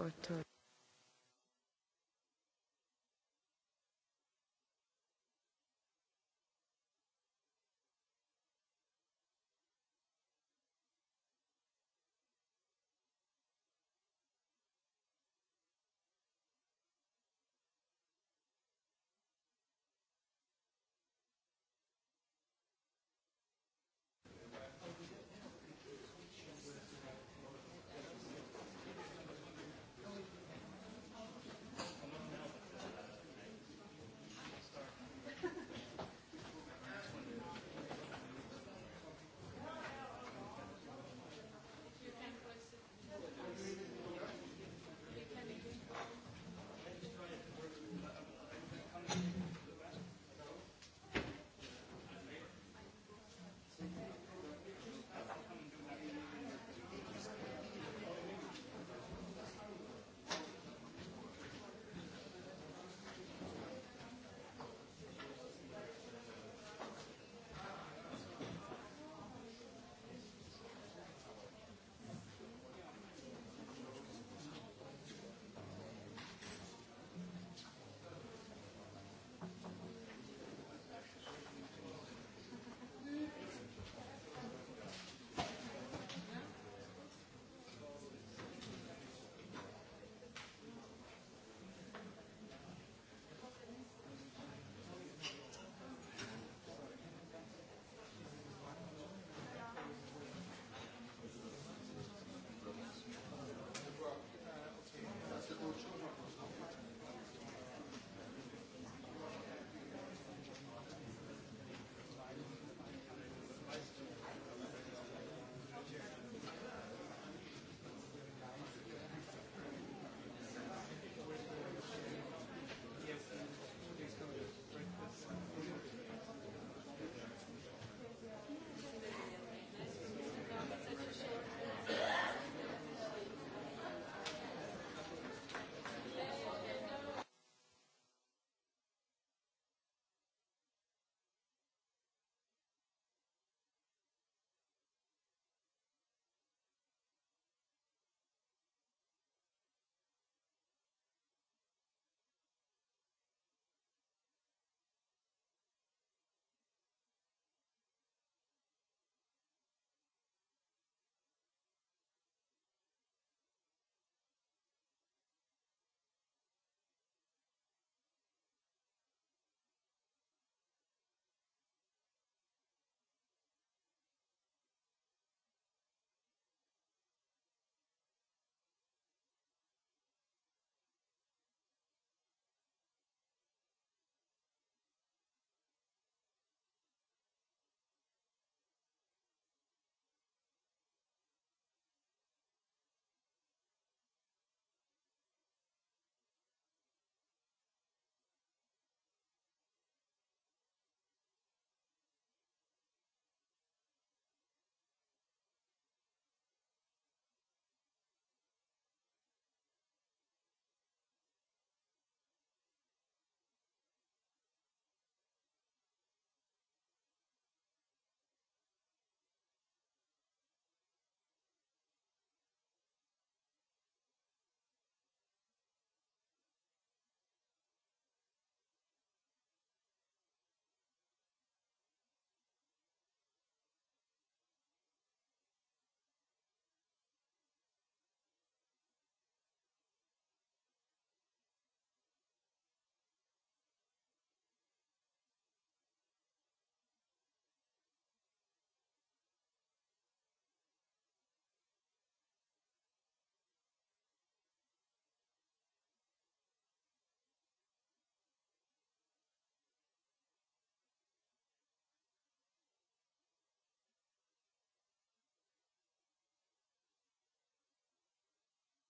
rapporteur.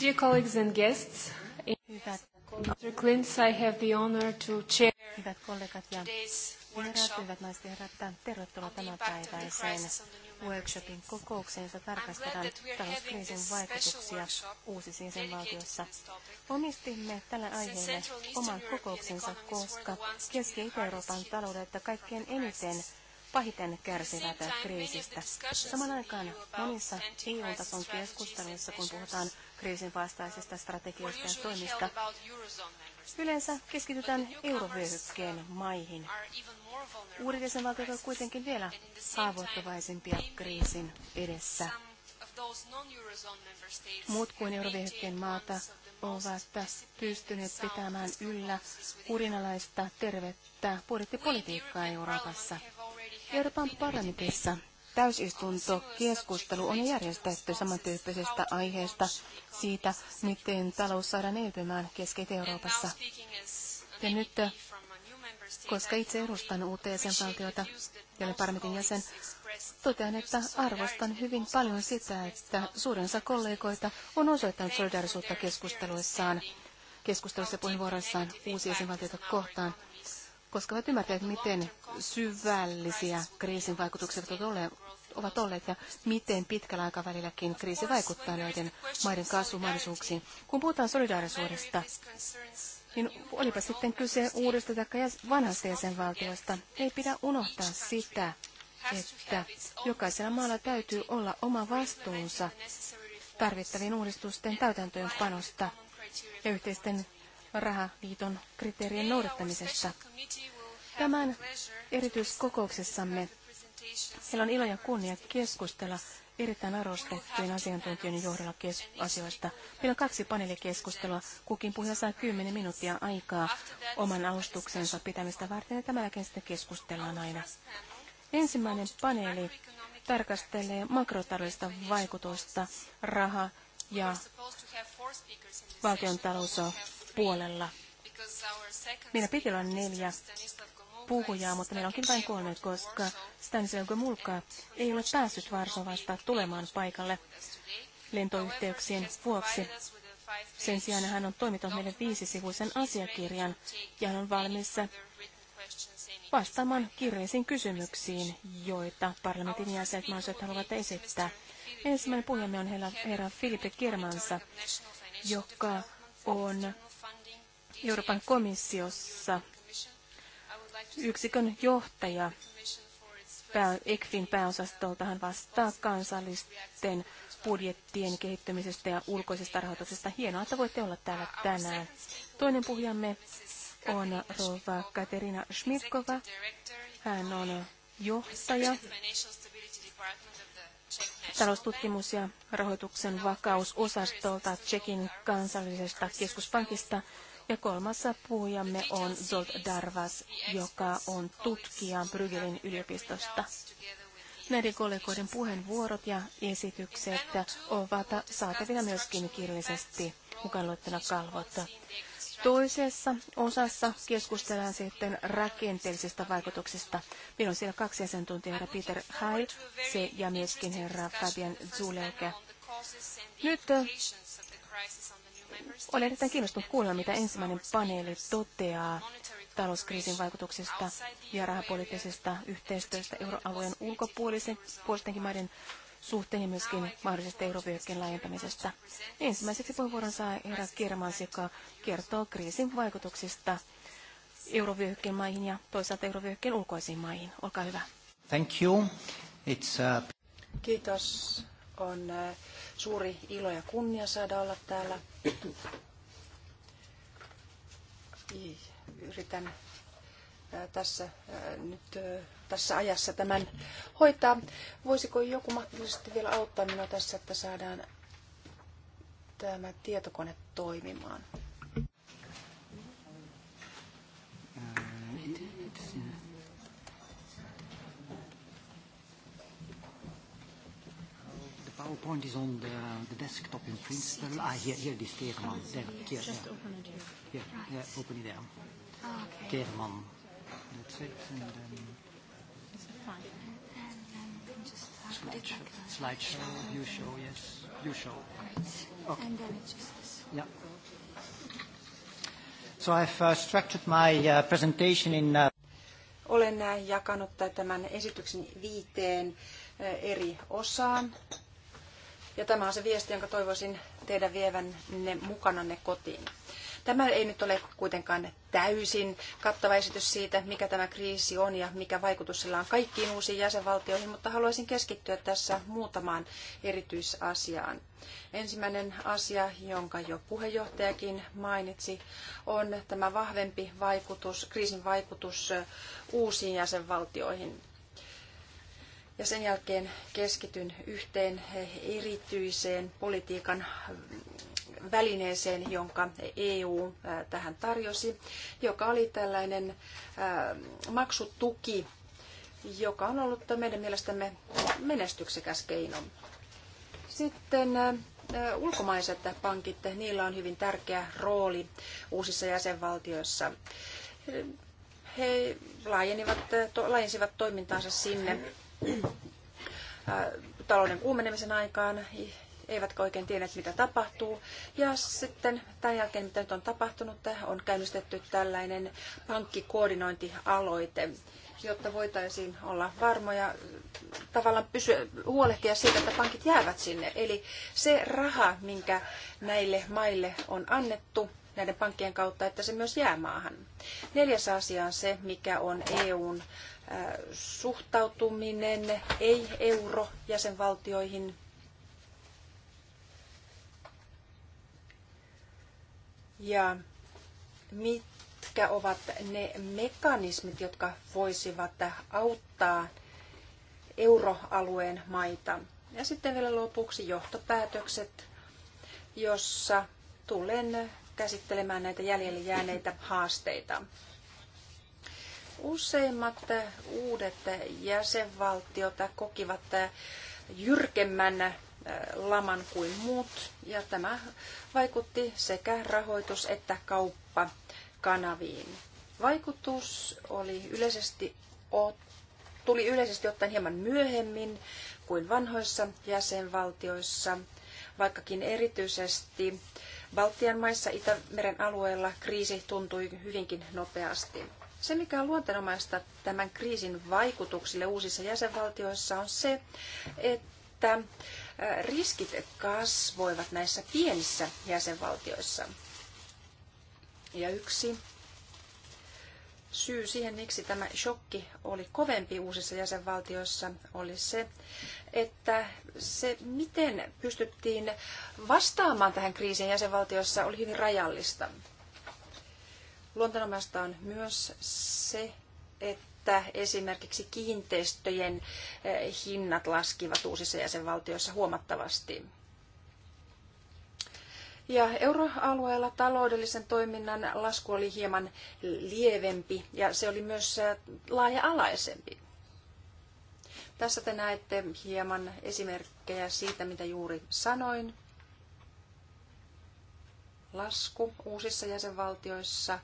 Dear colleagues and guests, Hyvät Mr. Klintz, I have the honor to chair Hyvät kollegat ja herrat, workshopin kokoukseen, jossa tarkastellaan talouskriisin vaikutuksia uusissa jäsenvaltioissa. Omistimme tällä aiheelle oman kokouksensa, koska keski euroopan taloudet kaikkein eniten pahiten kärsivät kriisistä. Saman aikaan monissa EU-tason keskusteluissa, kun puhutaan kriisin vastaisesta strategiasta ja toimista. Yleensä keskitytään eurovyöhykkeen maihin. Uudet jäsenvaltiot ovat kuitenkin vielä haavoittuvaisempia kriisin edessä. Muut kuin eurovyöhykkeen maata ovat pystyneet pitämään yllä urinalaista tervettä budjettipolitiikkaa Euroopassa. Euroopan parlamentissa täysistuntokeskustelu on järjestetty samantyyppisestä aiheesta siitä, miten talous saadaan elpymään Keski-Euroopassa. Ja nyt, koska itse edustan uutta jäsenvaltiota jolle olen parlamentin jäsen, totean, että arvostan hyvin paljon sitä, että suurensa kollegoita on osoittanut solidarisuutta keskusteluissaan, keskustelussa puheenvuoroissaan uusi jäsenvaltiota kohtaan koska ovat ymmärtäneet, miten syvällisiä kriisin vaikutukset ovat olleet ja miten pitkällä aikavälilläkin kriisi vaikuttaa näiden maiden kasvumahdollisuuksiin. Kun puhutaan solidaarisuudesta, niin olipa sitten kyse uudesta tai vanhasta jäsenvaltiosta, ei pidä unohtaa sitä, että jokaisella maalla täytyy olla oma vastuunsa tarvittavien uudistusten panosta ja yhteisten rahaliiton kriteerien noudattamisesta. Tämän erityiskokouksessamme meillä on ilo ja kunnia keskustella erittäin arvostettujen asiantuntijoiden johdolla kes- asioista. Meillä on kaksi paneelikeskustelua. Kukin puhuja saa 10 minuuttia aikaa oman alustuksensa pitämistä varten ja tämän jälkeen sitten keskustellaan aina. Ensimmäinen paneeli tarkastelee makrotaloudellista vaikutusta raha- ja valtion talous puolella. Meillä piti olla neljä puhujaa, mutta meillä onkin vain kolme, koska Stanislav Gomulka ei ole päässyt Varsovasta tulemaan paikalle lentoyhteyksien vuoksi. Sen sijaan hän on toimittanut meille viisisivuisen asiakirjan ja hän on valmis vastaamaan kirjeisiin kysymyksiin, joita parlamentin jäsenet mahdolliset haluavat esittää. Ensimmäinen puhujamme on herra Filipe Kirmansa, joka on Euroopan komissiossa yksikön johtaja ECFin pääosastolta hän vastaa kansallisten budjettien kehittämisestä ja ulkoisesta rahoituksesta. Hienoa, että voitte olla täällä tänään. Toinen puhujamme on rouva Katerina Schmirkova. Hän on johtaja taloustutkimus- ja rahoituksen vakausosastolta Tsekin kansallisesta keskuspankista. Ja kolmas puhujamme on Zolt Darvas, joka on tutkija Bryggelin yliopistosta. Näiden kollegoiden puheenvuorot ja esitykset ovat saatavilla myöskin kirjallisesti mukaan luettuna kalvotta. Toisessa osassa keskustellaan sitten rakenteellisista vaikutuksista. Meillä on siellä kaksi asiantuntijaa, herra Peter Heil se ja myöskin herra Fabian Zuleke. Nyt olen erittäin kiinnostunut kuulla mitä ensimmäinen paneeli toteaa talouskriisin vaikutuksista ja rahapoliittisesta yhteistyöstä euroalueen ulkopuolisen puolistenkin maiden suhteen ja myöskin mahdollisesta eurovyöhykkeen laajentamisesta. Ensimmäiseksi puheenvuoron saa herra Kirmans, joka kertoo kriisin vaikutuksista eurovyöhykkeen maihin ja toisaalta eurovyöhykkeen ulkoisiin maihin. Olkaa hyvä. Thank you. It's a... Uh, Kiitos. On uh, suuri ilo ja kunnia saada olla täällä Yritän tässä, nyt, tässä ajassa tämän hoitaa. Voisiko joku mahdollisesti vielä auttaa minua tässä, että saadaan tämä tietokone toimimaan? PowerPoint is on the, the desktop in principle. Ah, here, here it is, Keerman. There, here, Just yeah. open it here. right. yeah, open it there. Oh, okay. Keerman. That's it, and then... Is it fine? Slideshow, slideshow, you show, yes, you show. Okay. And then it's just this. Yeah. So I've uh, structured my uh, presentation in... Uh... Olen uh, jakanut tämän esityksen viiteen uh, eri osaan. Ja tämä on se viesti, jonka toivoisin teidän vievänne mukananne kotiin. Tämä ei nyt ole kuitenkaan täysin kattava esitys siitä, mikä tämä kriisi on ja mikä vaikutus sillä on kaikkiin uusiin jäsenvaltioihin, mutta haluaisin keskittyä tässä muutamaan erityisasiaan. Ensimmäinen asia, jonka jo puheenjohtajakin mainitsi, on tämä vahvempi vaikutus, kriisin vaikutus uusiin jäsenvaltioihin. Ja sen jälkeen keskityn yhteen erityiseen politiikan välineeseen, jonka EU tähän tarjosi, joka oli tällainen maksutuki, joka on ollut meidän mielestämme menestyksekäs keino. Sitten ulkomaiset pankit, niillä on hyvin tärkeä rooli uusissa jäsenvaltioissa. He laajensivat toimintaansa sinne, talouden kuumenemisen aikaan, eivätkä oikein tienneet, mitä tapahtuu. Ja sitten tämän jälkeen, mitä nyt on tapahtunut, on käynnistetty tällainen pankkikoordinointialoite, jotta voitaisiin olla varmoja, tavallaan pysyä, huolehtia siitä, että pankit jäävät sinne. Eli se raha, minkä näille maille on annettu, näiden pankkien kautta, että se myös jää maahan. Neljäs asia on se, mikä on EUn suhtautuminen ei-euro-jäsenvaltioihin ja mitkä ovat ne mekanismit, jotka voisivat auttaa euroalueen maita. Ja sitten vielä lopuksi johtopäätökset, jossa tulen käsittelemään näitä jäljelle jääneitä haasteita. Useimmat uudet jäsenvaltiot kokivat jyrkemmän äh, laman kuin muut, ja tämä vaikutti sekä rahoitus- että kauppakanaviin. Vaikutus oli yleisesti, tuli yleisesti ottaen hieman myöhemmin kuin vanhoissa jäsenvaltioissa, vaikkakin erityisesti Baltian maissa Itämeren alueella kriisi tuntui hyvinkin nopeasti. Se, mikä on luonteenomaista tämän kriisin vaikutuksille uusissa jäsenvaltioissa, on se, että riskit kasvoivat näissä pienissä jäsenvaltioissa. Ja yksi syy siihen, miksi tämä shokki oli kovempi uusissa jäsenvaltioissa, oli se, että se, miten pystyttiin vastaamaan tähän kriisiin jäsenvaltioissa, oli hyvin rajallista. Luontonomasta on myös se, että esimerkiksi kiinteistöjen eh, hinnat laskivat uusissa jäsenvaltioissa huomattavasti. Ja euroalueella taloudellisen toiminnan lasku oli hieman lievempi ja se oli myös eh, laaja-alaisempi. Tässä te näette hieman esimerkkejä siitä, mitä juuri sanoin lasku uusissa jäsenvaltioissa,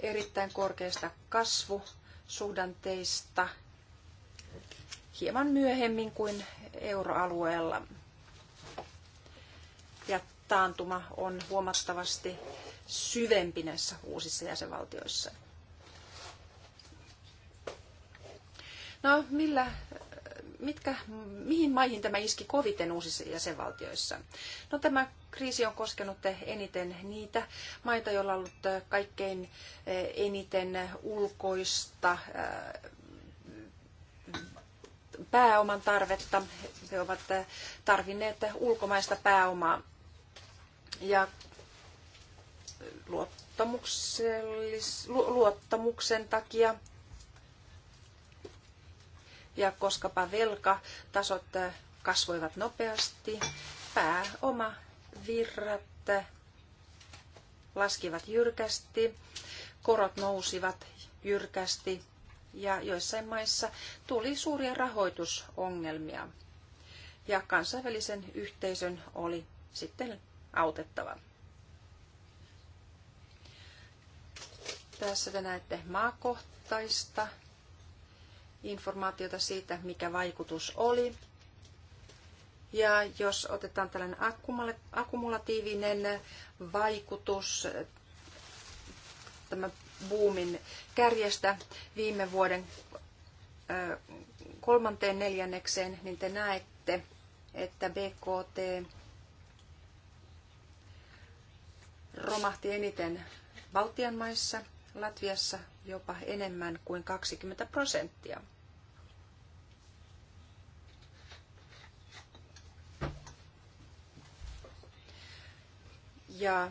erittäin korkeista kasvusuhdanteista hieman myöhemmin kuin euroalueella. Ja taantuma on huomattavasti syvempi näissä uusissa jäsenvaltioissa. No, millä mitkä, mihin maihin tämä iski koviten uusissa jäsenvaltioissa? No, tämä kriisi on koskenut eniten niitä maita, joilla on ollut kaikkein eh, eniten ulkoista eh, pääoman tarvetta. He ovat eh, tarvinneet ulkomaista pääomaa. Ja luottamuksen takia ja koskapa velkatasot eh, kasvoivat nopeasti, pääoma virrat eh, laskivat jyrkästi, korot nousivat jyrkästi ja joissain maissa tuli suuria rahoitusongelmia. Ja kansainvälisen yhteisön oli sitten autettava. Tässä te näette maakohtaista informaatiota siitä, mikä vaikutus oli. Ja jos otetaan tällainen akkumulatiivinen vaikutus tämän boomin kärjestä viime vuoden kolmanteen neljännekseen, niin te näette, että BKT romahti eniten Baltian maissa, Latviassa jopa enemmän kuin 20 prosenttia. Ja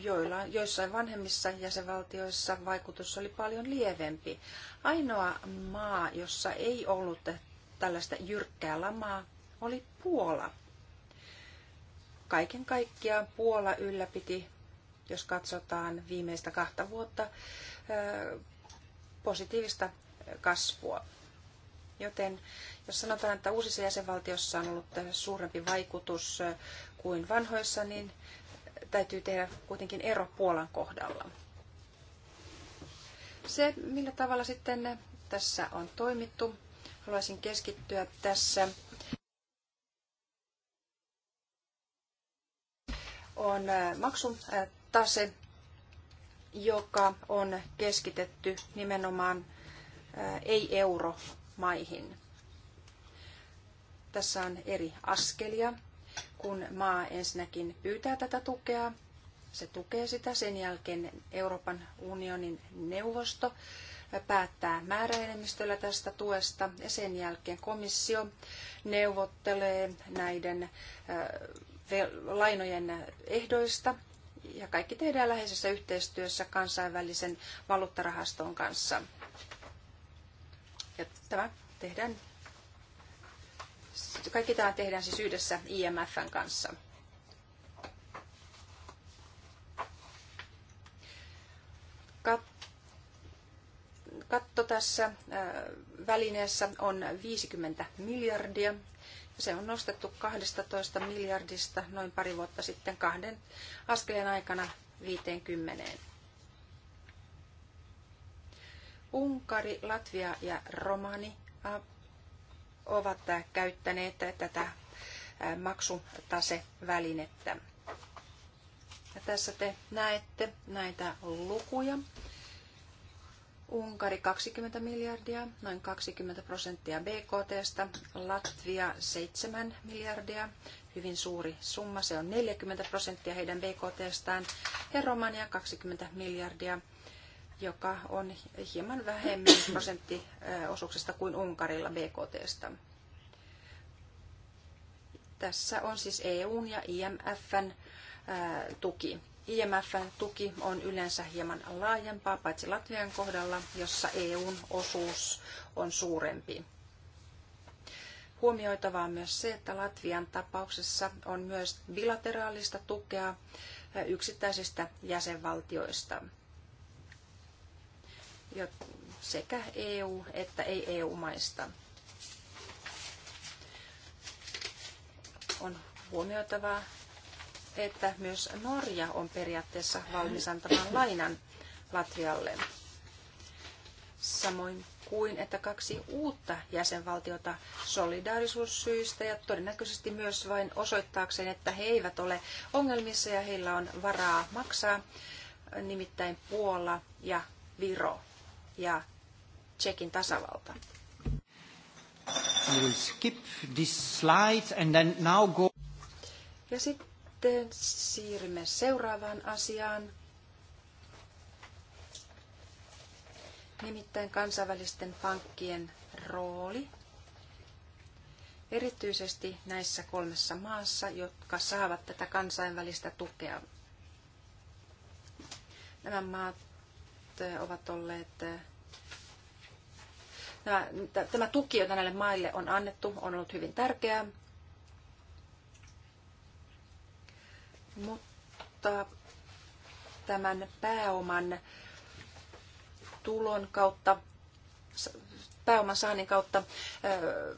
joilla, joissain vanhemmissa jäsenvaltioissa vaikutus oli paljon lievempi. Ainoa maa, jossa ei ollut tällaista jyrkkää lamaa, oli Puola. Kaiken kaikkiaan Puola ylläpiti, jos katsotaan viimeistä kahta vuotta, positiivista kasvua. Joten jos sanotaan, että uusissa jäsenvaltiossa on ollut suurempi vaikutus kuin vanhoissa, niin täytyy tehdä kuitenkin ero Puolan kohdalla. Se, millä tavalla sitten tässä on toimittu, haluaisin keskittyä tässä on äh, maksun tase, joka on keskitetty nimenomaan äh, ei-euromaihin. Tässä on eri askelia kun maa ensinnäkin pyytää tätä tukea, se tukee sitä. Sen jälkeen Euroopan unionin neuvosto päättää määräenemmistöllä tästä tuesta ja sen jälkeen komissio neuvottelee näiden lainojen ehdoista ja kaikki tehdään läheisessä yhteistyössä kansainvälisen valuuttarahaston kanssa. Ja tämä tehdään kaikki tämä tehdään siis yhdessä IMFn kanssa. Katto tässä välineessä on 50 miljardia. Se on nostettu 12 miljardista noin pari vuotta sitten kahden askeleen aikana 50. Unkari, Latvia ja Romani ovat käyttäneet tätä maksutasevälinettä. Ja tässä te näette näitä lukuja. Unkari 20 miljardia, noin 20 prosenttia BKTstä, Latvia 7 miljardia, hyvin suuri summa, se on 40 prosenttia heidän BKTstään, ja Romania 20 miljardia, joka on hieman vähemmän prosenttiosuuksesta kuin Unkarilla BKTstä. Tässä on siis EUn ja IMFn tuki. IMFn tuki on yleensä hieman laajempaa, paitsi Latvian kohdalla, jossa EUn osuus on suurempi. Huomioitavaa on myös se, että Latvian tapauksessa on myös bilateraalista tukea yksittäisistä jäsenvaltioista sekä EU- että ei-EU-maista. On huomioitavaa, että myös Norja on periaatteessa valmis antamaan lainan Latvialle. Samoin kuin että kaksi uutta jäsenvaltiota solidaarisuussyistä ja todennäköisesti myös vain osoittaakseen, että he eivät ole ongelmissa ja heillä on varaa maksaa, nimittäin Puola ja Viro ja Tsekin tasavalta. I will skip this slide and then now go... Ja sitten siirrymme seuraavaan asiaan. Nimittäin kansainvälisten pankkien rooli erityisesti näissä kolmessa maassa, jotka saavat tätä kansainvälistä tukea. Nämä maat Eh, ovat olleet eh, Tämä tuki, jota näille maille on annettu, on ollut hyvin tärkeää, mutta tämän pääoman tulon kautta, pääoman saannin kautta, eh,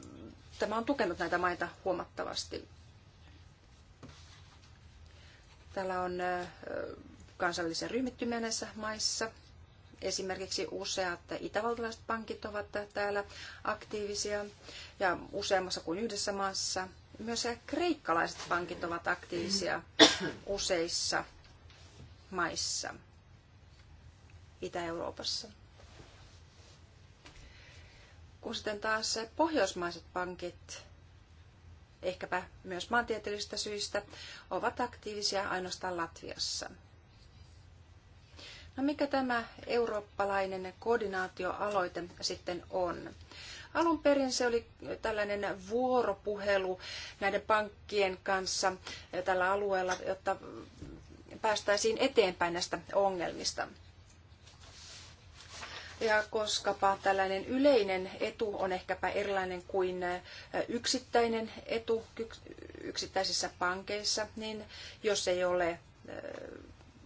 tämä on tukenut näitä maita huomattavasti. Täällä on kansallisen ryhmittymien näissä maissa – Esimerkiksi useat itävaltalaiset pankit ovat täällä aktiivisia ja useammassa kuin yhdessä maassa. Myös kreikkalaiset pankit ovat aktiivisia useissa maissa Itä-Euroopassa. Kun sitten taas pohjoismaiset pankit, ehkäpä myös maantieteellisistä syistä, ovat aktiivisia ainoastaan Latviassa – No mikä tämä eurooppalainen koordinaatioaloite sitten on? Alun perin se oli tällainen vuoropuhelu näiden pankkien kanssa tällä alueella, jotta päästäisiin eteenpäin näistä ongelmista. Ja koskapa tällainen yleinen etu on ehkäpä erilainen kuin yksittäinen etu yksittäisissä pankeissa, niin jos ei ole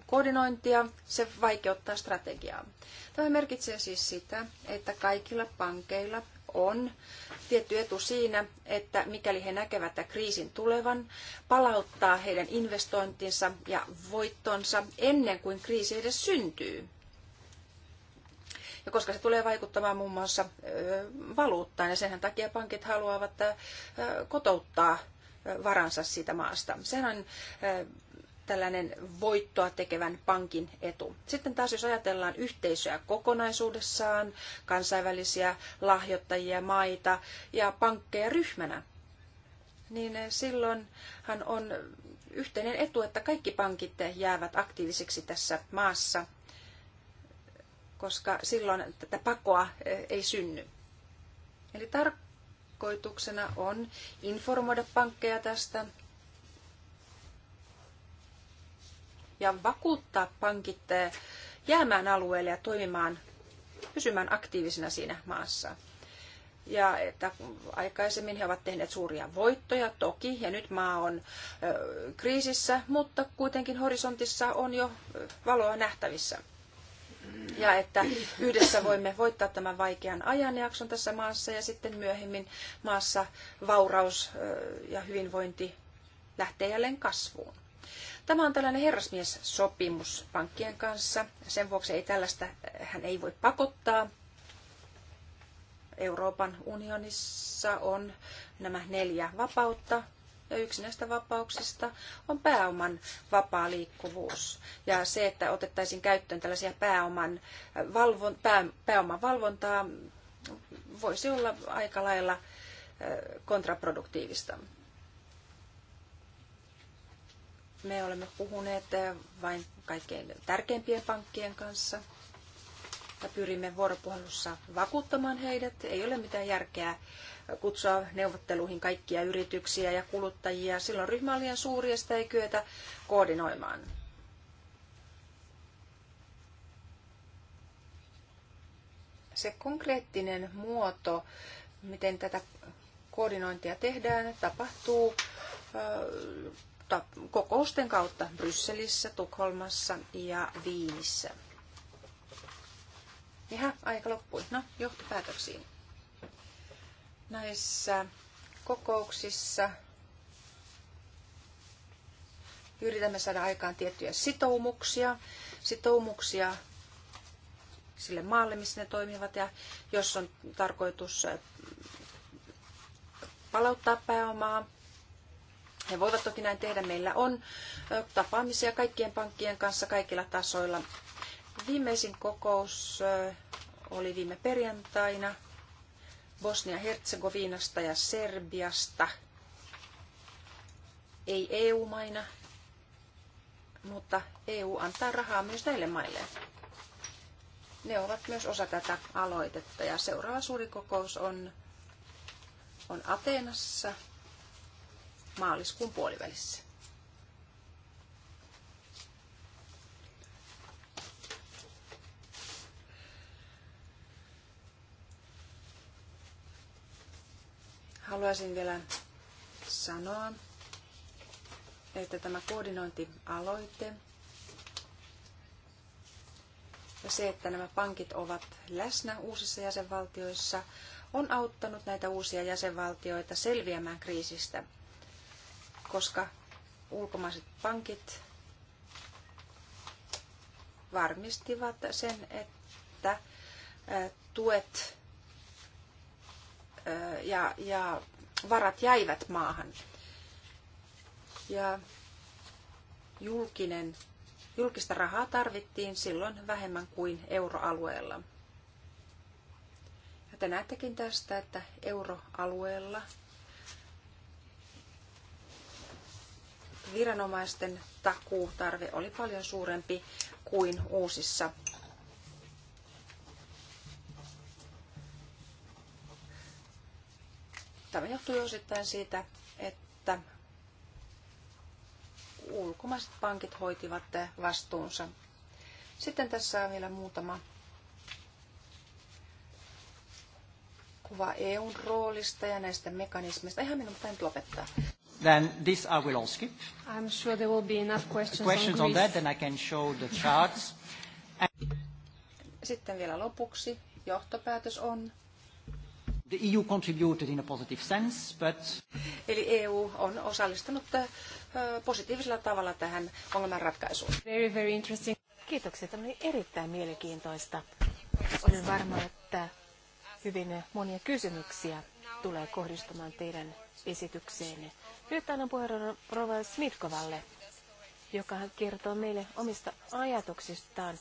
koordinointia, se vaikeuttaa strategiaa. Tämä merkitsee siis sitä, että kaikilla pankeilla on tietty etu siinä, että mikäli he näkevät että kriisin tulevan, palauttaa heidän investointinsa ja voittonsa ennen kuin kriisi edes syntyy. Ja koska se tulee vaikuttamaan muun muassa valuuttaan, ja senhän takia pankit haluavat kotouttaa varansa siitä maasta. Sehän on tällainen voittoa tekevän pankin etu. Sitten taas jos ajatellaan yhteisöä kokonaisuudessaan, kansainvälisiä lahjoittajia, maita ja pankkeja ryhmänä, niin silloinhan on yhteinen etu, että kaikki pankit jäävät aktiivisiksi tässä maassa, koska silloin tätä pakoa eh, ei synny. Eli tarkoituksena on informoida pankkeja tästä ja vakuuttaa pankit eh, jäämään alueelle ja toimimaan, pysymään aktiivisina siinä maassa. Ja että aikaisemmin he ovat tehneet suuria voittoja toki, ja nyt maa on ö, eh, kriisissä, mutta kuitenkin horisontissa on jo eh, valoa nähtävissä. Ja että yhdessä voimme voittaa tämän vaikean ajanjakson tässä maassa ja sitten myöhemmin maassa vauraus ja hyvinvointi lähtee jälleen kasvuun. Tämä on tällainen herrasmies-sopimus pankkien kanssa. Sen vuoksi ei tällaista, hän ei voi pakottaa. Euroopan unionissa on nämä neljä vapautta, ja yksi näistä vapauksista on pääoman vapaa liikkuvuus. Ja se, että otettaisiin käyttöön tällaisia pääoman, valvon, pää, pääoman valvontaa, voisi olla aika lailla kontraproduktiivista. Me olemme puhuneet eh, vain kaikkein tärkeimpien pankkien kanssa ja pyrimme vuoropuhelussa vakuuttamaan heidät. Ei ole mitään järkeä kutsua neuvotteluihin kaikkia yrityksiä ja kuluttajia. Silloin ryhmä on liian suuri ja sitä ei kyetä koordinoimaan. Se konkreettinen muoto, miten tätä koordinointia tehdään, tapahtuu kautta, kokousten kautta Brysselissä, Tukholmassa ja Viinissä. Ja aika loppui. No, johtopäätöksiin. Näissä kokouksissa yritämme saada aikaan tiettyjä sitoumuksia, sitoumuksia sille maalle, missä ne toimivat, ja jos on tarkoitus palauttaa pääomaa, he voivat toki näin tehdä. Meillä on tapaamisia kaikkien pankkien kanssa kaikilla tasoilla. Viimeisin kokous oli viime perjantaina Bosnia-Herzegovinasta ja Serbiasta. Ei EU-maina, mutta EU antaa rahaa myös näille maille. Ne ovat myös osa tätä aloitetta ja seuraava suuri kokous on, on Ateenassa maaliskuun puolivälissä. Haluaisin vielä sanoa, että tämä koordinointialoite ja se, että nämä pankit ovat läsnä uusissa jäsenvaltioissa, on auttanut näitä uusia jäsenvaltioita selviämään kriisistä koska ulkomaiset pankit varmistivat sen, että tuet ja, ja varat jäivät maahan. Ja julkinen, julkista rahaa tarvittiin silloin vähemmän kuin euroalueella. Ja te näettekin tästä, että euroalueella – viranomaisten takuutarve oli paljon suurempi kuin uusissa Tämä johtui osittain siitä, että ulkomaiset pankit hoitivat vastuunsa. Sitten tässä on vielä muutama kuva EUn roolista ja näistä mekanismeista. Ihan minun pitää nyt lopettaa. Then this I will all skip. I'm sure there will be enough questions, on Greece. questions on, that, then I can show the charts. Sitten vielä lopuksi johtopäätös on. The EU contributed in a positive sense, but... Eli EU on osallistunut positiivisella tavalla tähän ongelmanratkaisuun. Very, very interesting. Kiitoksia. Tämä oli erittäin mielenkiintoista. Olen varma, että hyvin monia kysymyksiä tulee kohdistumaan teidän esitykseenne. Nyt annan puheenvuoron Rova Smitkovalle, joka kertoo meille omista ajatuksistaan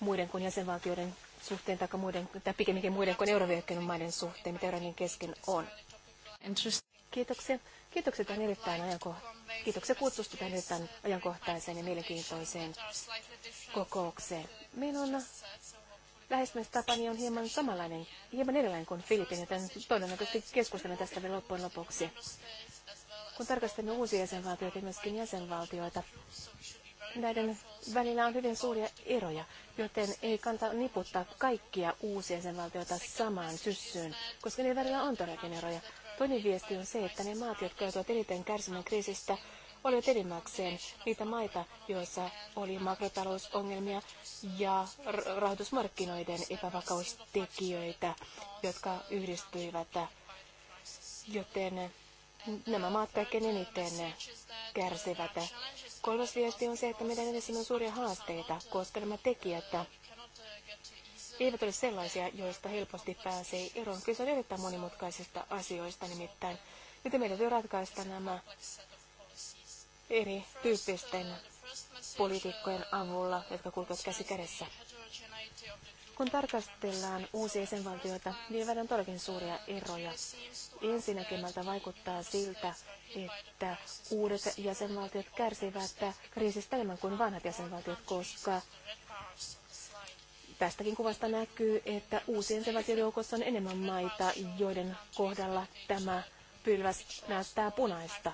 muiden kuin jäsenvaltioiden suhteen tai, muiden, tai pikemminkin muiden kuin eurovyöhykkeen maiden suhteen, mitä Euroopan kesken on. Kiitoksia. Kiitoksia tämän erittäin ajanko- Kiitoksia kutsusta tämän erittäin ajankohtaiseen ja mielenkiintoiseen kokoukseen. Minun lähestymistapani on hieman samanlainen, hieman erilainen kuin Filipin, joten todennäköisesti keskustelemme tästä vielä loppujen lopuksi. Kun tarkastamme uusia jäsenvaltioita ja myöskin jäsenvaltioita, näiden välillä on hyvin suuria eroja, joten ei kannata niputtaa kaikkia uusia jäsenvaltioita samaan syssyyn, koska niiden välillä on todellakin eroja. Toinen viesti on se, että ne maat, jotka joutuvat eniten kärsimään kriisistä, olivat enimmäkseen niitä maita, joissa oli makrotalousongelmia ja rahoitusmarkkinoiden epävakaustekijöitä, jotka yhdistyivät. Joten nämä maat kaikkein eniten kärsivät. Kolmas viesti on se, että meidän edessämme on suuria haasteita, koska nämä tekijät eivät ole sellaisia, joista helposti pääsee eroon. Kyse on erittäin monimutkaisista asioista nimittäin. Nyt meidän täytyy ratkaista nämä eri tyyppisten poliitikkojen avulla, jotka kulkevat käsi kädessä. Kun tarkastellaan uusia jäsenvaltioita, niin vedän todellakin suuria eroja. Ensinnäkemältä vaikuttaa siltä, että uudet jäsenvaltiot kärsivät kriisistä enemmän kuin vanhat jäsenvaltiot, koska tästäkin kuvasta näkyy, että uusien jäsenvaltioiden joukossa on enemmän maita, joiden kohdalla tämä pylväs näyttää punaista.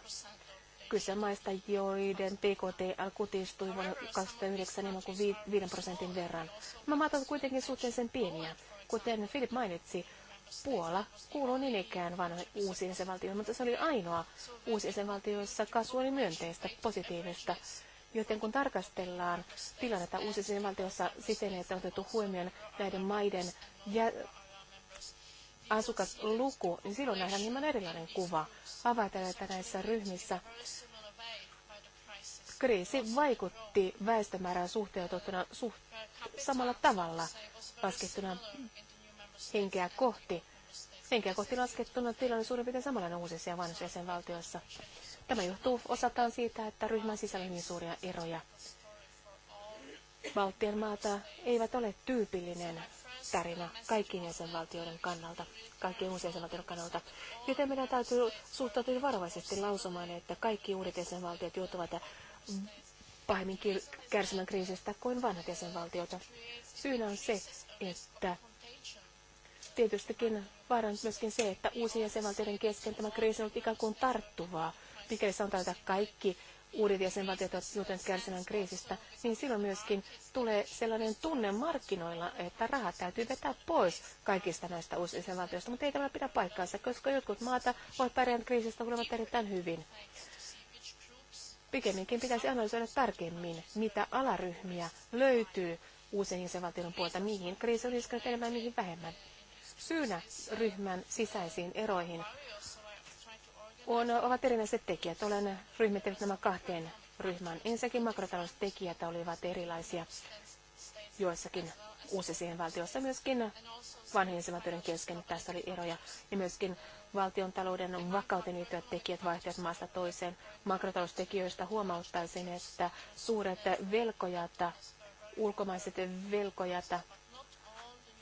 Kyse maista, joiden PKT kutistui vuonna 2009 enemmän kuin 5 prosentin verran. Nämä maat ovat kuitenkin suhteellisen pieniä. Kuten Filip mainitsi, Puola kuuluu niin ikään vanhoihin uusiin jäsenvaltioihin, mutta se oli ainoa uusi jäsenvaltio, jossa kasvu oli myönteistä, positiivista. Joten kun tarkastellaan tilannetta uusissa jäsenvaltioissa siten, että on otettu huomioon näiden maiden jä- asukasluku, niin silloin nähdään hieman erilainen kuva. Avataan, että näissä ryhmissä kriisi vaikutti väestömäärään suhteutettuna suht, samalla tavalla laskettuna henkeä kohti. Henkeä kohti laskettuna tilanne suurin piirtein samalla uusissa ja vanhoissa jäsenvaltioissa. Tämä johtuu osataan siitä, että ryhmän sisällä on niin suuria eroja. Baltian maata eivät ole tyypillinen tarina kaikkien jäsenvaltioiden kannalta, kaikkien uusien jäsenvaltioiden kannalta. Joten meidän täytyy suhtautua varovaisesti lausumaan, että kaikki uudet jäsenvaltiot joutuvat pahemmin kärsimään kriisistä kuin vanhat jäsenvaltiot. Syynä on se, että tietystikin vaaran myöskin se, että uusien jäsenvaltioiden kesken tämä kriisi on ikään kuin tarttuvaa. Mikäli sanotaan, että kaikki uudet jäsenvaltiot ovat joutuneet kärsimään kriisistä, niin silloin myöskin tulee sellainen tunne markkinoilla, että rahat täytyy vetää pois kaikista näistä uusista jäsenvaltioista, mutta ei tämä pidä paikkaansa, koska jotkut maata voi pärjätä kriisistä huolimatta erittäin hyvin. Pikemminkin pitäisi analysoida tarkemmin, mitä alaryhmiä löytyy uusien jäsenvaltioiden puolta, mihin kriisi on enemmän, mihin vähemmän. Syynä ryhmän sisäisiin eroihin on, ovat erinäiset tekijät. Olen ryhmittänyt nämä kahteen ryhmään. Ensinnäkin tekijät olivat erilaisia joissakin uusisien valtioissa myöskin vanhojen kesken. Tässä oli eroja ja myöskin valtion talouden vakauteen liittyvät tekijät vaihtelevat maasta toiseen. Makrotaloustekijöistä huomauttaisin, että suuret velkojat, ulkomaiset velkojat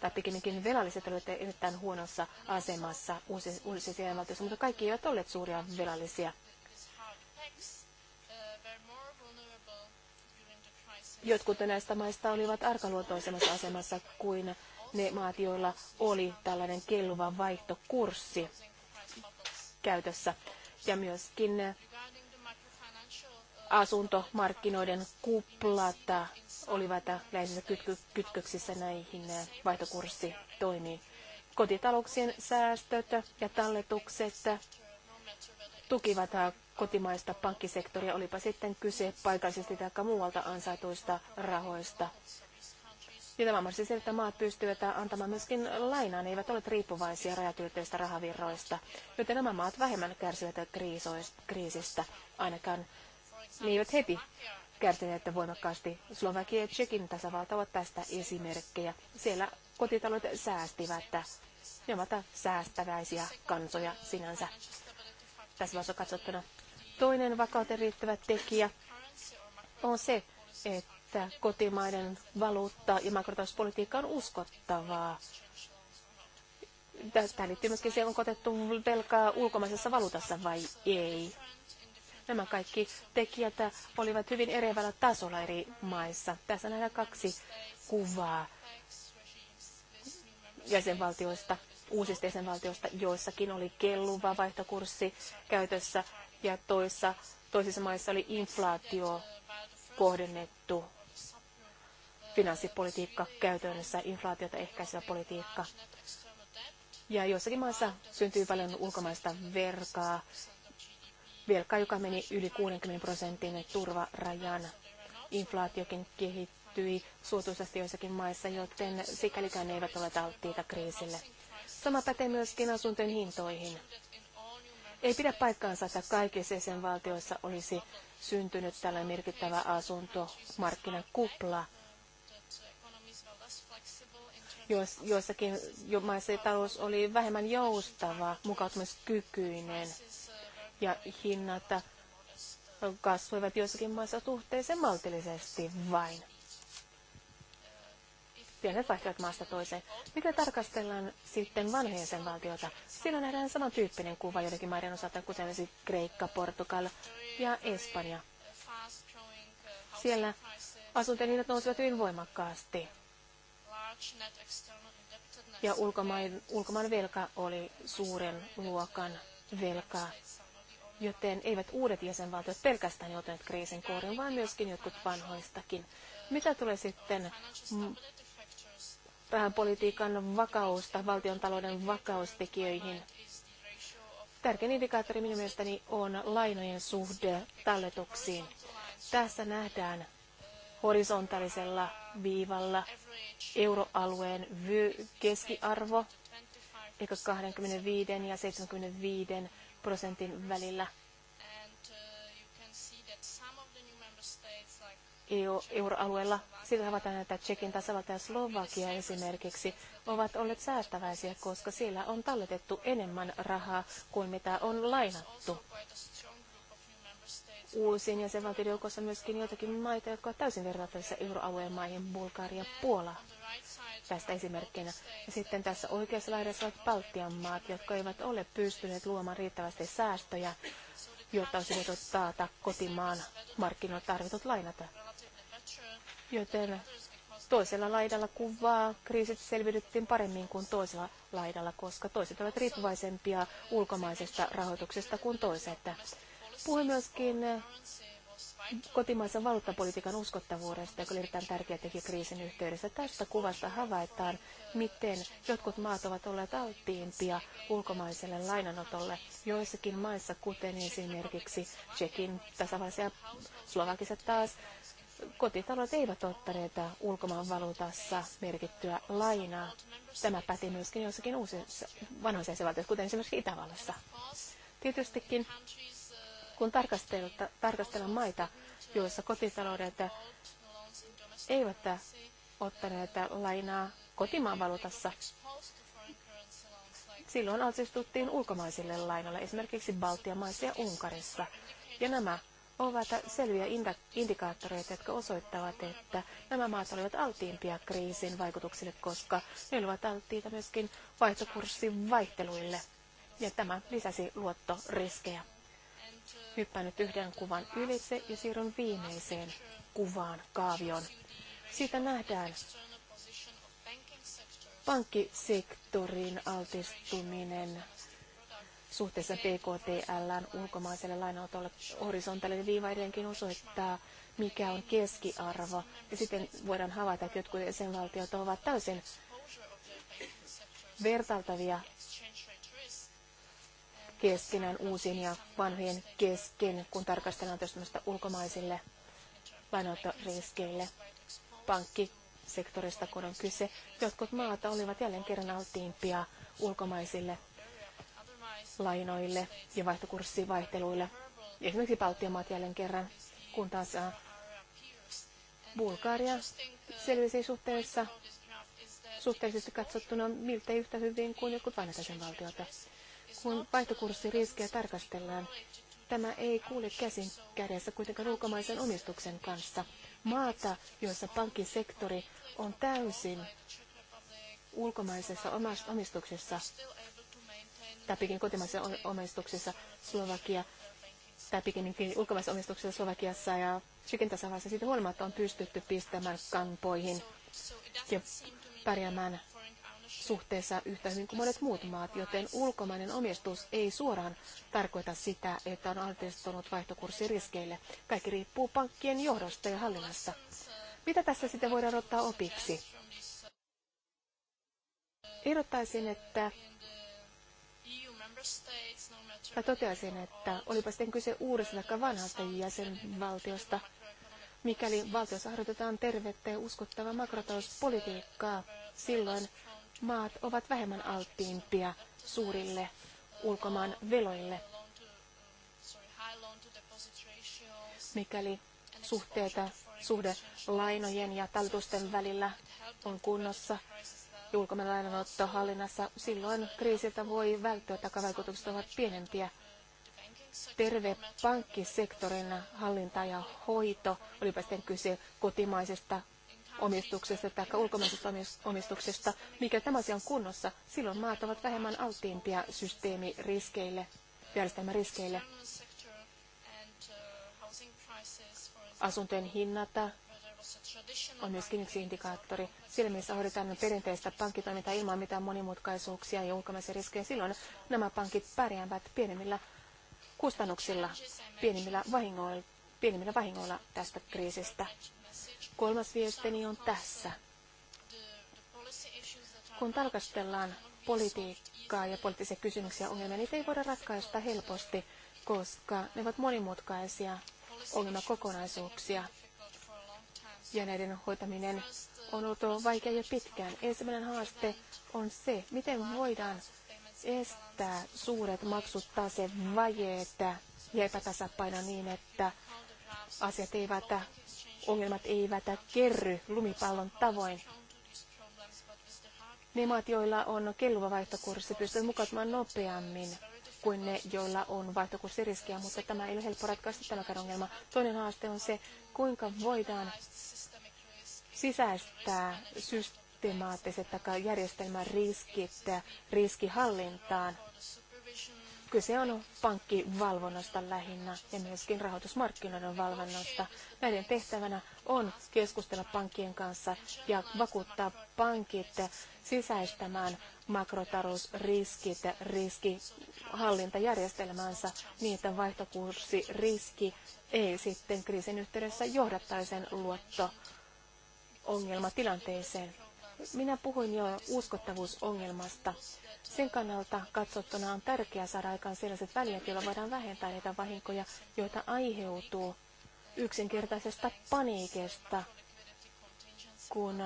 tai pikemminkin velalliset olivat erittäin huonossa asemassa uusissa jäsenvaltioissa, mutta kaikki eivät olleet suuria velallisia. Jotkut näistä maista olivat arkaluontoisemmassa asemassa kuin ne maat, joilla oli tällainen kelluva vaihtokurssi käytössä ja myöskin asuntomarkkinoiden kuplat olivat läheisissä kytköksissä näihin vaihtokurssitoimiin. Kotitalouksien säästöt ja talletukset tukivat kotimaista pankkisektoria, olipa sitten kyse paikallisesti tai muualta ansaituista rahoista. Sitä mahdollisesti se, että maat pystyvät antamaan myöskin lainaa, ne eivät ole riippuvaisia rajatyyteistä rahavirroista, joten nämä maat vähemmän kärsivät kriisistä, ainakaan ne eivät heti kärsineet voimakkaasti. Slovakia ja Tsekin tasavalta ovat tästä esimerkkejä. Siellä kotitaloudet säästivät ne ovat säästäväisiä kansoja sinänsä. Tässä vaiheessa katsottuna toinen vakauteen riittävä tekijä on se, että että kotimainen valuutta ja makrotalouspolitiikka on uskottavaa. Tähän liittyy myöskin se, onko otettu velkaa ulkomaisessa valuutassa vai ei. Nämä kaikki tekijät olivat hyvin eriävällä tasolla eri maissa. Tässä nähdään kaksi kuvaa jäsenvaltioista, uusista jäsenvaltioista, joissakin oli kelluva vaihtokurssi käytössä ja toissa, toisissa maissa oli inflaatio kohdennettu finanssipolitiikka käytännössä, inflaatiota ehkäisevä politiikka. Ja joissakin maissa syntyy paljon ulkomaista verkaa, velkaa, joka meni yli 60 prosentin turvarajan. Inflaatiokin kehittyi suotuisasti joissakin maissa, joten sikälikään ne eivät ole alttiita kriisille. Sama pätee myöskin asuntojen hintoihin. Ei pidä paikkaansa, että kaikissa jäsenvaltioissa olisi syntynyt tällainen merkittävä asuntomarkkinakupla joissakin maissa talous oli vähemmän joustava, mukautumiskykyinen ja hinnat kasvoivat joissakin maissa suhteellisen maltillisesti vain. Pienet vaihtelevat maasta toiseen. Mikä tarkastellaan sitten vanhojen valtiota? Siinä nähdään samantyyppinen kuva joidenkin maiden osalta, kuten esimerkiksi Kreikka, Portugal ja Espanja. Siellä asuntojen hinnat nousivat hyvin voimakkaasti ja ulkomaan, ulkomaan velka oli suuren luokan velkaa, joten eivät uudet jäsenvaltiot pelkästään joutuneet kriisin kouriin, vaan myöskin jotkut vanhoistakin. Mitä tulee sitten rahapolitiikan vakausta, valtion talouden vakaustekijöihin? Tärkein indikaattori minun mielestäni on lainojen suhde talletuksiin. Tässä nähdään horisontaalisella viivalla euroalueen keskiarvo, eikä 25 ja 75 prosentin välillä. E euroalueella. Sillä havaitaan, että Tsekin tasavalta ja Slovakia esimerkiksi ovat olleet säästäväisiä, koska siellä on talletettu enemmän rahaa kuin mitä on lainattu uusien jäsenvaltioiden joukossa myöskin joitakin maita, jotka ovat täysin verrattavissa euroalueen maihin, Bulgaria ja Puola tästä esimerkkinä. Ja sitten tässä oikeassa laidassa ovat Baltian maat, jotka eivät ole pystyneet luomaan riittävästi säästöjä, jotta olisi voitu taata kotimaan markkinoilla tarvitut lainata. Joten toisella laidalla kuvaa kriisit selviydyttiin paremmin kuin toisella laidalla, koska toiset ovat riippuvaisempia ulkomaisesta rahoituksesta kuin toiset. Puhuin myöskin eh, kotimaisen valuuttapolitiikan uskottavuudesta, joka oli erittäin tärkeä tekijä kriisin yhteydessä. Tästä kuvasta havaitaan, miten jotkut maat ovat olleet alttiimpia ulkomaiselle lainanotolle joissakin maissa, kuten esimerkiksi Tsekin tasavallassa ja Slovakissa taas. Kotitalot eivät ottaneet ulkomaan valuutassa merkittyä lainaa. Tämä päti myöskin joissakin uusissa vanhoissa kuten esimerkiksi Itävallassa. Tietystikin kun tarkastellaan maita, joissa kotitaloudet eivät ottaneet lainaa kotimaan valuutassa, silloin altistuttiin ulkomaisille lainoille, esimerkiksi Baltian maissa ja Unkarissa. Ja nämä ovat selviä indikaattoreita, jotka osoittavat, että nämä maat olivat altiimpia kriisin vaikutuksille, koska ne olivat alttiita myöskin vaihtokurssin vaihteluille. Ja tämä lisäsi luottoriskejä. Hyppään nyt yhden kuvan ylitse ja siirryn viimeiseen kuvaan, kaavion. Siitä nähdään pankkisektorin altistuminen suhteessa PKTL ulkomaiselle lainautolle horisontaalinen viiva edelleenkin osoittaa, mikä on keskiarvo. Ja sitten voidaan havaita, että jotkut jäsenvaltiot ovat täysin vertailtavia keskenään uusien ja vanhojen kesken, kun tarkastellaan tästä ulkomaisille lainoittoriskeille. Pankkisektorista, kun on kyse, jotkut maata olivat jälleen kerran alttiimpia ulkomaisille lainoille ja vaihtokurssivaihteluille. Esimerkiksi Baltian maat jälleen kerran, kun taas Bulgaria selvisi suhteessa suhteellisesti katsottuna miltei yhtä hyvin kuin jotkut vanhat valtiota kun vaihtokurssiriskejä tarkastellaan, tämä ei kuule käsin kädessä kuitenkaan ulkomaisen omistuksen kanssa. Maata, jossa pankkisektori on täysin ulkomaisessa omistuksessa, tai pikin kotimaisessa omistuksessa Slovakia, tai pikemminkin ulkomaisessa omistuksessa Slovakiassa ja Tsekin tasavallassa siitä huolimatta on pystytty pistämään kampoihin ja pärjäämään suhteessa yhtä hyvin kuin monet muut maat, joten ulkomainen omistus ei suoraan tarkoita sitä, että on altistunut vaihtokurssiriskeille. Kaikki riippuu pankkien johdosta ja hallinnasta. Mitä tässä sitten voidaan ottaa opiksi? Ehdottaisin, että Mä toteaisin, että olipa sitten kyse uudesta tai vanhasta jäsenvaltiosta, mikäli valtiossa harjoitetaan tervettä ja uskottavaa makrotalouspolitiikkaa, silloin maat ovat vähemmän alttiimpia suurille ulkomaan veloille. Mikäli suhteita, suhde lainojen ja taltusten välillä on kunnossa ja ulkomaan lainanotto hallinnassa, silloin kriisiltä voi välttyä, vaikutukset ovat pienempiä terve pankkisektorin hallinta ja hoito, olipa sitten kyse kotimaisesta omistuksesta tai ulkomaisesta omistuksesta. Mikä tämä asia on kunnossa, silloin maat ovat vähemmän alttiimpia systeemiriskeille, järjestelmäriskeille. Asuntojen hinnat on myöskin yksi indikaattori. Sillä, missä hoidetaan perinteistä pankkitoimintaa ilman mitään monimutkaisuuksia ja ulkomaisia riskejä, silloin nämä pankit pärjäävät pienemmillä kustannuksilla, pienemmillä vahingoilla, pienemmillä vahingoilla tästä kriisistä. Kolmas viesteni on tässä. Kun tarkastellaan politiikkaa ja poliittisia kysymyksiä ongelmia, niitä ei voida ratkaista helposti, koska ne ovat monimutkaisia ongelmakokonaisuuksia. Ja näiden hoitaminen on ollut vaikea jo pitkään. Ensimmäinen haaste on se, miten voidaan estää suuret maksut tasevajeet ja epätasapaino niin, että asiat eivät ongelmat eivät kerry lumipallon tavoin. Ne maat, joilla on kelluva vaihtokurssi, pystyvät mukautumaan nopeammin kuin ne, joilla on vaihtokurssiriskiä, mutta tämä ei ole helppo ratkaista tämäkään ongelma. Toinen haaste on se, kuinka voidaan sisäistää systeemaattiset tai järjestelmän riskit riskihallintaan Kyse on pankkivalvonnasta lähinnä ja myöskin rahoitusmarkkinoiden valvonnasta. Näiden tehtävänä on keskustella pankkien kanssa ja vakuuttaa pankit sisäistämään makrotalousriskit riskihallintajärjestelmäänsä niin, että vaihtokurssiriski ei sitten kriisin yhteydessä johda luotto ongelmatilanteeseen. Minä puhuin jo uskottavuusongelmasta. Sen kannalta katsottuna on tärkeää saada aikaan sellaiset välineet, joilla voidaan vähentää niitä vahinkoja, joita aiheutuu yksinkertaisesta paniikesta, kun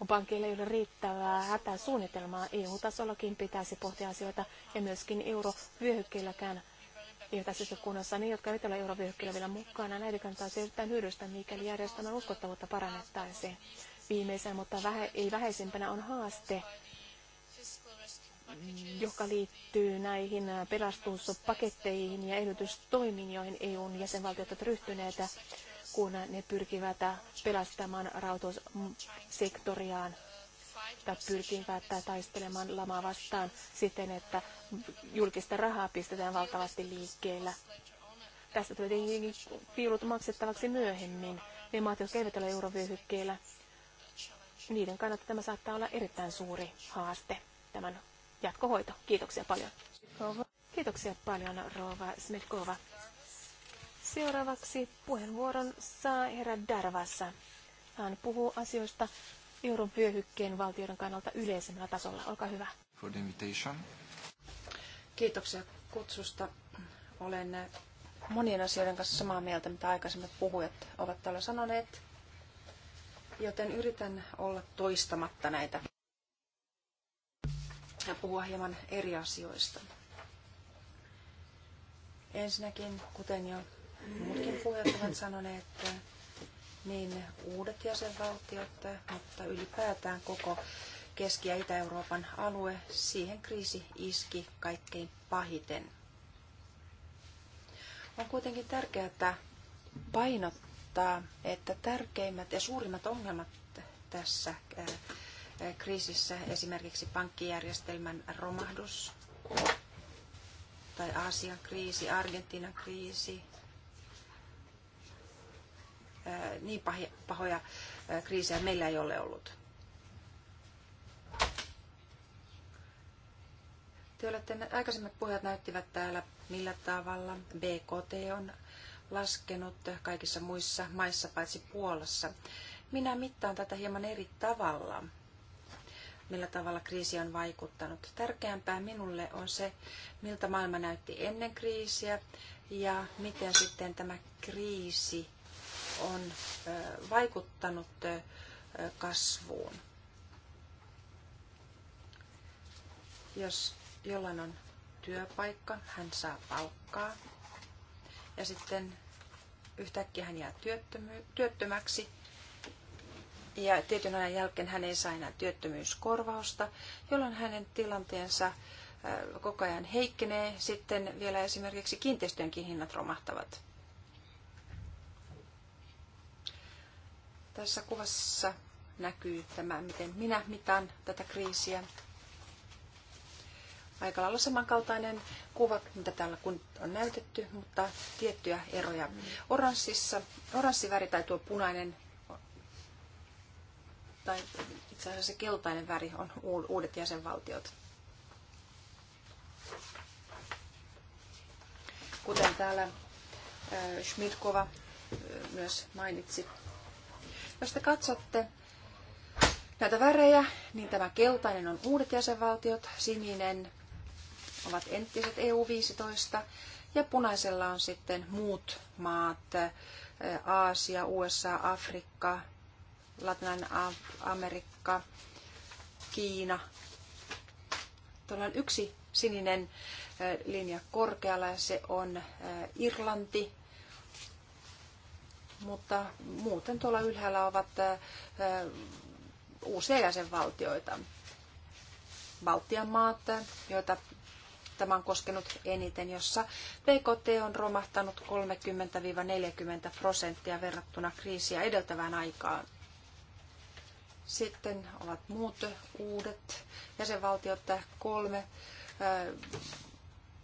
on pankille ei ole riittävää suunnitelmaa. EU-tasollakin pitäisi pohtia asioita ja myöskin eurovyöhykkeelläkään ja tässä kunnossa. Ne, jotka eivät ole eurovyöhykkeellä vielä mukana, näitä kannattaisi erittäin hyödystä, mikäli järjestelmän uskottavuutta parannettaisiin viimeisenä, mutta vähe, ei vähäisempänä on haaste, joka liittyy näihin pelastuspaketteihin ja elvytystoimiin, joihin EUn jäsenvaltiot ovat ryhtyneet, kun ne pyrkivät pelastamaan rautosektoriaan tai pyrkivät taistelemaan lamaa vastaan siten, että julkista rahaa pistetään valtavasti liikkeellä. Tästä tulee tietenkin viulut maksettavaksi myöhemmin. Ne maat, jotka eivät ole eurovyöhykkeellä, niiden kannalta tämä saattaa olla erittäin suuri haaste, tämän jatkohoito. Kiitoksia paljon. Kiitoksia paljon, Rova Smetkova. Seuraavaksi puheenvuoron saa herra Darvassa. Hän puhuu asioista euron vyöhykkeen valtioiden kannalta yleisemmällä tasolla. Olkaa hyvä. For the invitation. Kiitoksia kutsusta. Olen monien asioiden kanssa samaa mieltä, mitä aikaisemmat puhujat ovat täällä sanoneet joten yritän olla toistamatta näitä ja puhua hieman eri asioista. Ensinnäkin, kuten jo muutkin puhujat ovat sanoneet, niin uudet jäsenvaltiot, mutta ylipäätään koko Keski- ja Itä-Euroopan alue, siihen kriisi iski kaikkein pahiten. On kuitenkin tärkeää painottaa, muistaa, että tärkeimmät ja suurimmat ongelmat tässä äh, äh, kriisissä, esimerkiksi pankkijärjestelmän romahdus tai Aasian kriisi, Argentiinan kriisi, äh, niin pahoja kriisejä meillä ei ole ollut. Te olette, aikaisemmat puheet näyttivät täällä, millä tavalla BKT on laskenut kaikissa muissa maissa paitsi Puolassa. Minä mittaan tätä hieman eri tavalla, millä tavalla kriisi on vaikuttanut. Tärkeämpää minulle on se, miltä maailma näytti ennen kriisiä ja miten sitten tämä kriisi on vaikuttanut kasvuun. Jos jollain on työpaikka, hän saa palkkaa, ja sitten yhtäkkiä hän jää työttömäksi. Ja tietyn ajan jälkeen hän ei saa enää työttömyyskorvausta, jolloin hänen tilanteensa äh, koko ajan heikkenee. Sitten vielä esimerkiksi kiinteistöjenkin hinnat romahtavat. Tässä kuvassa näkyy tämä, miten minä mitan tätä kriisiä. Aika lailla samankaltainen kuva, mitä täällä kun on näytetty, mutta tiettyjä eroja. Oranssissa, oranssi väri tai tuo punainen tai itse asiassa se keltainen väri on uudet jäsenvaltiot. Kuten täällä Schmidkova myös mainitsi. Jos te katsotte näitä värejä, niin tämä keltainen on uudet jäsenvaltiot, sininen ovat entiset EU-15 ja punaisella on sitten muut maat, Aasia, USA, Afrikka, Latinan Amerikka, Kiina. Tuolla on yksi sininen linja korkealla ja se on Irlanti. Mutta muuten tuolla ylhäällä ovat uusia jäsenvaltioita. Baltian maat, joita tämä on koskenut eniten, jossa PKT on romahtanut 30-40 prosenttia verrattuna kriisiä edeltävään aikaan. Sitten ovat muut uudet jäsenvaltiot, kolme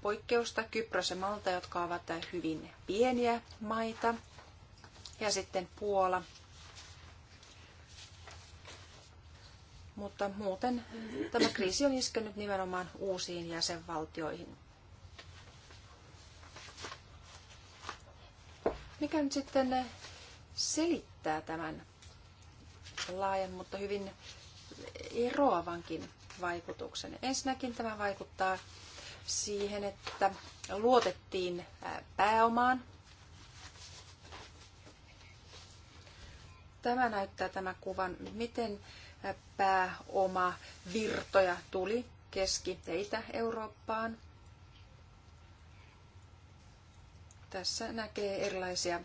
poikkeusta, Kypros ja Malta, jotka ovat hyvin pieniä maita, ja sitten Puola, mutta muuten tämä kriisi on iskenyt nimenomaan uusiin jäsenvaltioihin. Mikä nyt sitten selittää tämän laajan, mutta hyvin eroavankin vaikutuksen? Ensinnäkin tämä vaikuttaa siihen, että luotettiin pääomaan. Tämä näyttää tämä kuvan, miten pääomavirtoja tuli Keski- ja Itä-Eurooppaan. Tässä näkee erilaisia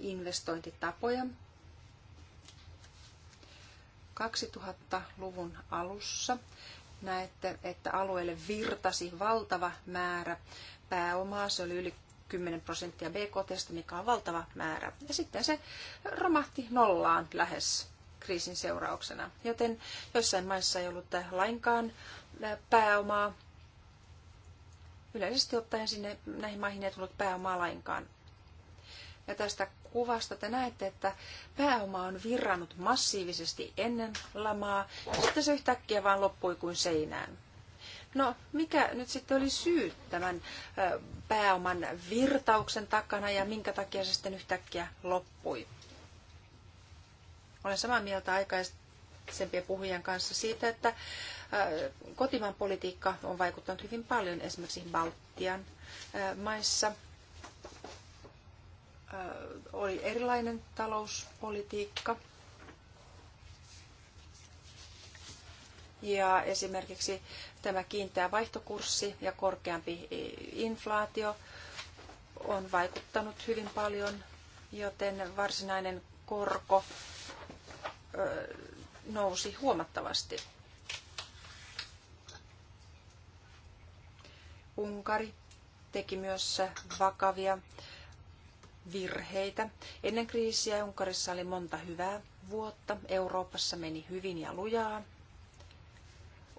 investointitapoja. 2000-luvun alussa näette, että alueelle virtasi valtava määrä pääomaa. Se oli yli 10 prosenttia BKT, mikä on valtava määrä. Ja sitten se romahti nollaan lähes kriisin seurauksena. Joten joissain maissa ei ollut lainkaan pääomaa. Yleisesti ottaen sinne, näihin maihin ei tullut pääomaa lainkaan. Ja tästä kuvasta te näette, että pääoma on virrannut massiivisesti ennen lamaa, ja sitten se yhtäkkiä vaan loppui kuin seinään. No, mikä nyt sitten oli syy tämän pääoman virtauksen takana ja minkä takia se sitten yhtäkkiä loppui? Olen samaa mieltä aikaisempien puhujien kanssa siitä, että äh, kotimaan politiikka on vaikuttanut hyvin paljon esimerkiksi Baltian äh, maissa. Äh, oli erilainen talouspolitiikka. Ja esimerkiksi tämä kiinteä vaihtokurssi ja korkeampi inflaatio on vaikuttanut hyvin paljon, joten varsinainen korko nousi huomattavasti. Unkari teki myös vakavia virheitä. Ennen kriisiä Unkarissa oli monta hyvää vuotta. Euroopassa meni hyvin ja lujaa.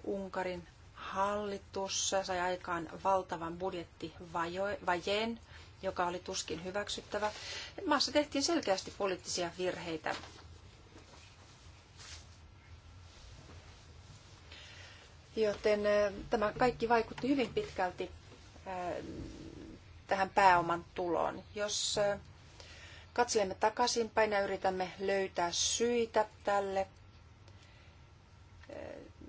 Unkarin hallitus sai aikaan valtavan budjettivajeen, joka oli tuskin hyväksyttävä. Maassa tehtiin selkeästi poliittisia virheitä. Joten tämä kaikki vaikutti hyvin pitkälti tähän pääoman tuloon. Jos katselemme takaisinpäin ja yritämme löytää syitä tälle,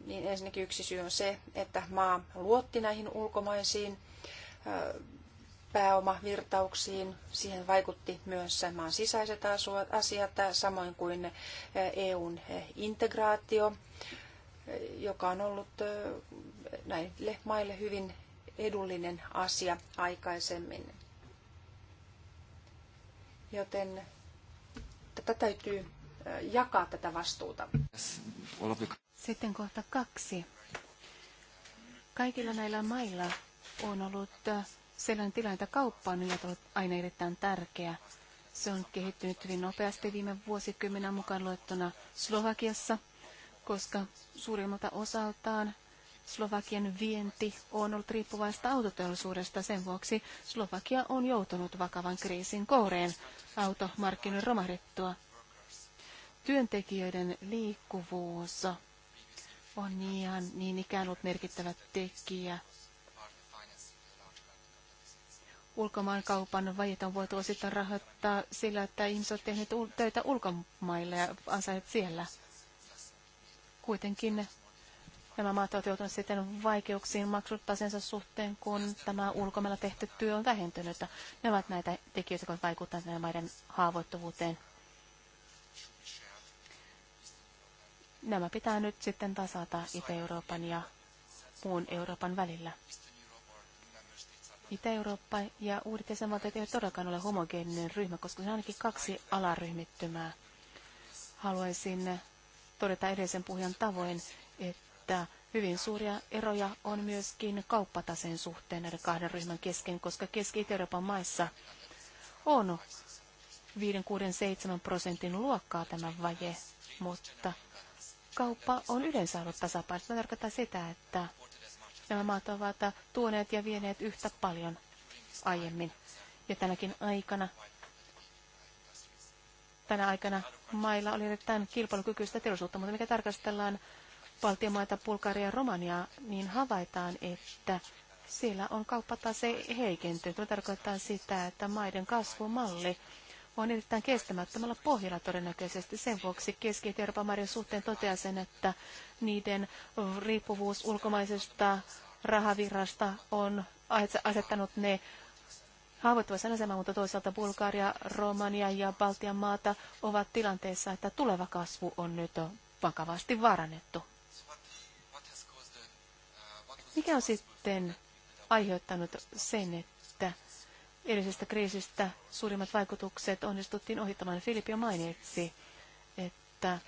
niin ensinnäkin yksi syy on se, että maa luotti näihin ulkomaisiin pääomavirtauksiin. Siihen vaikutti myös maan sisäiset asiat, samoin kuin EUn integraatio joka on ollut näille maille hyvin edullinen asia aikaisemmin. Joten tätä täytyy jakaa tätä vastuuta. Sitten kohta kaksi. Kaikilla näillä mailla on ollut sellainen tilanne, että kauppa on ollut aina erittäin tärkeä. Se on kehittynyt hyvin nopeasti viime vuosikymmenen mukaan luettuna Slovakiassa – koska suurimmalta osaltaan Slovakian vienti on ollut riippuvaista autoteollisuudesta. Sen vuoksi Slovakia on joutunut vakavan kriisin kooreen automarkkinoiden romahdettua. Työntekijöiden liikkuvuus on ihan niin ikään ollut merkittävä tekijä. Ulkomaankaupan vajet on voitu osittain rahoittaa sillä, että ihmiset ovat tehneet töitä ulkomaille ja ansainneet siellä Kuitenkin nämä maat ovat joutuneet sitten vaikeuksiin maksutasensa suhteen, kun tämä ulkomailla tehty työ on vähentynyt. Ne ovat näitä tekijöitä, jotka vaikuttavat näiden maiden haavoittuvuuteen. Nämä pitää nyt sitten tasata Itä-Euroopan ja muun Euroopan välillä. Itä-Eurooppa ja uudet jäsenvaltiot eivät todellakaan ole homogeeninen ryhmä, koska se on ainakin kaksi alaryhmittymää. Haluaisin todeta edellisen puhujan tavoin, että hyvin suuria eroja on myöskin kauppataseen suhteen näiden kahden ryhmän kesken, koska Keski-Euroopan maissa on 5, 6, 7 prosentin luokkaa tämä vaje, mutta kauppa on yleensä ollut tasapainossa. Tämä tarkoittaa sitä, että nämä maat ovat tuoneet ja vieneet yhtä paljon aiemmin. Ja tänäkin aikana tänä aikana mailla oli erittäin kilpailukykyistä teollisuutta, mutta mikä tarkastellaan Baltian maita, Bulgaria ja Romaniaa, niin havaitaan, että siellä on kauppatase heikentynyt. Tämä tarkoittaa sitä, että maiden kasvumalli on erittäin kestämättömällä pohjalla todennäköisesti. Sen vuoksi keski euroopan maiden suhteen toteaa sen, että niiden riippuvuus ulkomaisesta rahavirrasta on asettanut ne haavoittuvassa asemassa, mutta toisaalta Bulgaria, Romania ja Baltian maata ovat tilanteessa, että tuleva kasvu on nyt vakavasti varannettu. Mikä on sitten aiheuttanut sen, että edellisestä kriisistä suurimmat vaikutukset onnistuttiin ohittamaan? Filippi mainitsi, että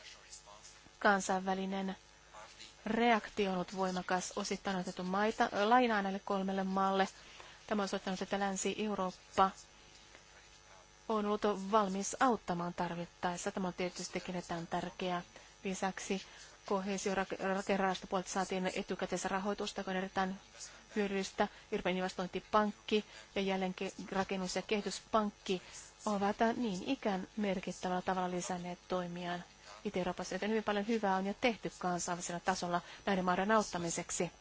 kansainvälinen reaktio on ollut voimakas, osittain otettu maita, lainaa näille kolmelle maalle – Tämä on osoittanut, että Länsi-Eurooppa on ollut valmis auttamaan tarvittaessa. Tämä on tietystikin etään tärkeää. Lisäksi kohesiorakennerahastopuolta saatiin etukäteisrahoitusta, joka on erittäin hyödyllistä. Euroopan investointipankki ja jälleen rakennus- ja kehityspankki ovat niin ikään merkittävällä tavalla lisänneet toimiaan Itä-Euroopassa, joten hyvin paljon hyvää on jo tehty kansallisella tasolla näiden maiden auttamiseksi.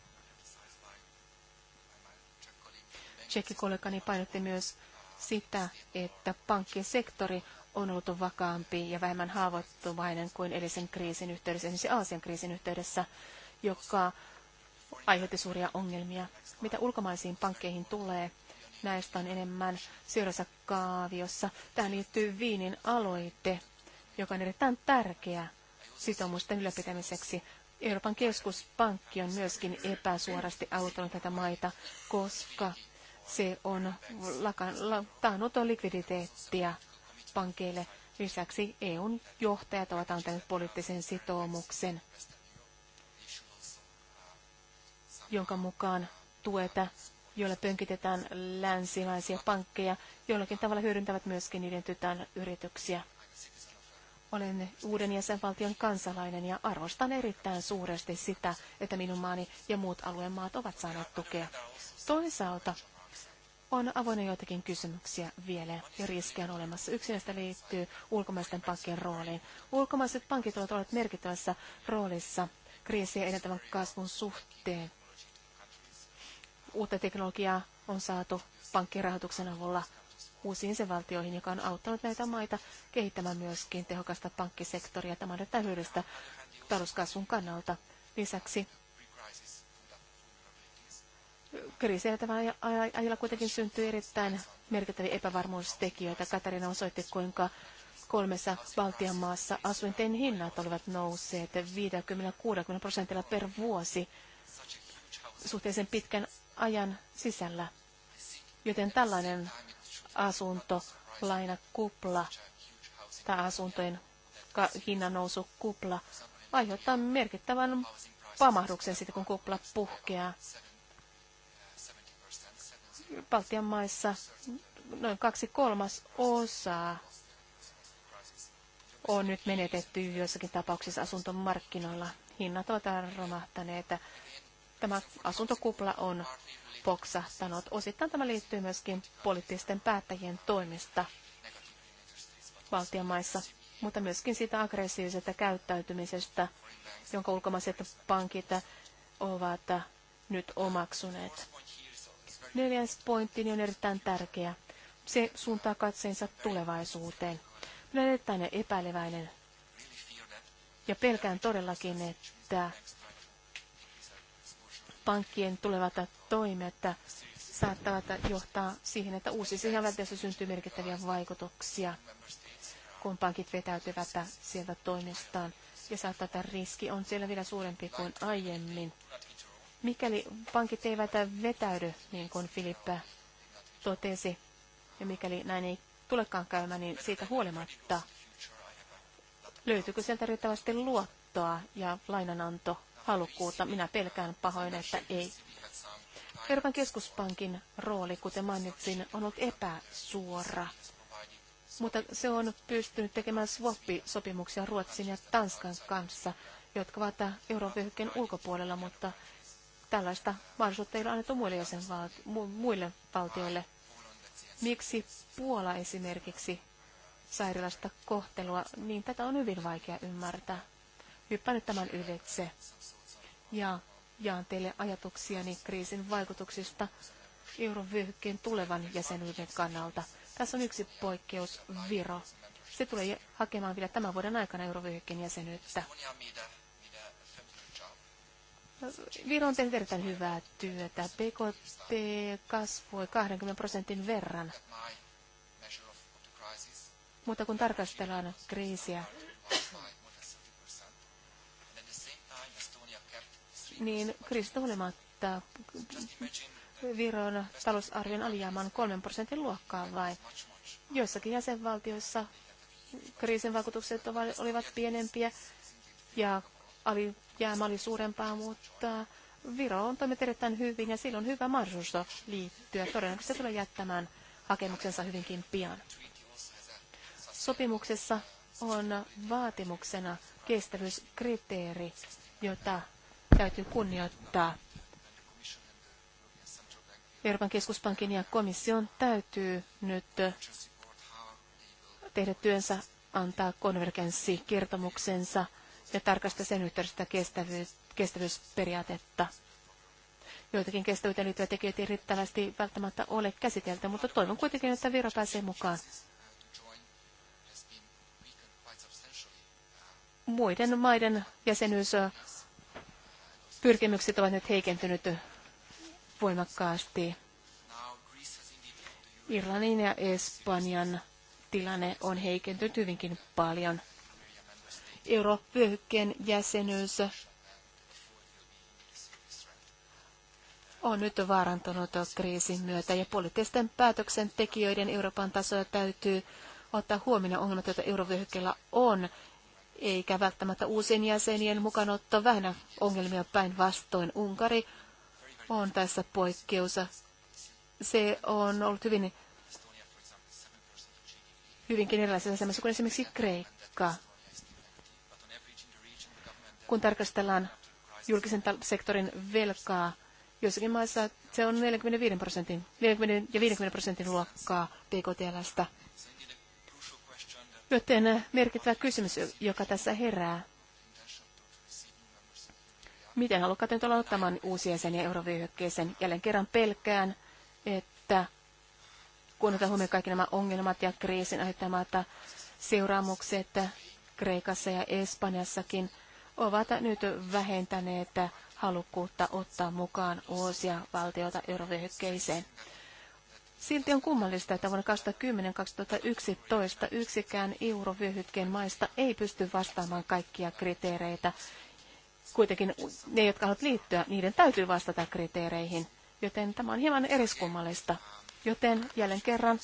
Tsekkikollegani painotti myös sitä, että pankkisektori on ollut vakaampi ja vähemmän haavoittuvainen kuin edellisen kriisin yhteydessä, esimerkiksi Aasian kriisin yhteydessä, joka aiheutti suuria ongelmia. Mitä ulkomaisiin pankkeihin tulee, näistä on enemmän seuraavassa kaaviossa. Tähän liittyy Viinin aloite, joka on erittäin tärkeä sitoumusten ylläpitämiseksi. Euroopan keskuspankki on myöskin epäsuorasti auttanut tätä maita, koska se on taannut likviditeettiä pankeille. Lisäksi EUn johtajat ovat antaneet poliittisen sitoumuksen, jonka mukaan tueta, joilla pönkitetään länsimaisia pankkeja, jollakin tavalla hyödyntävät myöskin niiden tytän yrityksiä. Olen uuden jäsenvaltion kansalainen ja arvostan erittäin suuresti sitä, että minun maani ja muut alueen maat ovat saaneet tukea. Toisaalta on avoinna joitakin kysymyksiä vielä ja riskejä on olemassa. Yksi näistä liittyy ulkomaisten pankkien rooliin. Ulkomaiset pankit ovat olleet merkittävässä roolissa kriisiä edeltävän kasvun suhteen. Uutta teknologiaa on saatu pankkien rahoituksen avulla uusiin sen valtioihin, joka on auttanut näitä maita kehittämään myöskin tehokasta pankkisektoria. Tämä on erittäin hyödyllistä talouskasvun kannalta. Lisäksi Kriisielätävällä ajalla kuitenkin syntyi erittäin merkittäviä epävarmuustekijöitä. Katarina osoitti, kuinka kolmessa Baltian maassa asuinten hinnat olivat nousseet 50-60 prosentilla per vuosi suhteellisen pitkän ajan sisällä. Joten tällainen asunto kupla tai asuntojen hinnan nousu kupla aiheuttaa merkittävän pamahduksen sitten, kun kupla puhkeaa. Baltian maissa noin kaksi kolmas osaa on nyt menetetty joissakin tapauksissa asuntomarkkinoilla. Hinnat ovat romahtaneet. Tämä asuntokupla on poksahtanut. Osittain tämä liittyy myöskin poliittisten päättäjien toimista valtiomaissa, mutta myöskin siitä aggressiivisesta käyttäytymisestä, jonka ulkomaiset pankit ovat nyt omaksuneet. Neljäs pointti niin on erittäin tärkeä. Se suuntaa katseensa tulevaisuuteen. Minä olen erittäin epäileväinen ja pelkään todellakin, että pankkien tulevat toimet saattavat johtaa siihen, että uusissa jäljiltässä syntyy merkittäviä vaikutuksia, kun pankit vetäytyvät sieltä toimistaan. Ja saattaa, että riski on siellä vielä suurempi kuin aiemmin. Mikäli pankit eivät vetäydy, niin kuin Filippa totesi, ja mikäli näin ei tulekaan käymään, niin siitä huolimatta, löytyykö sieltä riittävästi luottoa ja lainananto halukkuutta? Minä pelkään pahoin, että ei. Euroopan keskuspankin rooli, kuten mainitsin, on ollut epäsuora, mutta se on pystynyt tekemään swap-sopimuksia Ruotsin ja Tanskan kanssa, jotka ovat eurovyöhykkeen ulkopuolella, mutta Tällaista mahdollisuutta ei ole annettu muille, jäsenvalti- mu- muille valtioille. Miksi Puola esimerkiksi sairaalasta kohtelua, niin tätä on hyvin vaikea ymmärtää. Hyppään nyt tämän ylitse ja jaan teille ajatuksiani kriisin vaikutuksista eurovyöhykkeen tulevan jäsenyyden kannalta. Tässä on yksi poikkeus, Viro. Se tulee hakemaan vielä tämän vuoden aikana eurovyöhykkeen jäsenyyttä. Viro on tehnyt erittäin hyvää työtä. BKT kasvoi 20 prosentin verran. Mutta kun tarkastellaan kriisiä, niin kriisistä huolimatta Viron talousarvion alijäämän 3 prosentin luokkaa vai, Joissakin jäsenvaltioissa kriisin vaikutukset olivat pienempiä ja alijäämä oli suurempaa, mutta Viro on toiminut erittäin hyvin ja sillä on hyvä mahdollisuus liittyä. Todennäköisesti tulee jättämään hakemuksensa hyvinkin pian. Sopimuksessa on vaatimuksena kestävyyskriteeri, jota täytyy kunnioittaa. Euroopan keskuspankin ja komission täytyy nyt tehdä työnsä, antaa konvergenssikertomuksensa ja tarkastaa sen yhteydessä kestävyys, kestävyysperiaatetta. Joitakin kestävyyteen liittyviä tekijöitä ei riittävästi välttämättä ole käsitelty, mutta toivon kuitenkin, että Viro pääsee mukaan. Muiden maiden jäsenyys pyrkimykset ovat nyt heikentynyt voimakkaasti. Irlannin ja Espanjan tilanne on heikentynyt hyvinkin paljon eurovyöhykkeen jäsenyys on nyt vaarantunut kriisin myötä ja poliittisten päätöksentekijöiden Euroopan tasolla täytyy ottaa huomioon ongelmat, joita eurovyöhykkeellä on, eikä välttämättä uusien jäsenien mukanotto vähennä ongelmia päinvastoin. Unkari on tässä poikkeus. Se on ollut hyvin, hyvinkin erilaisessa asemassa kuin esimerkiksi Kreikka kun tarkastellaan julkisen sektorin velkaa, joissakin maissa se on 45 prosentin, 40 ja 50 prosentin luokkaa PKTLstä. Joten eh, merkittävä kysymys, joka tässä herää. Miten halukkaat nyt olla ottamaan uusia jäseniä eurovyöhykkeeseen? Jälleen kerran pelkään, että kun otetaan huomioon kaikki nämä ongelmat ja kriisin aiheuttamat seuraamukset Kreikassa ja Espanjassakin, ovat nyt vähentäneet halukkuutta ottaa mukaan uusia valtioita eurovyöhykkeeseen. Silti on kummallista, että vuonna 2010-2011 yksikään eurovyöhykkeen maista ei pysty vastaamaan kaikkia kriteereitä. Kuitenkin ne, jotka haluavat liittyä, niiden täytyy vastata kriteereihin, joten tämä on hieman eriskummallista. Joten jälleen kerran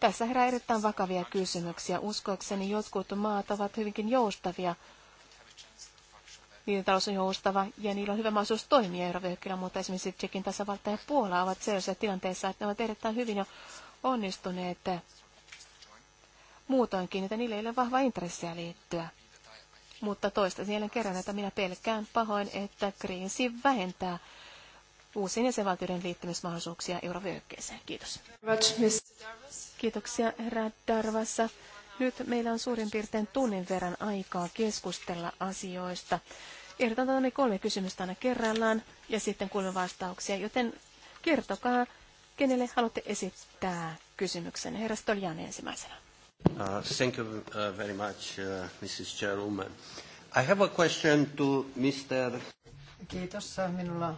tässä herää erittäin vakavia kysymyksiä. Uskoakseni jotkut maat ovat hyvinkin joustavia niiden talous on joustava ja niillä on hyvä mahdollisuus toimia eurovyöhykkeellä, mutta esimerkiksi Tsekin tasavalta ja Puola ovat sellaisessa tilanteessa, että ne ovat erittäin hyvin jo onnistuneet muutoinkin, että niillä ei ole vahva intressiä liittyä. Mutta toista siellä kerran, että minä pelkään pahoin, että kriisi vähentää uusien jäsenvaltioiden liittymismahdollisuuksia eurovyöhykkeeseen. Kiitos. Kiitoksia, herra Darvassa. Nyt meillä on suurin piirtein tunnin verran aikaa keskustella asioista. Ehdotan ne kolme kysymystä aina kerrallaan ja sitten kuulemme vastauksia, joten kertokaa, kenelle haluatte esittää kysymyksen. Herra Stoljan ensimmäisenä. Uh, thank you uh, very much, uh, Mrs. Chairwoman. I have a question to Mr. Kiitos. Minulla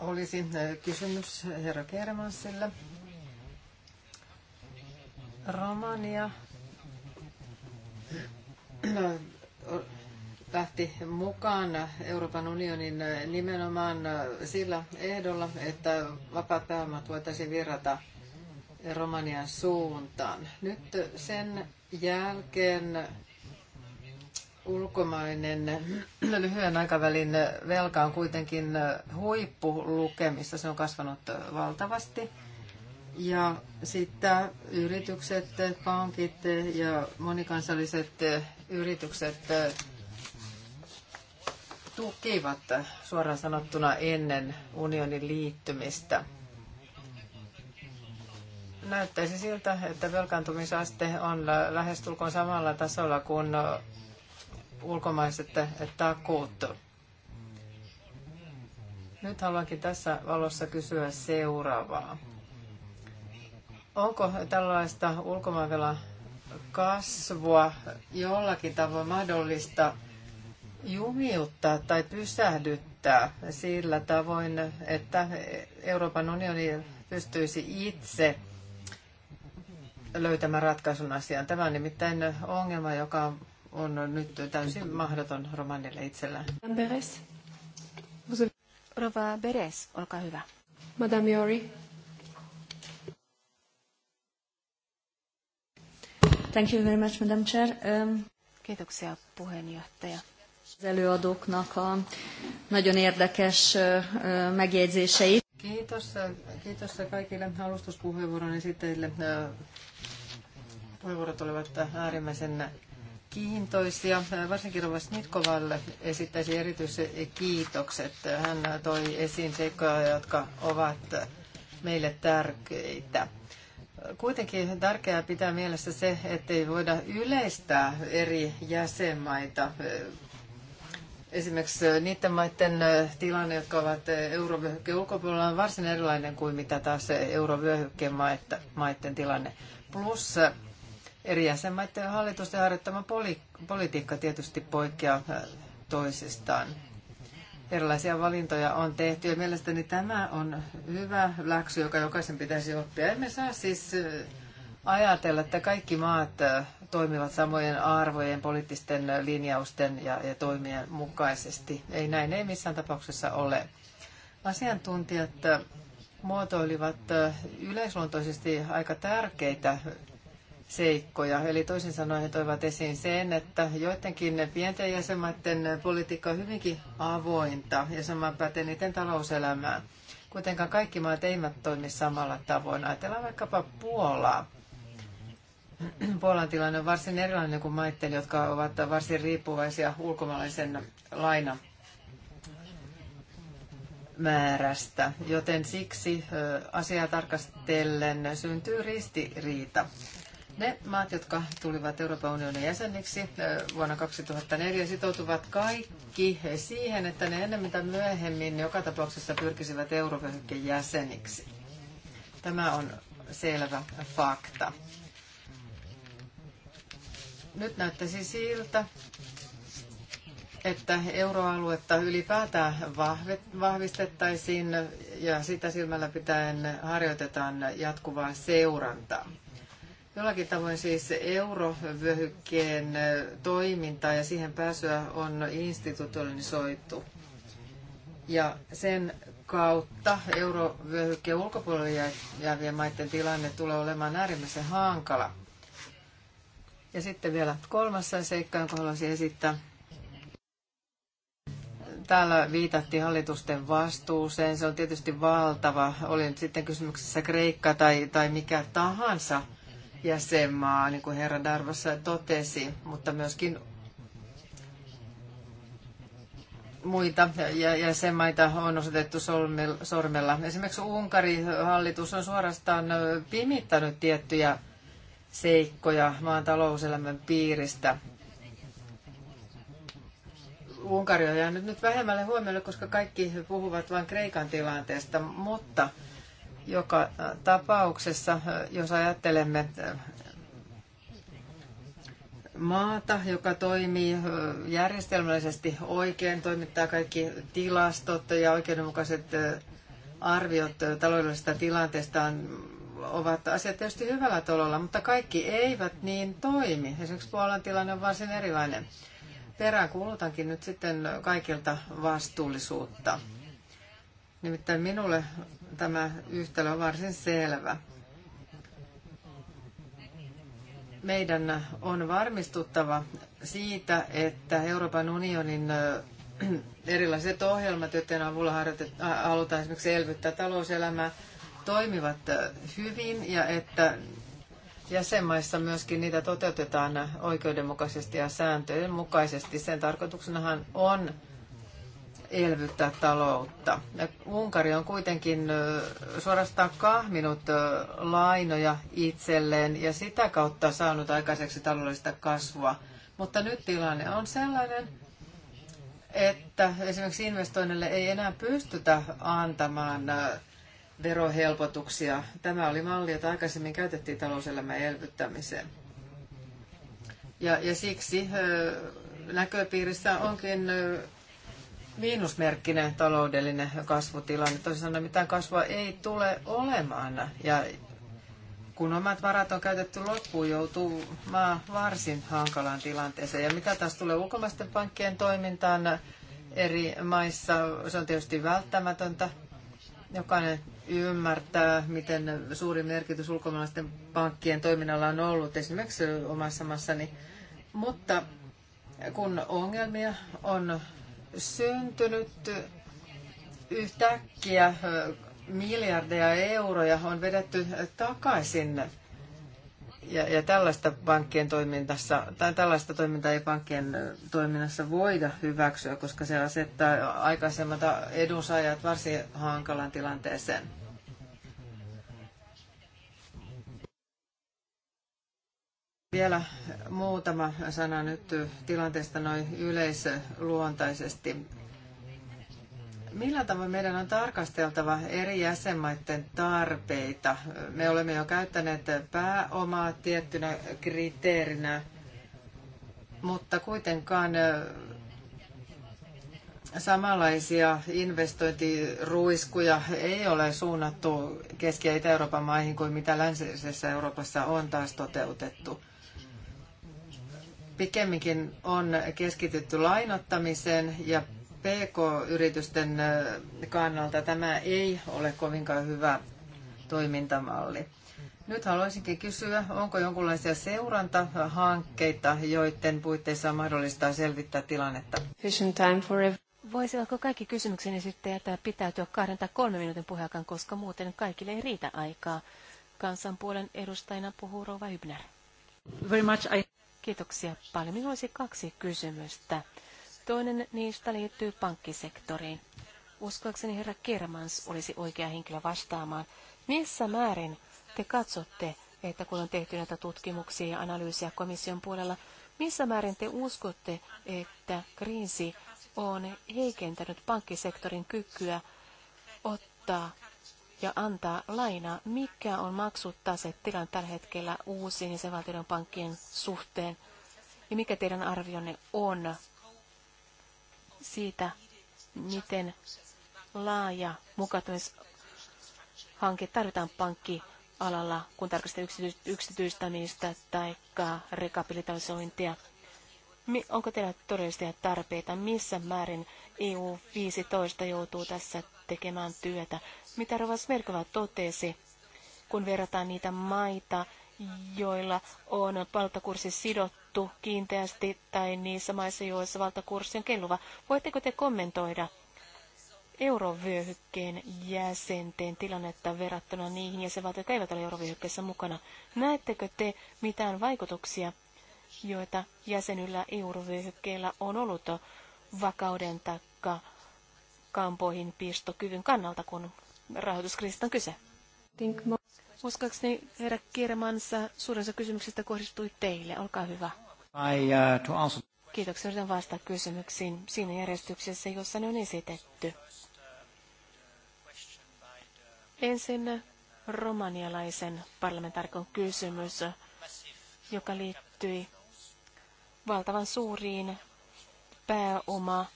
olisi uh, kysymys herra Kermansille. Romania uh, lähti mukaan Euroopan unionin nimenomaan sillä ehdolla, että vapaat pääomat voitaisiin virrata Romanian suuntaan. Nyt sen jälkeen ulkomainen lyhyen aikavälin velka on kuitenkin huippulukemissa. Se on kasvanut valtavasti. Ja sitten yritykset, pankit ja monikansalliset yritykset tukivat suoraan sanottuna ennen unionin liittymistä. Näyttäisi siltä, että velkaantumisaste on lähestulkoon samalla tasolla kuin ulkomaiset takuut. Nyt haluankin tässä valossa kysyä seuraavaa. Onko tällaista ulkomaanvelan kasvua jollakin tavoin mahdollista jumiuttaa tai pysähdyttää sillä tavoin, että Euroopan unioni pystyisi itse löytämään ratkaisun asiaan. Tämä on nimittäin ongelma, joka on nyt täysin mahdoton romanille itsellään. Rova Beres, olkaa hyvä. Madame Yori. Thank you very much, Madame Chair. Um... Kiitoksia puheenjohtaja előadóknak a nagyon érdekes megjegyzéseit. Kiitos, kiitos kaikille alustuspuheenvuoron esittäjille. Puheenvuorot olivat äärimmäisen kiintoisia. Varsinkin Rova Snitkovalle esittäisi erityisen kiitokset. Hän toi esiin seikkoja, jotka ovat meille tärkeitä. Kuitenkin tärkeää pitää mielessä se, ettei voida yleistää eri jäsenmaita Esimerkiksi äh, niiden maiden äh, tilanne, jotka ovat äh, eurovyöhykkeen ulkopuolella, on varsin erilainen kuin mitä taas eurovyöhykkeen maiden tilanne. Plus eri jäsenmaiden hallitusten harjoittama politiikka tietysti poikkeaa toisistaan. Erilaisia valintoja on tehty ja mielestäni tämä on hyvä läksy, joka jokaisen pitäisi oppia. Emme saa siis ajatella, että kaikki maat äh, toimivat samojen arvojen, poliittisten linjausten ja, ja toimien mukaisesti. Ei näin ei missään tapauksessa ole. Asiantuntijat äh, muotoilivat äh, yleisluontoisesti aika tärkeitä seikkoja. Eli toisin sanoen he toivat esiin sen, että joidenkin pienten jäsenmaiden politiikka on hyvinkin avointa ja sama pätee niiden talouselämään. Kuitenkaan kaikki maat eivät toimi samalla tavoin. Ajatellaan vaikkapa Puolaa. Puolan tilanne on varsin erilainen kuin maitten, jotka ovat varsin riippuvaisia ulkomaalaisen lainan määrästä, joten siksi asiaa tarkastellen syntyy ristiriita. Ne maat, jotka tulivat Euroopan unionin jäseniksi vuonna 2004, sitoutuvat kaikki siihen, että ne ennemmin tai myöhemmin joka tapauksessa pyrkisivät Euroopan jäseniksi. Tämä on selvä fakta. Nyt näyttäisi siltä, että euroaluetta ylipäätään vahvistettaisiin ja sitä silmällä pitäen harjoitetaan jatkuvaa seurantaa. Jollakin tavoin siis eurovyöhykkeen toiminta ja siihen pääsyä on institutionalisoitu. Ja sen kautta eurovyöhykkeen ulkopuolelle jäävien maiden tilanne tulee olemaan äärimmäisen hankala. Ja sitten vielä kolmas seikka, jonka haluaisin esittää. Täällä viitattiin hallitusten vastuuseen. Se on tietysti valtava. Oli nyt sitten kysymyksessä Kreikka tai, tai mikä tahansa jäsenmaa, niin kuin herra Darvassa totesi, mutta myöskin muita jäsenmaita on osoitettu sormella. Esimerkiksi Unkarin hallitus on suorastaan pimittänyt tiettyjä seikkoja maan talouselämän piiristä. Unkari on jäänyt nyt vähemmälle huomiolle, koska kaikki puhuvat vain Kreikan tilanteesta, mutta joka tapauksessa, jos ajattelemme maata, joka toimii järjestelmällisesti oikein, toimittaa kaikki tilastot ja oikeudenmukaiset arviot taloudellisesta tilanteestaan ovat asiat tietysti hyvällä tololla, mutta kaikki eivät niin toimi. Esimerkiksi Puolan tilanne on varsin erilainen. Perään kuulutankin nyt sitten kaikilta vastuullisuutta. Nimittäin minulle tämä yhtälö on varsin selvä. Meidän on varmistuttava siitä, että Euroopan unionin äh, erilaiset ohjelmat, joiden avulla äh, halutaan esimerkiksi elvyttää talouselämää, toimivat äh, hyvin ja että jäsenmaissa myöskin niitä toteutetaan oikeudenmukaisesti ja sääntöjen mukaisesti. Sen tarkoituksenahan on elvyttää taloutta. Unkari on kuitenkin äh, suorastaan kahminut äh, lainoja itselleen ja sitä kautta saanut aikaiseksi taloudellista kasvua. Mutta nyt tilanne on sellainen, että esimerkiksi investoinnille ei enää pystytä antamaan verohelpotuksia. Tämä oli malli, jota aikaisemmin käytettiin talouselämän elvyttämiseen. Ja, ja siksi näköpiirissä onkin miinusmerkkinen taloudellinen kasvutilanne. Toisin sanoen mitään kasvua ei tule olemaan. Ja kun omat varat on käytetty loppuun, joutuu maa varsin hankalaan tilanteeseen. Ja mitä taas tulee ulkomaisten pankkien toimintaan eri maissa, se on tietysti välttämätöntä. Jokainen ymmärtää, miten suuri merkitys ulkomaalaisten pankkien toiminnalla on ollut esimerkiksi omassa maassani. Mutta kun ongelmia on syntynyt yhtäkkiä, miljardeja euroja on vedetty takaisin ja, ja tällaista, pankkien toimintassa, tai tällaista toimintaa ei pankkien toiminnassa voida hyväksyä, koska se asettaa aikaisemmat edunsaajat varsin hankalan tilanteeseen. Vielä muutama sana nyt tilanteesta noin yleisluontaisesti. Millä tavoin meidän on tarkasteltava eri jäsenmaiden tarpeita? Me olemme jo käyttäneet pääomaa tiettynä kriteerinä, mutta kuitenkaan samanlaisia investointiruiskuja ei ole suunnattu Keski- ja Itä-Euroopan maihin kuin mitä länsisessä Euroopassa on taas toteutettu. Pikemminkin on keskitytty lainottamiseen ja PK-yritysten eh, kannalta tämä ei ole kovinkaan hyvä toimintamalli. Nyt haluaisinkin kysyä, onko jonkinlaisia seurantahankkeita, joiden puitteissa on mahdollista selvittää tilannetta? Voisivatko kaikki sitten jättää pitäytyä kahden tai kolmen minuutin puheakaan, koska muuten kaikille ei riitä aikaa? Kansanpuolen edustajana puhuu Rova Hybner. Very much I... Kiitoksia paljon. Minulla olisi kaksi kysymystä. Toinen niistä liittyy pankkisektoriin. Uskoakseni herra Kermans olisi oikea henkilö vastaamaan. Missä määrin te katsotte, että kun on tehty näitä tutkimuksia ja analyysiä komission puolella, missä määrin te uskotte, että kriisi on heikentänyt pankkisektorin kykyä ottaa ja antaa lainaa? Mikä on se tilan tällä hetkellä uusien ja sen pankkien suhteen? Ja mikä teidän arvionne on siitä, miten laaja mukautumishanke tarvitaan pankkialalla, kun tarkastetaan yksityistämistä tai rekapitalisointia. Onko teillä todellisia tarpeita? Missä määrin EU-15 joutuu tässä tekemään työtä? Mitä Rovas Merkova totesi, kun verrataan niitä maita, joilla on valtakurssi sidottu? sidottu kiinteästi tai niissä maissa, joissa valtakurssi on kelluva. Voitteko te kommentoida eurovyöhykkeen jäsenten tilannetta verrattuna niihin jäsenvaltioihin, jotka eivät ole eurovyöhykkeessä mukana? Näettekö te mitään vaikutuksia, joita jäsenyllä eurovyöhykkeellä on ollut vakauden takka kampoihin pistokyvyn kannalta, kun rahoituskriisistä on kyse? Uskoakseni herra Kirmansa suurin kysymyksestä kohdistui teille. Olkaa hyvä. Uh, Kiitoksia. Yritän vastata kysymyksiin siinä järjestyksessä, jossa ne on esitetty. Ensin romanialaisen parlamentaarikon kysymys, joka liittyi valtavan suuriin pääoma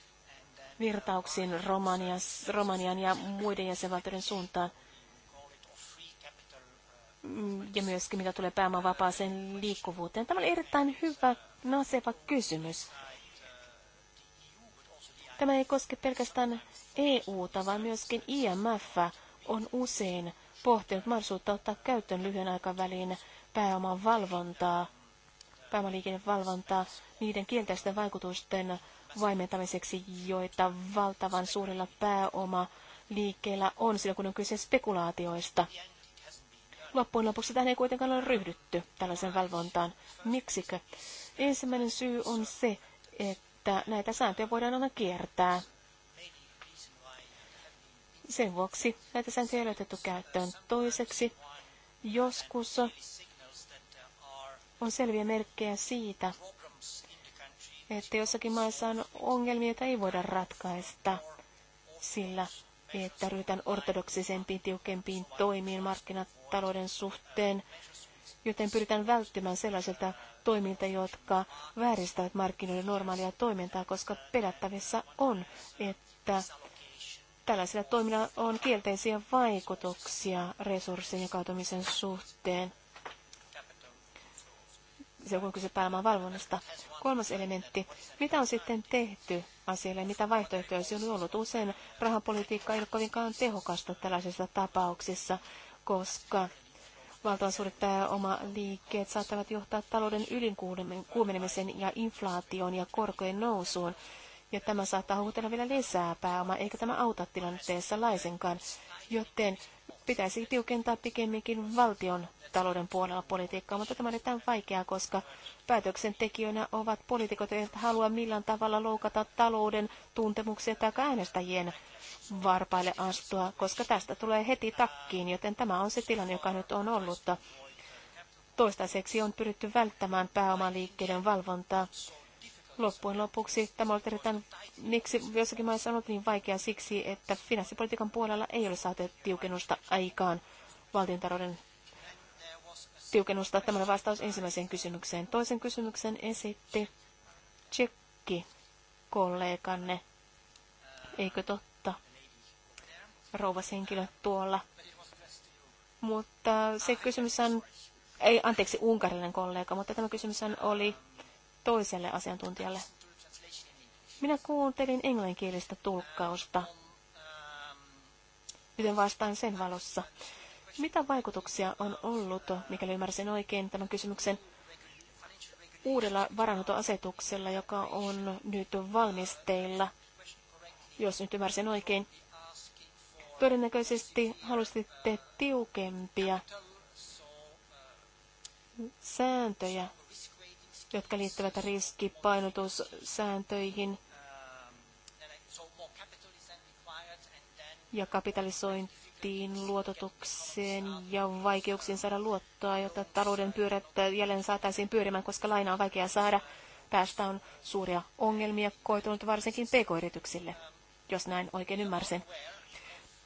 virtauksiin Romanias, Romanian ja muiden jäsenvaltioiden suuntaan. Mm, ja myöskin mitä tulee päämaa-vapaaseen liikkuvuuteen. Tämä on erittäin hyvä, naseva kysymys. Tämä ei koske pelkästään EUta, vaan myöskin IMF on usein pohtinut mahdollisuutta ottaa käyttöön lyhyen aikavälin pääoman valvontaa, pääomaliikennevalvontaa niiden kielteisten vaikutusten vaimentamiseksi, joita valtavan suurilla pääoma liikkeellä on silloin, kun on kyse spekulaatioista. Loppujen lopuksi tähän ei kuitenkaan ole ryhdytty tällaisen valvontaan. Miksikö? Ensimmäinen syy on se, että näitä sääntöjä voidaan aina kiertää. Sen vuoksi näitä sääntöjä ei otettu käyttöön. Toiseksi, joskus on selviä merkkejä siitä, että jossakin maissa on ongelmia, joita ei voida ratkaista sillä, että ryhdytään ortodoksisempiin, tiukempiin toimiin markkinat talouden suhteen, joten pyritään välttymään sellaisilta toimilta, jotka vääristävät markkinoiden normaalia toimintaa, koska pelättävissä on, että tällaisilla toimilla on kielteisiä vaikutuksia resurssien jakautumisen suhteen. Se on kyse pääoman valvonnasta. Kolmas elementti. Mitä on sitten tehty asialle? Mitä vaihtoehtoja on ollut? Usein rahapolitiikka ei ole kovinkaan tehokasta tällaisissa tapauksissa koska valtavan suuret pääomaliikkeet saattavat johtaa talouden ylinkuumenemiseen ja inflaatioon ja korkojen nousuun. Ja tämä saattaa houkutella vielä lisää pääomaa, eikä tämä auta tilanteessa laisenkaan joten pitäisi tiukentaa pikemminkin valtion talouden puolella politiikkaa, mutta tämä on erittäin vaikeaa, koska päätöksentekijöinä ovat poliitikot, jotka halua millään tavalla loukata talouden tuntemuksia tai äänestäjien varpaille astua, koska tästä tulee heti takkiin, joten tämä on se tilanne, joka nyt on ollut. Toistaiseksi on pyritty välttämään pääomaliikkeiden valvontaa Loppujen lopuksi tämä on erittäin, miksi jossakin maissa on ollut niin vaikea siksi, että finanssipolitiikan puolella ei ole saatu tiukennusta aikaan valtiontalouden tiukennusta. Tämä vastaus ensimmäiseen kysymykseen. Toisen kysymyksen esitti tsekki kolleganne. Eikö totta? Rouvas henkilö tuolla. Mutta se kysymys on, ei anteeksi unkarilainen kollega, mutta tämä kysymys oli toiselle asiantuntijalle. Minä kuuntelin englanninkielistä tulkkausta, Miten vastaan sen valossa. Mitä vaikutuksia on ollut, mikäli ymmärsin oikein tämän kysymyksen, uudella varanhoitoasetuksella, joka on nyt valmisteilla, jos nyt ymmärsin oikein. Todennäköisesti halusitte tiukempia sääntöjä jotka liittyvät riskipainotussääntöihin ja kapitalisointiin, luototukseen ja vaikeuksiin saada luottoa, jotta talouden pyörät jälleen saataisiin pyörimään, koska laina on vaikea saada. Tästä on suuria ongelmia koitunut varsinkin pk-yrityksille, jos näin oikein ymmärsin.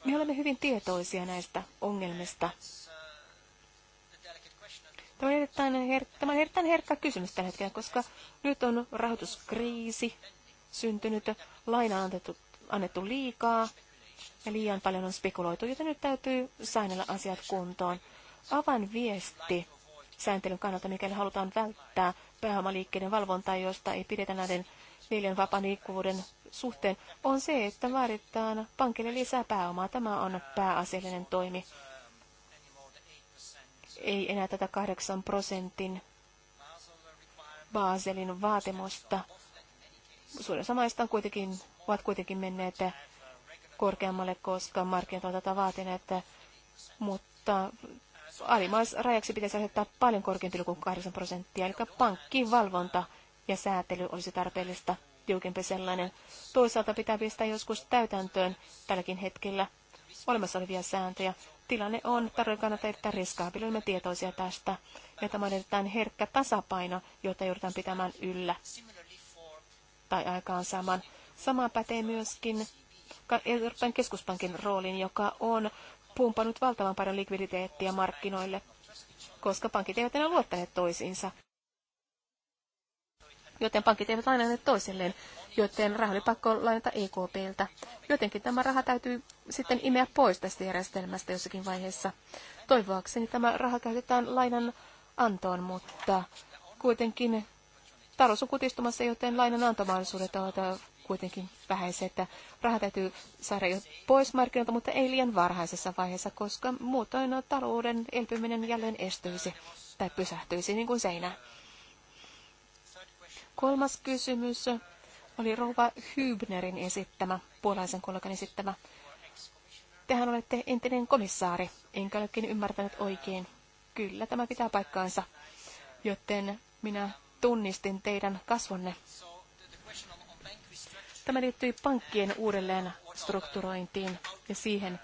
Me olemme hyvin tietoisia näistä ongelmista Tämä on erittäin, her- tämä on erittäin herkkä kysymys tällä hetkellä, koska nyt on rahoituskriisi syntynyt, laina on annettu, annettu liikaa ja liian paljon on spekuloitu, joten nyt täytyy säännellä asiat kuntoon. Avan viesti sääntelyn kannalta, mikäli halutaan välttää pääomaliikkeiden valvontaa, josta ei pidetä näiden neljän vapaan liikkuvuuden suhteen, on se, että vaaditaan pankille lisää pääomaa. Tämä on pääasiallinen toimi ei enää tätä 8 prosentin Baselin vaatimusta. Suurin samaista on kuitenkin, ovat kuitenkin menneet korkeammalle, koska markkinat ovat tätä vaatineet, mutta alimaisrajaksi pitäisi asettaa paljon korkeampi kuin 8 prosenttia, eli pankkivalvonta ja säätely olisi tarpeellista tiukempi sellainen. Toisaalta pitää pistää joskus täytäntöön tälläkin hetkellä olemassa olevia sääntöjä tilanne on tarjolla kannalta erittäin riskaabili. Olemme tietoisia tästä, ja tämä on erittäin herkkä tasapaino, jota joudutaan pitämään yllä tai saman. Sama pätee myöskin Euroopan keskuspankin roolin, joka on pumpannut valtavan paljon likviditeettiä markkinoille, koska pankit eivät enää luottaneet toisiinsa. Joten pankit eivät aina toisilleen joten raha oli pakko lainata EKPltä. Jotenkin tämä raha täytyy sitten imeä pois tästä järjestelmästä jossakin vaiheessa. Toivoakseni tämä raha käytetään lainan antoon, mutta kuitenkin talous on kutistumassa, joten lainan antomahdollisuudet ovat kuitenkin vähäisiä, että raha täytyy saada jo pois markkinoilta, mutta ei liian varhaisessa vaiheessa, koska muutoin talouden elpyminen jälleen estyisi tai pysähtyisi niin kuin seinään. Kolmas kysymys oli Rouva Hübnerin esittämä, puolaisen kollegan esittämä. Tehän olette entinen komissaari, enkä olekin ymmärtänyt oikein. Kyllä, tämä pitää paikkaansa, joten minä tunnistin teidän kasvonne. Tämä liittyy pankkien uudelleen strukturointiin ja siihen,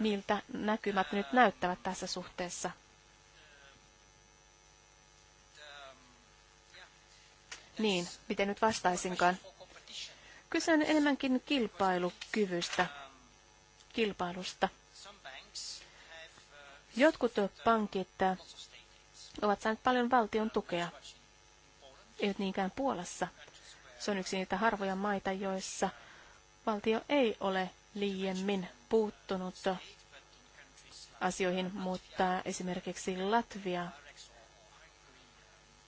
miltä näkymät nyt näyttävät tässä suhteessa. Niin, miten nyt vastaisinkaan? Kyse on enemmänkin kilpailukyvystä, kilpailusta. Jotkut pankit ovat saaneet paljon valtion tukea, ei niinkään Puolassa. Se on yksi niitä harvoja maita, joissa valtio ei ole liiemmin puuttunut asioihin, mutta esimerkiksi Latvia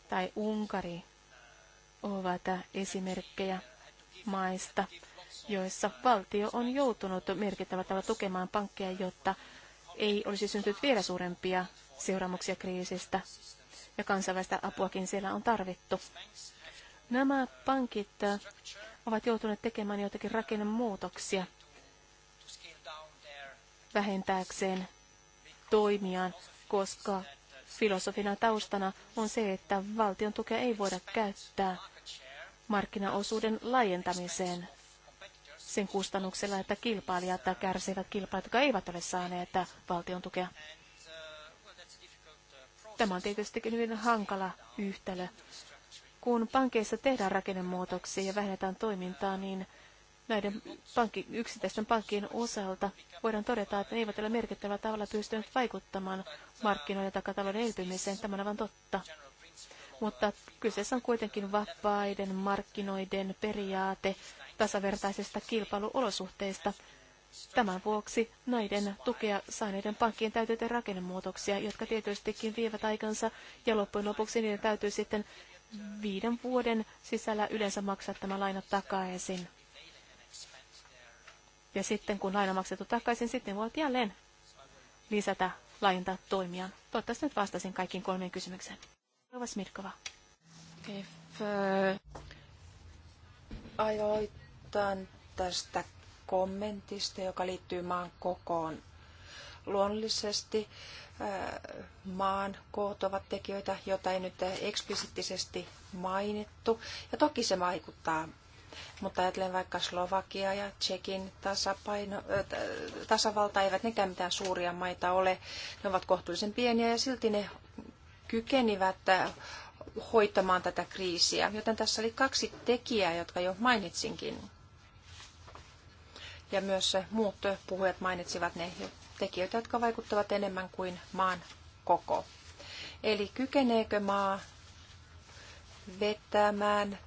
tai Unkari ovat esimerkkejä maista, joissa valtio on joutunut merkittävällä tavalla tukemaan pankkeja, jotta ei olisi syntynyt vielä suurempia seuraamuksia kriisistä, ja kansainvälistä apuakin siellä on tarvittu. Nämä pankit ovat joutuneet tekemään joitakin rakennemuutoksia vähentääkseen toimiaan, koska filosofina taustana on se, että valtion tukea ei voida käyttää markkinaosuuden laajentamiseen sen kustannuksella, että kilpailijat kärsivät kilpailijat, jotka eivät ole saaneet valtion tukea. Tämä on tietystikin hyvin hankala yhtälö. Kun pankeissa tehdään rakennemuutoksia ja vähennetään toimintaa, niin näiden pankki, yksittäisten pankkien osalta voidaan todeta, että ne eivät ole merkittävällä tavalla pystyneet vaikuttamaan markkinoiden takatalouden elpymiseen. Tämä on aivan totta mutta kyseessä on kuitenkin vapaiden markkinoiden periaate tasavertaisesta kilpailuolosuhteista. Tämän vuoksi näiden tukea saaneiden pankkien täytyy tehdä rakennemuutoksia, jotka tietystikin vievät aikansa ja loppujen lopuksi niiden täytyy sitten viiden vuoden sisällä yleensä maksaa tämä laina takaisin. Ja sitten kun laina maksettu takaisin, sitten voit jälleen lisätä laajentaa toimia. Toivottavasti nyt vastasin kaikkiin kolmeen kysymykseen. Rova Smirkova. ajoitan uh, tästä kommentista, joka liittyy maan kokoon. Luonnollisesti uh, maan koot ovat tekijöitä, joita ei nyt eksplisiittisesti mainittu. Ja toki se vaikuttaa. Mutta ajatellen vaikka Slovakia ja Tsekin tasapaino, äh, tasavalta, eivät nekään mitään suuria maita ole. Ne ovat kohtuullisen pieniä ja silti ne kykenivät äh, hoitamaan tätä kriisiä. Joten tässä oli kaksi tekijää, jotka jo mainitsinkin. Ja myös muut puhujat mainitsivat ne tekijöitä, jotka vaikuttavat enemmän kuin maan koko. Eli kykeneekö maa vetämään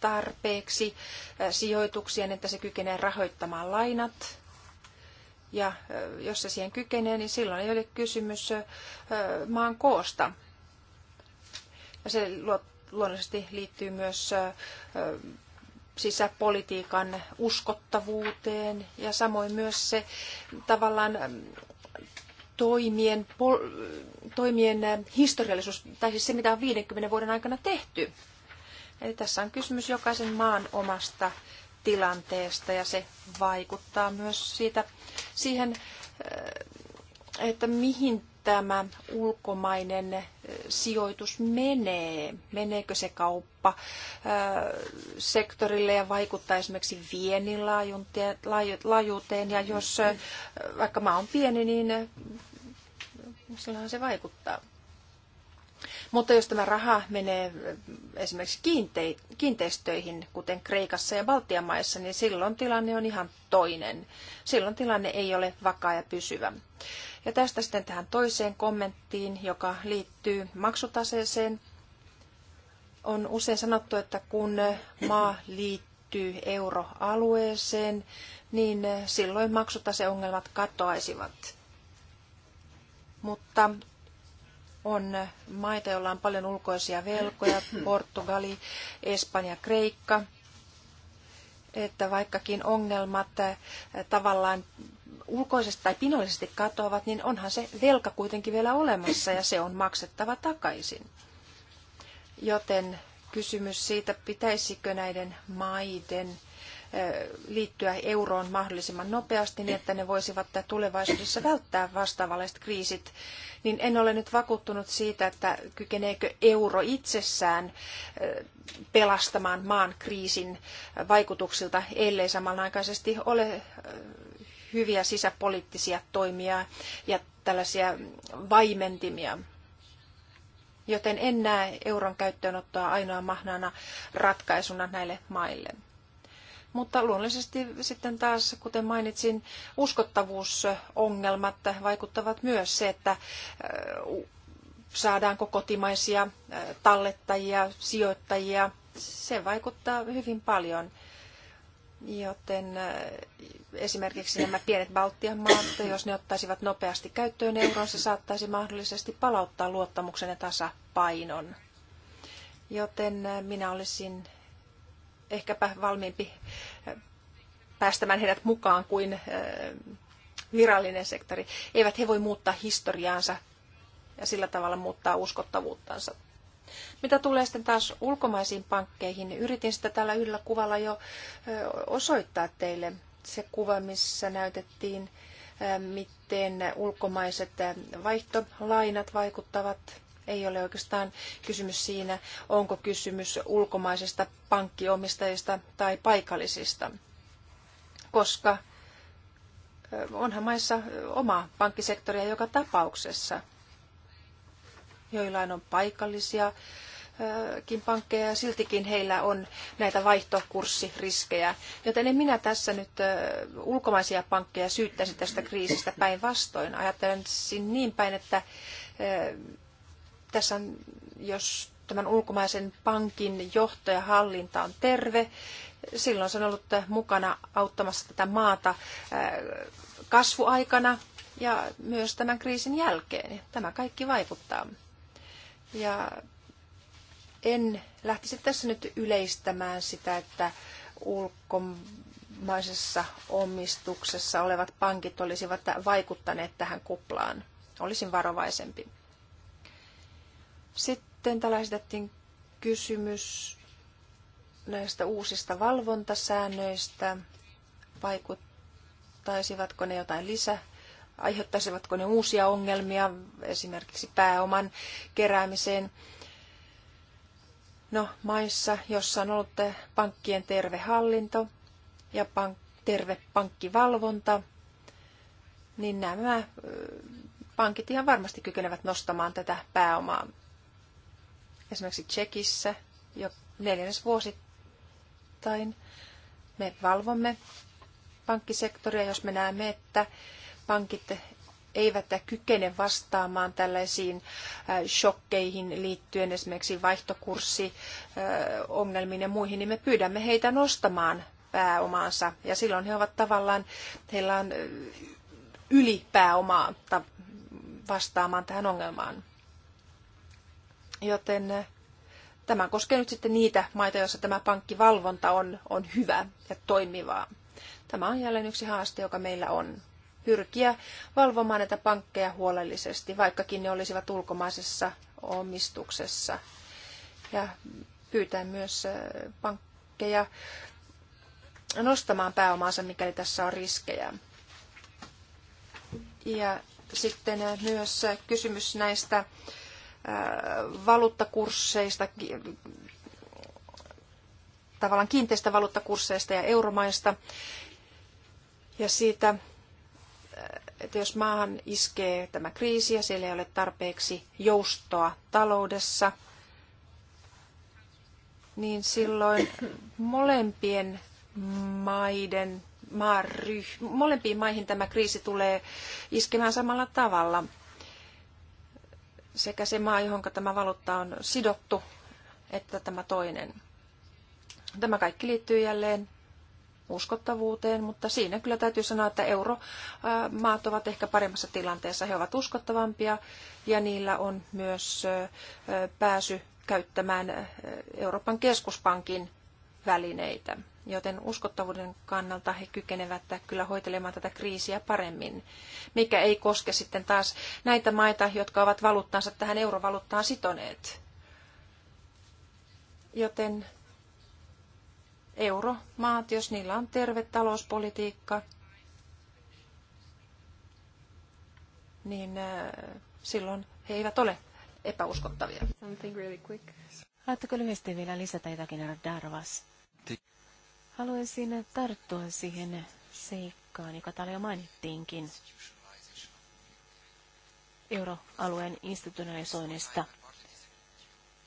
tarpeeksi äh, sijoituksien, että se kykenee rahoittamaan lainat. Ja äh, jos se siihen kykenee, niin silloin ei ole kysymys maan koosta, ja se luonnollisesti liittyy myös sisäpolitiikan uskottavuuteen ja samoin myös se tavallaan toimien, toimien historiallisuus, tai siis se mitä on 50 vuoden aikana tehty. Eli tässä on kysymys jokaisen maan omasta tilanteesta ja se vaikuttaa myös siitä, siihen, että mihin tämä ulkomainen sijoitus menee? Meneekö se kauppa sektorille ja vaikuttaa esimerkiksi viennin laajuuteen? Ja jos vaikka maa on pieni, niin silloinhan se vaikuttaa. Mutta jos tämä raha menee esimerkiksi kiinteistöihin, kuten Kreikassa ja Baltian maissa, niin silloin tilanne on ihan toinen. Silloin tilanne ei ole vakaa ja pysyvä. Ja tästä sitten tähän toiseen kommenttiin, joka liittyy maksutaseeseen. On usein sanottu, että kun maa liittyy euroalueeseen, niin silloin maksutaseongelmat katoaisivat. Mutta on maita, joilla on paljon ulkoisia velkoja, Portugali, Espanja, Kreikka, että vaikkakin ongelmat tavallaan ulkoisesti tai pinollisesti katoavat, niin onhan se velka kuitenkin vielä olemassa ja se on maksettava takaisin. Joten kysymys siitä, pitäisikö näiden maiden liittyä euroon mahdollisimman nopeasti niin, että ne voisivat tulevaisuudessa välttää vastaavalliset kriisit, niin en ole nyt vakuuttunut siitä, että kykeneekö euro itsessään pelastamaan maan kriisin vaikutuksilta, ellei samanaikaisesti ole hyviä sisäpoliittisia toimia ja tällaisia vaimentimia. Joten en näe euron käyttöönottoa ainoa mahnana ratkaisuna näille maille. Mutta luonnollisesti sitten taas, kuten mainitsin, uskottavuusongelmat vaikuttavat myös se, että saadaanko kotimaisia tallettajia, sijoittajia. Se vaikuttaa hyvin paljon – Joten äh, esimerkiksi nämä pienet Baltian maat, jos ne ottaisivat nopeasti käyttöön euron, se saattaisi mahdollisesti palauttaa luottamuksen ja tasapainon. Joten äh, minä olisin ehkäpä valmiimpi äh, päästämään heidät mukaan kuin virallinen sektori. Eivät he voi muuttaa historiaansa ja sillä tavalla muuttaa uskottavuuttansa. Mitä tulee sitten taas ulkomaisiin pankkeihin, niin yritin sitä tällä yhdellä kuvalla jo osoittaa teille. Se kuva, missä näytettiin, miten ulkomaiset vaihtolainat vaikuttavat ei ole oikeastaan kysymys siinä, onko kysymys ulkomaisista pankkiomistajista tai paikallisista, koska onhan maissa oma pankkisektoria joka tapauksessa joillain on paikallisia pankkeja ja siltikin heillä on näitä vaihtokurssiriskejä. Joten en minä tässä nyt ulkomaisia pankkeja syyttäisi tästä kriisistä päinvastoin. Ajattelen siis niin päin, että tässä on, jos tämän ulkomaisen pankin johto ja hallinta on terve, silloin se on ollut mukana auttamassa tätä maata kasvuaikana ja myös tämän kriisin jälkeen. Tämä kaikki vaikuttaa. Ja en lähtisi tässä nyt yleistämään sitä, että ulkomaisessa omistuksessa olevat pankit olisivat vaikuttaneet tähän kuplaan. Olisin varovaisempi. Sitten täällä esitettiin kysymys näistä uusista valvontasäännöistä. Vaikuttaisivatko ne jotain lisä aiheuttaisivatko ne uusia ongelmia esimerkiksi pääoman keräämiseen. No, maissa, jossa on ollut pankkien terve hallinto ja pank- terve pankkivalvonta, niin nämä pankit ihan varmasti kykenevät nostamaan tätä pääomaa. Esimerkiksi Tsekissä jo neljännes vuosittain me valvomme pankkisektoria, jos me näemme, että pankit eivät kykene vastaamaan tällaisiin shokkeihin liittyen esimerkiksi vaihtokurssiongelmiin ja muihin, niin me pyydämme heitä nostamaan pääomaansa. Ja silloin he ovat tavallaan, heillä on ylipääomaa vastaamaan tähän ongelmaan. Joten tämä koskee nyt sitten niitä maita, joissa tämä pankkivalvonta on, on hyvä ja toimivaa. Tämä on jälleen yksi haaste, joka meillä on pyrkiä valvomaan näitä pankkeja huolellisesti, vaikkakin ne olisivat ulkomaisessa omistuksessa. Ja pyytää myös äh, pankkeja nostamaan pääomaansa, mikäli tässä on riskejä. Ja sitten äh, myös äh, kysymys näistä valuuttakursseista, tavallaan kiinteistä valuuttakursseista ja euromaista ja siitä, että jos maahan iskee tämä kriisi ja siellä ei ole tarpeeksi joustoa taloudessa, niin silloin molempien maiden maaryh, molempiin maihin tämä kriisi tulee iskemään samalla tavalla. Sekä se maa, johon tämä valuutta on sidottu, että tämä toinen. Tämä kaikki liittyy jälleen uskottavuuteen, mutta siinä kyllä täytyy sanoa, että euromaat ovat ehkä paremmassa tilanteessa. He ovat uskottavampia ja niillä on myös pääsy käyttämään Euroopan keskuspankin välineitä, joten uskottavuuden kannalta he kykenevät kyllä hoitelemaan tätä kriisiä paremmin, mikä ei koske sitten taas näitä maita, jotka ovat valuuttaansa tähän eurovaluuttaan sitoneet. Joten euromaat, jos niillä on terve talouspolitiikka, niin äh, silloin he eivät ole epäuskottavia. Haluatteko lyhyesti vielä lisätä jotakin, Darvas? Haluaisin tarttua siihen seikkaan, joka täällä jo mainittiinkin euroalueen institutionalisoinnista.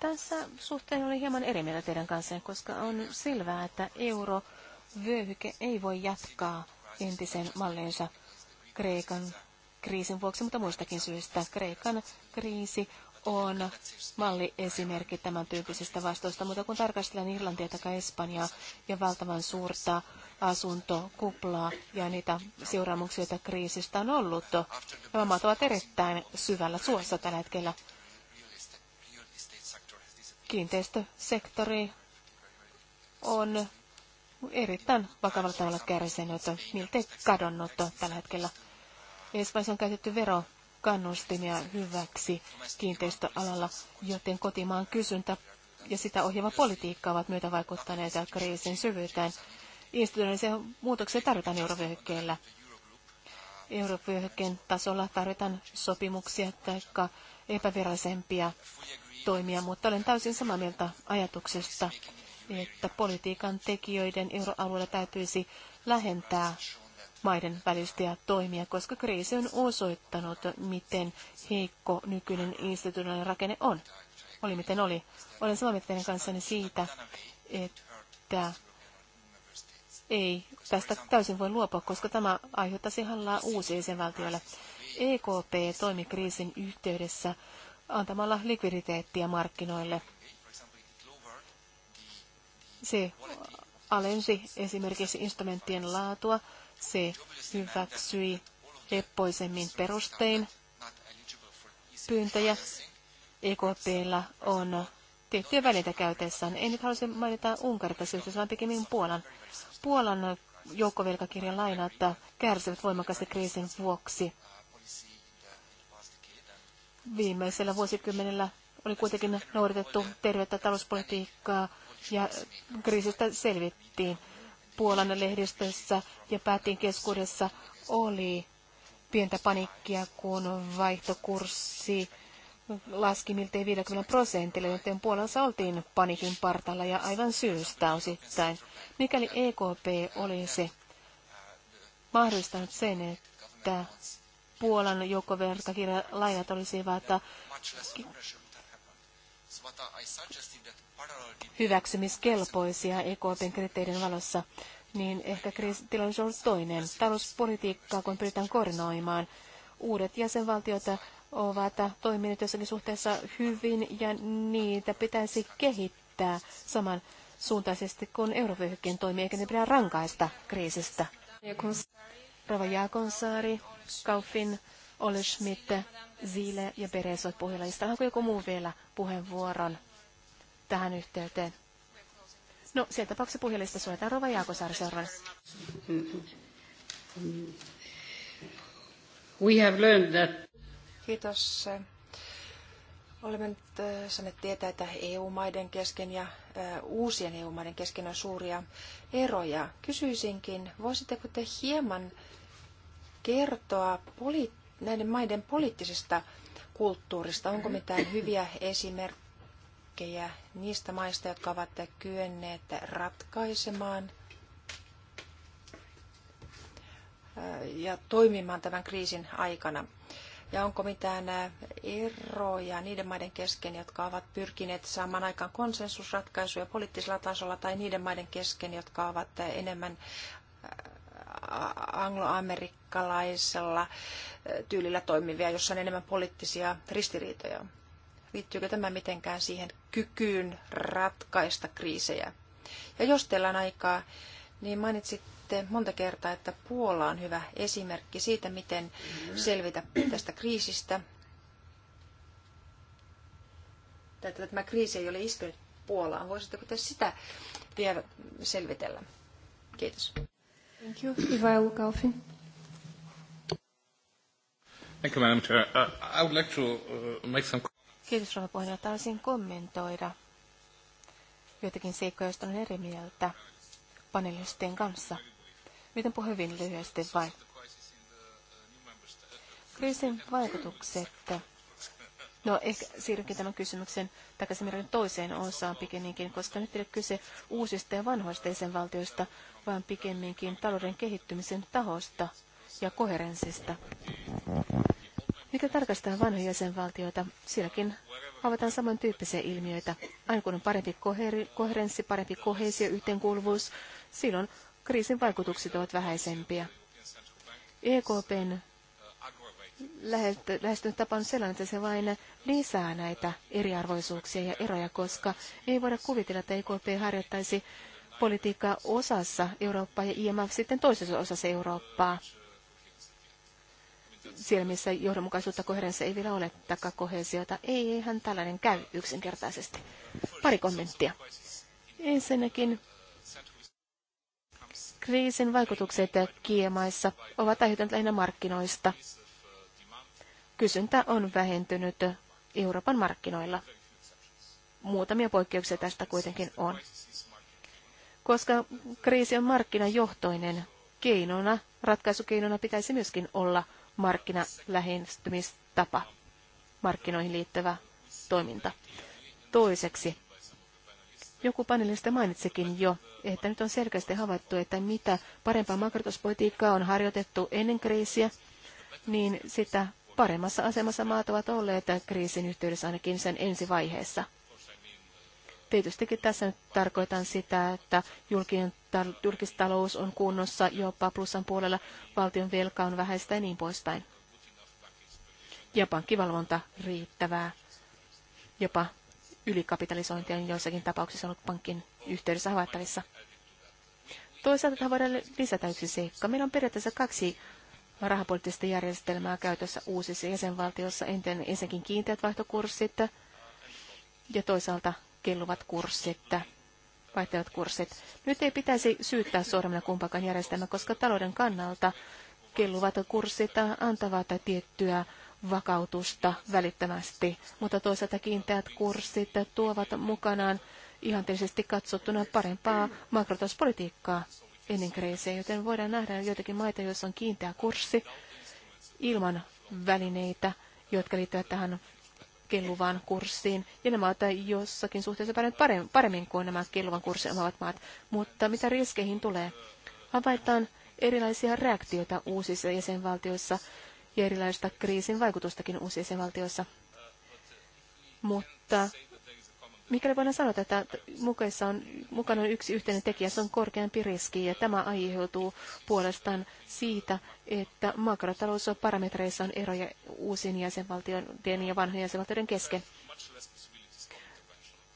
Tässä suhteen oli hieman eri mieltä teidän kanssa, koska on selvää, että eurovyöhyke ei voi jatkaa entisen mallinsa Kreikan kriisin vuoksi, mutta muistakin syistä. Kreikan kriisi on malliesimerkki tämän tyyppisestä vastuusta, mutta kun tarkastellaan Irlantia tai Espanjaa ja valtavan suurta asuntokuplaa ja niitä seuraamuksia, joita kriisistä on ollut, nämä maat ovat erittäin syvällä suossa tällä hetkellä kiinteistösektori on erittäin vakavalla tavalla kärsinyt, miltei kadonnut tällä hetkellä. Espanjassa on käytetty verokannustimia hyväksi kiinteistöalalla, joten kotimaan kysyntä ja sitä ohjaava politiikka ovat myötä vaikuttaneet kriisin syvyyteen. Instituutioiden muutoksia tarvitaan eurovyöhykkeellä. Eurovyöhykkeen tasolla tarvitaan sopimuksia tai epävirallisempia toimia, mutta olen täysin samaa mieltä ajatuksesta, että politiikan tekijöiden euroalueella täytyisi lähentää maiden välistä toimia, koska kriisi on osoittanut, miten heikko nykyinen instituutioiden rakenne on. Oli miten oli. Olen samaa mieltä teidän kanssanne siitä, että ei tästä täysin voi luopua, koska tämä aiheuttaisi hallaa uusia jäsenvaltioille. EKP toimi kriisin yhteydessä antamalla likviditeettiä markkinoille. Se alensi esimerkiksi instrumenttien laatua, se hyväksyi leppoisemmin perustein pyyntöjä. EKPllä on tiettyjä välitä käytessään. En nyt halusi mainita Unkarin tässä yhteydessä, vaan pikemmin Puolan. Puolan joukkovelkakirjan lainat kärsivät voimakkaasti kriisin vuoksi viimeisellä vuosikymmenellä oli kuitenkin noudatettu tervettä talouspolitiikkaa ja kriisistä selvittiin. Puolan lehdistössä ja päätin keskuudessa oli pientä panikkia, kun vaihtokurssi laski miltei 50 prosentille, joten Puolassa oltiin panikin partalla ja aivan syystä osittain. Mikäli EKP oli se mahdollistanut sen, että Puolan lainat olisivat hyväksymiskelpoisia EKPn kriteerien valossa, niin ehkä tilanne on toinen. Talouspolitiikkaa, kun pyritään koordinoimaan, uudet jäsenvaltiot ovat toimineet jossakin suhteessa hyvin ja niitä pitäisi kehittää saman suuntaisesti kuin eurovyöhykkeen toimii, eikä ne pidä rankaista kriisistä. Rava Jaakonsaari Kaufin, Ole Schmidt, Ziile ja Beres ovat puhujalistaa. Onko joku muu vielä puheenvuoron tähän yhteyteen? No, sieltä tapauksessa puhelista suojataan Rova Jaakosaari seuraavaksi. We have learned that. Kiitos. Olemme nyt saaneet tietää, että EU-maiden kesken ja uusien EU-maiden kesken on suuria eroja. Kysyisinkin, voisitteko te hieman kertoa poli- näiden maiden poliittisesta kulttuurista? Onko mitään hyviä esimerkkejä niistä maista, jotka ovat kyenneet ratkaisemaan ja toimimaan tämän kriisin aikana? Ja onko mitään eroja niiden maiden kesken, jotka ovat pyrkineet saamaan aikaan konsensusratkaisuja poliittisella tasolla, tai niiden maiden kesken, jotka ovat enemmän angloamerikkaisia? amerikkalaisella tyylillä toimivia, jossa on enemmän poliittisia ristiriitoja. Liittyykö tämä mitenkään siihen kykyyn ratkaista kriisejä? Ja jos teillä on aikaa, niin mainitsitte monta kertaa, että Puola on hyvä esimerkki siitä, miten selvitä tästä kriisistä. tämä kriisi ei ole iskenyt Puolaan. Voisitteko te sitä vielä selvitellä? Kiitos. Thank you. Thank you, Madam Chair. Uh, I would like to uh, make some... Kiitos, rouva Haluaisin kommentoida joitakin seikkoja, joista olen eri mieltä panelistien kanssa. Miten puhun hyvin lyhyesti vain? Kriisin vaikutukset. No ehkä siirrynkin tämän kysymyksen takaisin meidän toiseen osaan pikemminkin, koska nyt ei ole kyse uusista ja vanhoista jäsenvaltioista, vaan pikemminkin talouden kehittymisen tahosta ja koherenssista. Mikä tarkastaa vanhoja jäsenvaltioita, sielläkin avataan samantyyppisiä ilmiöitä. Aina kun on parempi koherenssi, parempi kohesio, yhteenkuuluvuus, silloin kriisin vaikutukset ovat vähäisempiä. EKPn tapa on sellainen, että se vain lisää näitä eriarvoisuuksia ja eroja, koska ei voida kuvitella, että EKP harjoittaisi politiikkaa osassa Eurooppaa ja IMF sitten toisessa osassa Eurooppaa siellä, missä johdonmukaisuutta koherenssia ei vielä ole, taikka kohesiota, ei, eihän tällainen käy yksinkertaisesti. Pari kommenttia. Ensinnäkin kriisin vaikutukset kiemaissa ovat aiheutuneet lähinnä markkinoista. Kysyntä on vähentynyt Euroopan markkinoilla. Muutamia poikkeuksia tästä kuitenkin on. Koska kriisi on markkinajohtoinen, keinona, ratkaisukeinona pitäisi myöskin olla markkinalähestymistapa, markkinoihin liittyvä toiminta. Toiseksi, joku panelista mainitsikin jo, että nyt on selkeästi havaittu, että mitä parempaa makrotuspolitiikkaa on harjoitettu ennen kriisiä, niin sitä paremmassa asemassa maat ovat olleet kriisin yhteydessä ainakin sen ensivaiheessa. Tietystikin tässä nyt tarkoitan sitä, että julkinen julkistalous on kunnossa jopa plussan puolella, valtion velka on vähäistä ja niin poispäin. Ja pankkivalvonta riittävää. Jopa ylikapitalisointi on joissakin tapauksissa ollut pankin yhteydessä havaittavissa. Toisaalta tähän voidaan lisätä yksi seikka. Meillä on periaatteessa kaksi rahapoliittista järjestelmää käytössä uusissa jäsenvaltioissa, enten ensinnäkin kiinteät vaihtokurssit ja toisaalta kelluvat kurssit, vaihtelevat kurssit. Nyt ei pitäisi syyttää sormella kumpakaan järjestelmää, koska talouden kannalta kelluvat kurssit antavat tiettyä vakautusta välittömästi, mutta toisaalta kiinteät kurssit tuovat mukanaan ihanteellisesti katsottuna parempaa makrotalouspolitiikkaa ennen kriisiä, joten voidaan nähdä joitakin maita, joissa on kiinteä kurssi ilman välineitä, jotka liittyvät tähän kelluvan kurssiin, ja nämä ovat jossakin suhteessa paremmin kuin nämä kelluvan kurssin omavat maat. Mutta mitä riskeihin tulee? Havaitaan erilaisia reaktioita uusissa jäsenvaltioissa ja erilaista kriisin vaikutustakin uusissa jäsenvaltioissa. Mutta Mikäli voidaan sanoa, että mukana on, mukana on yksi yhteinen tekijä, se on korkeampi riski, ja tämä aiheutuu puolestaan siitä, että makrotalous on eroja uusien jäsenvaltioiden ja vanhojen jäsenvaltioiden kesken.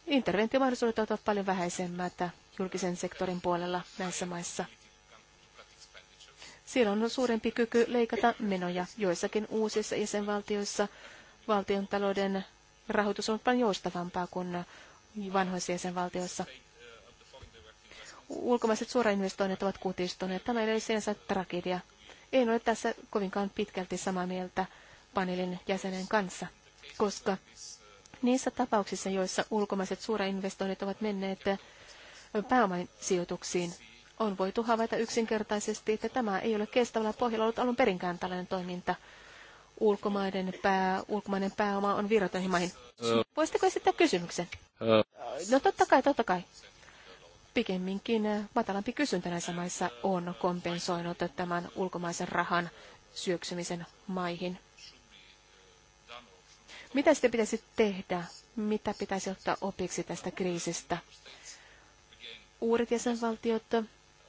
Interventiomahdollisuudet ovat paljon vähäisemmät julkisen sektorin puolella näissä maissa. Siellä on suurempi kyky leikata menoja joissakin uusissa jäsenvaltioissa valtion talouden rahoitus on paljon joustavampaa kuin vanhoissa jäsenvaltioissa. Ulkomaiset suorainvestoinnit ovat kutistuneet. Tämä ei ole sinänsä tragedia. ei ole tässä kovinkaan pitkälti samaa mieltä paneelin jäsenen kanssa, koska niissä tapauksissa, joissa ulkomaiset suorainvestoinnit ovat menneet pääoman on voitu havaita yksinkertaisesti, että tämä ei ole kestävällä pohjalla ollut alun perinkään tällainen toiminta ulkomaiden, pää, ulkomainen pääoma on virrotoihin maihin. Voisitteko esittää kysymyksen? No totta kai, totta kai. Pikemminkin äh, matalampi kysyntä näissä maissa on kompensoinut tämän ulkomaisen rahan syöksymisen maihin. Mitä sitten pitäisi tehdä? Mitä pitäisi ottaa opiksi tästä kriisistä? Uudet jäsenvaltiot,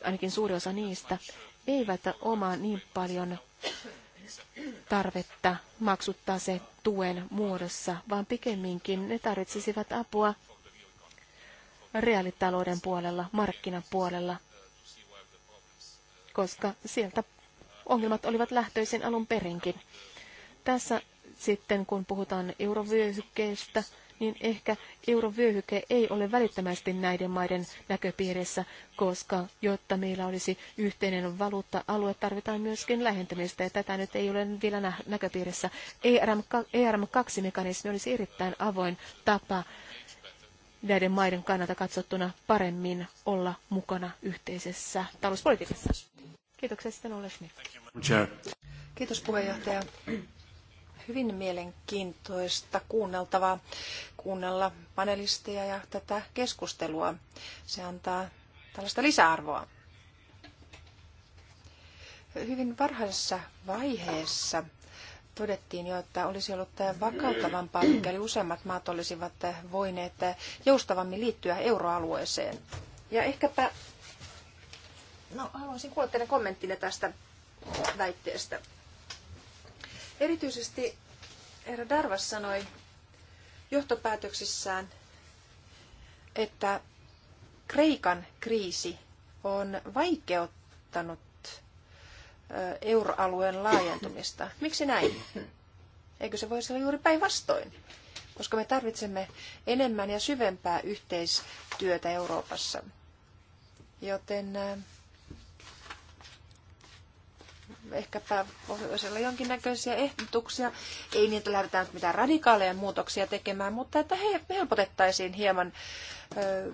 ainakin suuri osa niistä, eivät omaa niin paljon tarvetta maksuttaa se tuen muodossa, vaan pikemminkin ne tarvitsisivat apua reaalitalouden puolella, markkinapuolella, koska sieltä ongelmat olivat lähtöisin alun perinkin. Tässä sitten, kun puhutaan eurovyöhykkeestä, niin ehkä eurovyöhyke ei ole välittömästi näiden maiden näköpiirissä, koska jotta meillä olisi yhteinen valuutta-alue, tarvitaan myöskin lähentämistä, ja tätä nyt ei ole vielä näköpiirissä. ERM2-mekanismi e olisi erittäin avoin tapa näiden maiden kannalta katsottuna paremmin olla mukana yhteisessä talouspolitiikassa. Kiitoksia sitten Kiitos puheenjohtaja hyvin mielenkiintoista kuunneltavaa, kuunnella panelisteja ja tätä keskustelua. Se antaa tällaista lisäarvoa. Hyvin varhaisessa vaiheessa todettiin jo, että olisi ollut vakauttavampaa, mikäli useammat maat olisivat voineet joustavammin liittyä euroalueeseen. Ja ehkäpä, no haluaisin kuulla teidän kommenttinne tästä väitteestä. Erityisesti herra Darvas sanoi johtopäätöksissään, että Kreikan kriisi on vaikeuttanut euroalueen laajentumista. Miksi näin? Eikö se voisi olla juuri päinvastoin? Koska me tarvitsemme enemmän ja syvempää yhteistyötä Euroopassa. Joten ehkäpä pohjoisella jonkinnäköisiä ehdotuksia. Ei niin, että lähdetään mitään radikaaleja muutoksia tekemään, mutta että he helpotettaisiin hieman ö,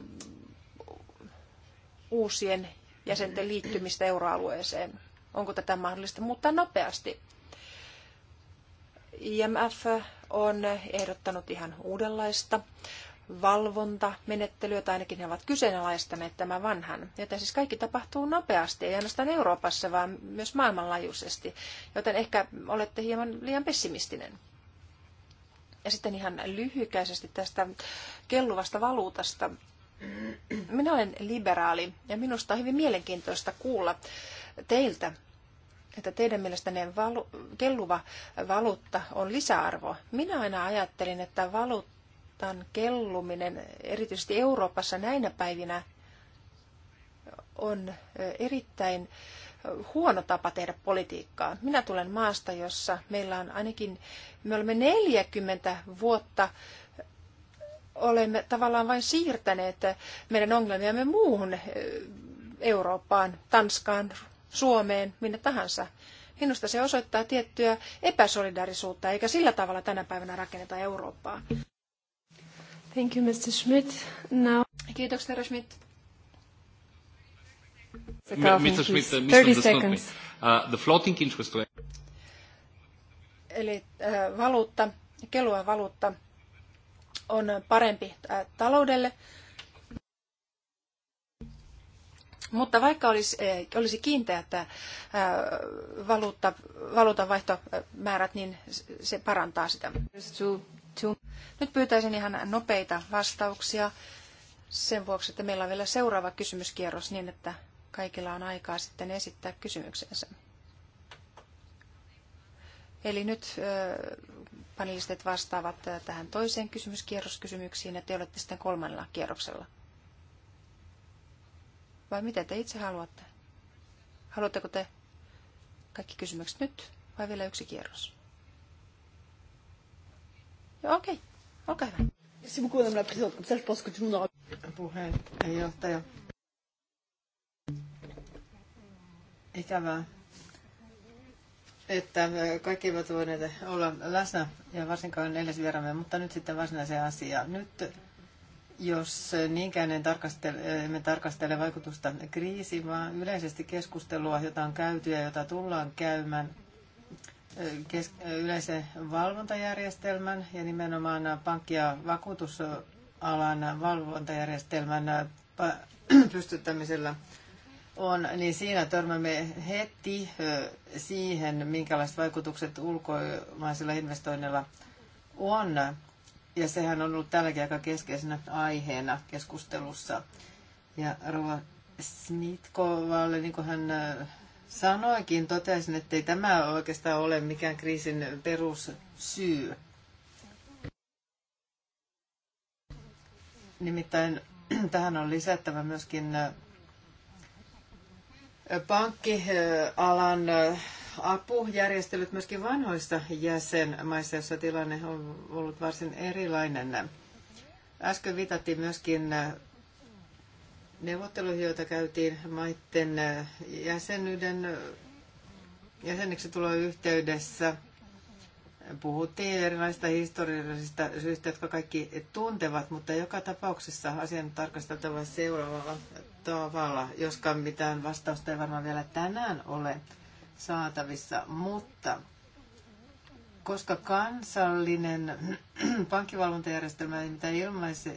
uusien jäsenten liittymistä euroalueeseen. Onko tätä mahdollista muuttaa nopeasti? IMF on ehdottanut ihan uudenlaista valvontamenettelyä, tai ainakin he ovat kyseenalaistaneet tämän vanhan. Joten siis kaikki tapahtuu nopeasti, ei ainoastaan Euroopassa, vaan myös maailmanlaajuisesti. Joten ehkä olette hieman liian pessimistinen. Ja sitten ihan lyhykäisesti tästä kelluvasta valuutasta. Minä olen liberaali ja minusta on hyvin mielenkiintoista kuulla teiltä, että teidän mielestänne valu, kelluva valuutta on lisäarvo. Minä aina ajattelin, että valuutta hintan kelluminen, erityisesti Euroopassa näinä päivinä, on erittäin huono tapa tehdä politiikkaa. Minä tulen maasta, jossa meillä on ainakin, me olemme 40 vuotta olemme tavallaan vain siirtäneet meidän ongelmiamme muuhun Eurooppaan, Tanskaan, Suomeen, minne tahansa. Minusta se osoittaa tiettyä epäsolidarisuutta, eikä sillä tavalla tänä päivänä rakenneta Eurooppaa. Thank you, Mr. Schmidt. Now... Kiitoksia, herra Schmidt. Mr. Schmidt, 30 seconds. Uh, the floating interest rate. Eli äh, valuutta, kelua valuutta on parempi äh, taloudelle. Mutta vaikka olisi, äh, olisi kiinteät äh, valuutta, valuutanvaihtomäärät, niin se parantaa sitä. Nyt pyytäisin ihan nopeita vastauksia sen vuoksi, että meillä on vielä seuraava kysymyskierros niin, että kaikilla on aikaa sitten esittää kysymyksensä. Eli nyt panelistit vastaavat tähän toiseen kysymyskierroskysymyksiin ja te olette sitten kolmannella kierroksella. Vai mitä te itse haluatte? Haluatteko te kaikki kysymykset nyt vai vielä yksi kierros? Ok, ok. Merci beaucoup, madame la présidente. Comme ça, je pense que tout le monde aura... Puheenjohtaja. Ikävää, että kaikki eivät voineet olla läsnä ja varsinkaan neljäs vieramme, mutta nyt sitten varsinaiseen asia. Nyt jos niinkään en tarkastele, emme tarkastele vaikutusta kriisiin, vaan yleisesti keskustelua, jota on käyty ja jota tullaan käymään kes- yleisen valvontajärjestelmän ja nimenomaan pankki- ja vakuutusalan valvontajärjestelmän äh, pystyttämisellä on, niin siinä törmämme heti äh, siihen, minkälaiset vaikutukset ulkomaisilla investoinneilla on. Ja sehän on ollut tälläkin aika keskeisenä aiheena keskustelussa. Ja Rova Smitkovalle, niin kuin hän äh, sanoikin, totesin, että ei tämä oikeastaan ole mikään kriisin perussyy. Nimittäin tähän on lisättävä myöskin äh, pankkialan äh, apujärjestelyt myöskin vanhoissa jäsenmaissa, joissa tilanne on ollut varsin erilainen. Äsken viitattiin myöskin äh, neuvotteluihin, joita käytiin maiden äh, jäsenyyden äh, jäseneksi tulon yhteydessä. Puhuttiin erilaisista historiallisista syistä, jotka kaikki tuntevat, mutta joka tapauksessa asian tarkasteltava seuraavalla tavalla, joskaan mitään vastausta ei varmaan vielä tänään ole saatavissa, mutta koska kansallinen pankkivalvontajärjestelmä ei mitään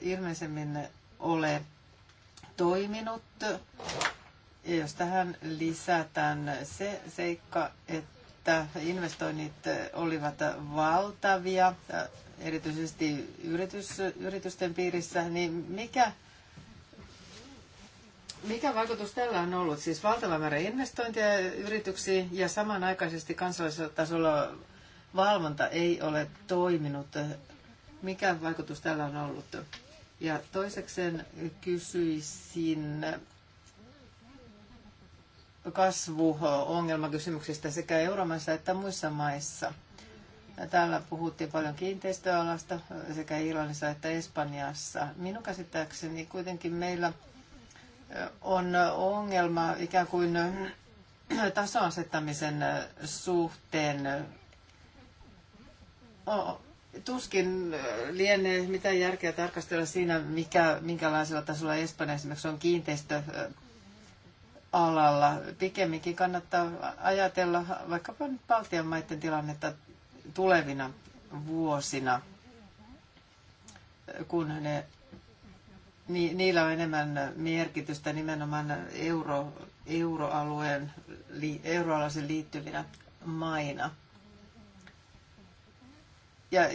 ilmeisemmin ole toiminut. Ja jos tähän lisätään se seikka, että investoinnit olivat valtavia, erityisesti yritys, yritysten piirissä, niin mikä, mikä vaikutus tällä on ollut? Siis valtava määrä investointeja yrityksiin ja samanaikaisesti kansallisella tasolla valvonta ei ole toiminut. Mikä vaikutus tällä on ollut? Ja toisekseen kysyisin kasvuongelmakysymyksistä sekä Euroopassa että muissa maissa. Täällä puhuttiin paljon kiinteistöalasta sekä Irlannissa että Espanjassa. Minun käsittääkseni kuitenkin meillä on ongelma ikään kuin tasoasettamisen suhteen tuskin äh, lienee mitään järkeä tarkastella siinä, mikä, minkälaisella tasolla Espanja esimerkiksi on kiinteistöalalla. Pikemminkin kannattaa ajatella vaikkapa Baltian maiden tilannetta tulevina vuosina, kun ne, ni, niillä on enemmän merkitystä nimenomaan euro, euroalueen, euroalaisen liittyvinä maina. Ja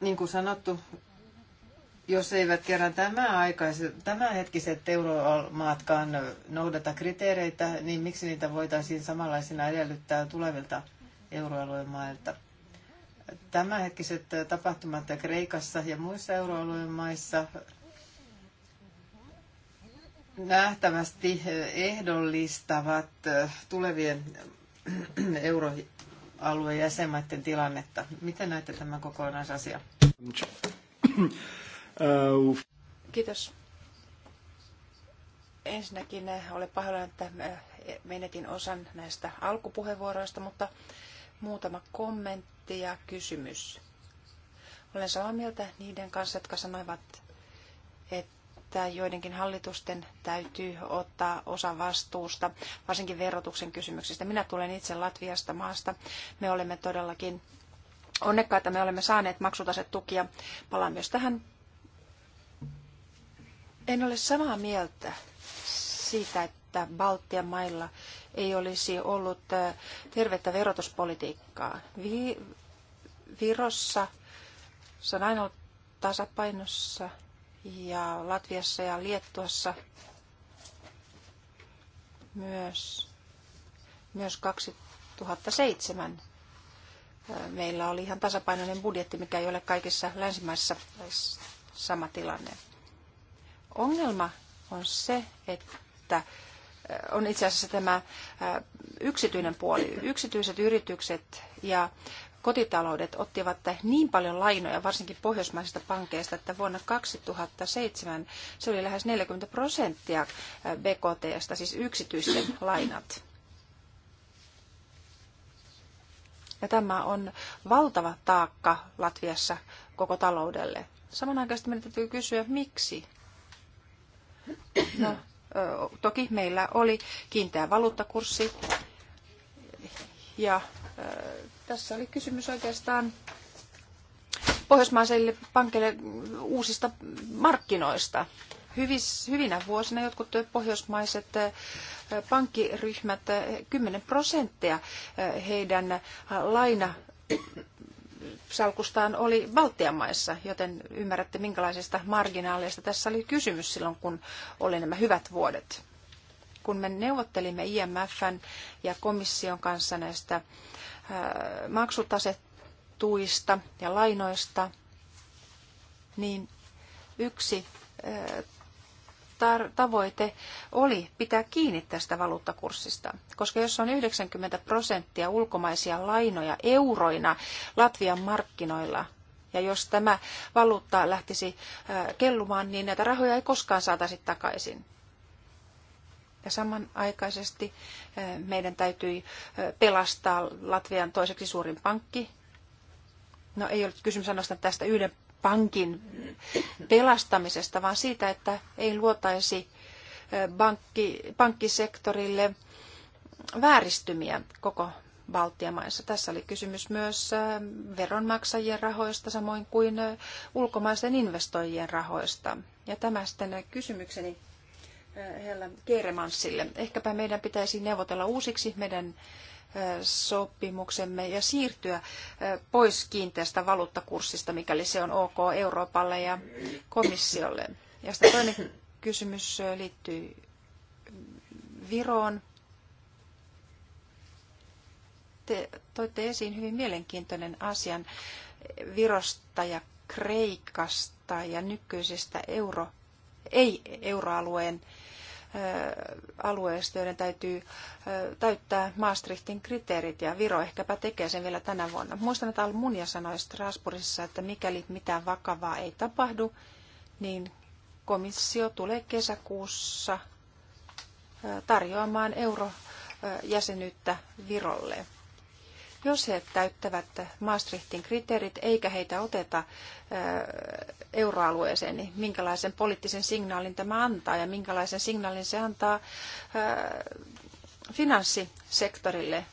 niin kuin sanottu, jos eivät kerran tämä aikaiset, tämänhetkiset euromaatkaan noudata kriteereitä, niin miksi niitä voitaisiin samanlaisina edellyttää tulevilta euroalueen mailta? Tämänhetkiset tapahtumat Kreikassa ja muissa euroalueen maissa nähtävästi ehdollistavat tulevien euro, euroalueen jäsenmaiden tilannetta. Miten näette tämän kokonaisasian? Kiitos. Ensinnäkin eh, olen pahoillani, että eh, menetin osan näistä alkupuheenvuoroista, mutta muutama kommentti ja kysymys. Olen samaa mieltä niiden kanssa, jotka sanoivat, että että joidenkin hallitusten täytyy ottaa osa vastuusta, varsinkin verotuksen kysymyksistä. Minä tulen itse Latviasta maasta. Me olemme todellakin onnekkaita, me olemme saaneet maksutasetukia. Palaan myös tähän. En ole samaa mieltä siitä, että Baltian mailla ei olisi ollut tervettä verotuspolitiikkaa. Vi- Virossa se on aina ollut tasapainossa – ja Latviassa ja Liettuassa myös, myös 2007 meillä oli ihan tasapainoinen budjetti, mikä ei ole kaikissa länsimaissa sama tilanne. Ongelma on se, että on itse asiassa tämä yksityinen puoli. Yksityiset yritykset ja kotitaloudet ottivat niin paljon lainoja, varsinkin pohjoismaisista pankeista, että vuonna 2007 se oli lähes 40 prosenttia eh, BKTstä, siis yksityisten lainat. Ja tämä on valtava taakka Latviassa koko taloudelle. Samanaikaisesti meidän täytyy kysyä, miksi? No, toki meillä oli kiinteä valuuttakurssi ja tässä oli kysymys oikeastaan pohjoismaisille pankeille uusista markkinoista. Hyvis, hyvinä vuosina jotkut pohjoismaiset eh, pankkiryhmät 10 eh, prosenttia eh, heidän laina salkustaan oli Baltian maissa, joten ymmärrätte minkälaisista marginaaleista tässä oli kysymys silloin, kun oli nämä hyvät vuodet. Kun me neuvottelimme IMFn ja komission kanssa näistä maksutasetuista ja lainoista, niin yksi tavoite oli pitää kiinni tästä valuuttakurssista, koska jos on 90 prosenttia ulkomaisia lainoja euroina Latvian markkinoilla, ja jos tämä valuutta lähtisi kellumaan, niin näitä rahoja ei koskaan saataisi takaisin. Ja samanaikaisesti eh, meidän täytyi eh, pelastaa Latvian toiseksi suurin pankki. No ei ole kysymys ainoastaan tästä yhden pankin pelastamisesta, vaan siitä, että ei luotaisi eh, pankki, pankkisektorille vääristymiä koko Baltiamaissa. Tässä oli kysymys myös veronmaksajien rahoista, samoin kuin ulkomaisten investoijien rahoista. Ja tämä sitten kysymykseni Äh, Hella Keremanssille. Ehkäpä meidän pitäisi neuvotella uusiksi meidän äh, sopimuksemme ja siirtyä äh, pois kiinteästä valuuttakurssista, mikäli se on ok Euroopalle ja komissiolle. Ja sitten toinen kysymys liittyy Viroon. Te toitte esiin hyvin mielenkiintoinen asian Virosta ja Kreikasta ja nykyisestä euro, ei-euroalueen alueista, joiden täytyy täyttää Maastrichtin kriteerit, ja Viro ehkäpä tekee sen vielä tänä vuonna. Muistan, että Almunia sanoi Strasbourgissa, että mikäli mitään vakavaa ei tapahdu, niin komissio tulee kesäkuussa tarjoamaan eurojäsenyyttä Virolle. Jos he täyttävät Maastrichtin kriteerit eikä heitä oteta euroalueeseen, niin minkälaisen poliittisen signaalin tämä antaa ja minkälaisen signaalin se antaa finanssisektorille,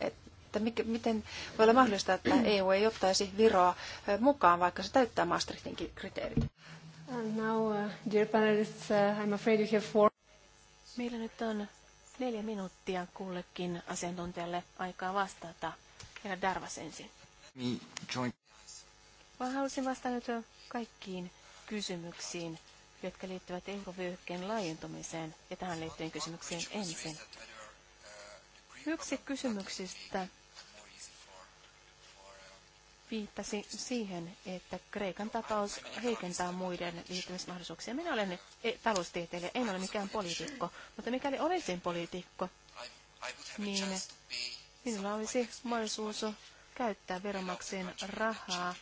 että miten voi olla mahdollista, että EU e ei ottaisi Viroa mukaan, vaikka se täyttää Maastrichtin kriteerit. Uh, uh, uh, Meillä nyt on neljä minuuttia kullekin asiantuntijalle aikaa vastata. Ja Darvas ensin. Mä halusin vastata nyt kaikkiin kysymyksiin, jotka liittyvät eurovyöhykkeen laajentumiseen ja tähän liittyen kysymyksiin ensin. Yksi kysymyksistä viittasi siihen, että Kreikan tapaus heikentää muiden liittymismahdollisuuksia. Minä olen e, taloustieteilijä, en ole mikään poliitikko, mutta mikäli olisin poliitikko, niin minulla olisi mahdollisuus käyttää veromaksien rahaa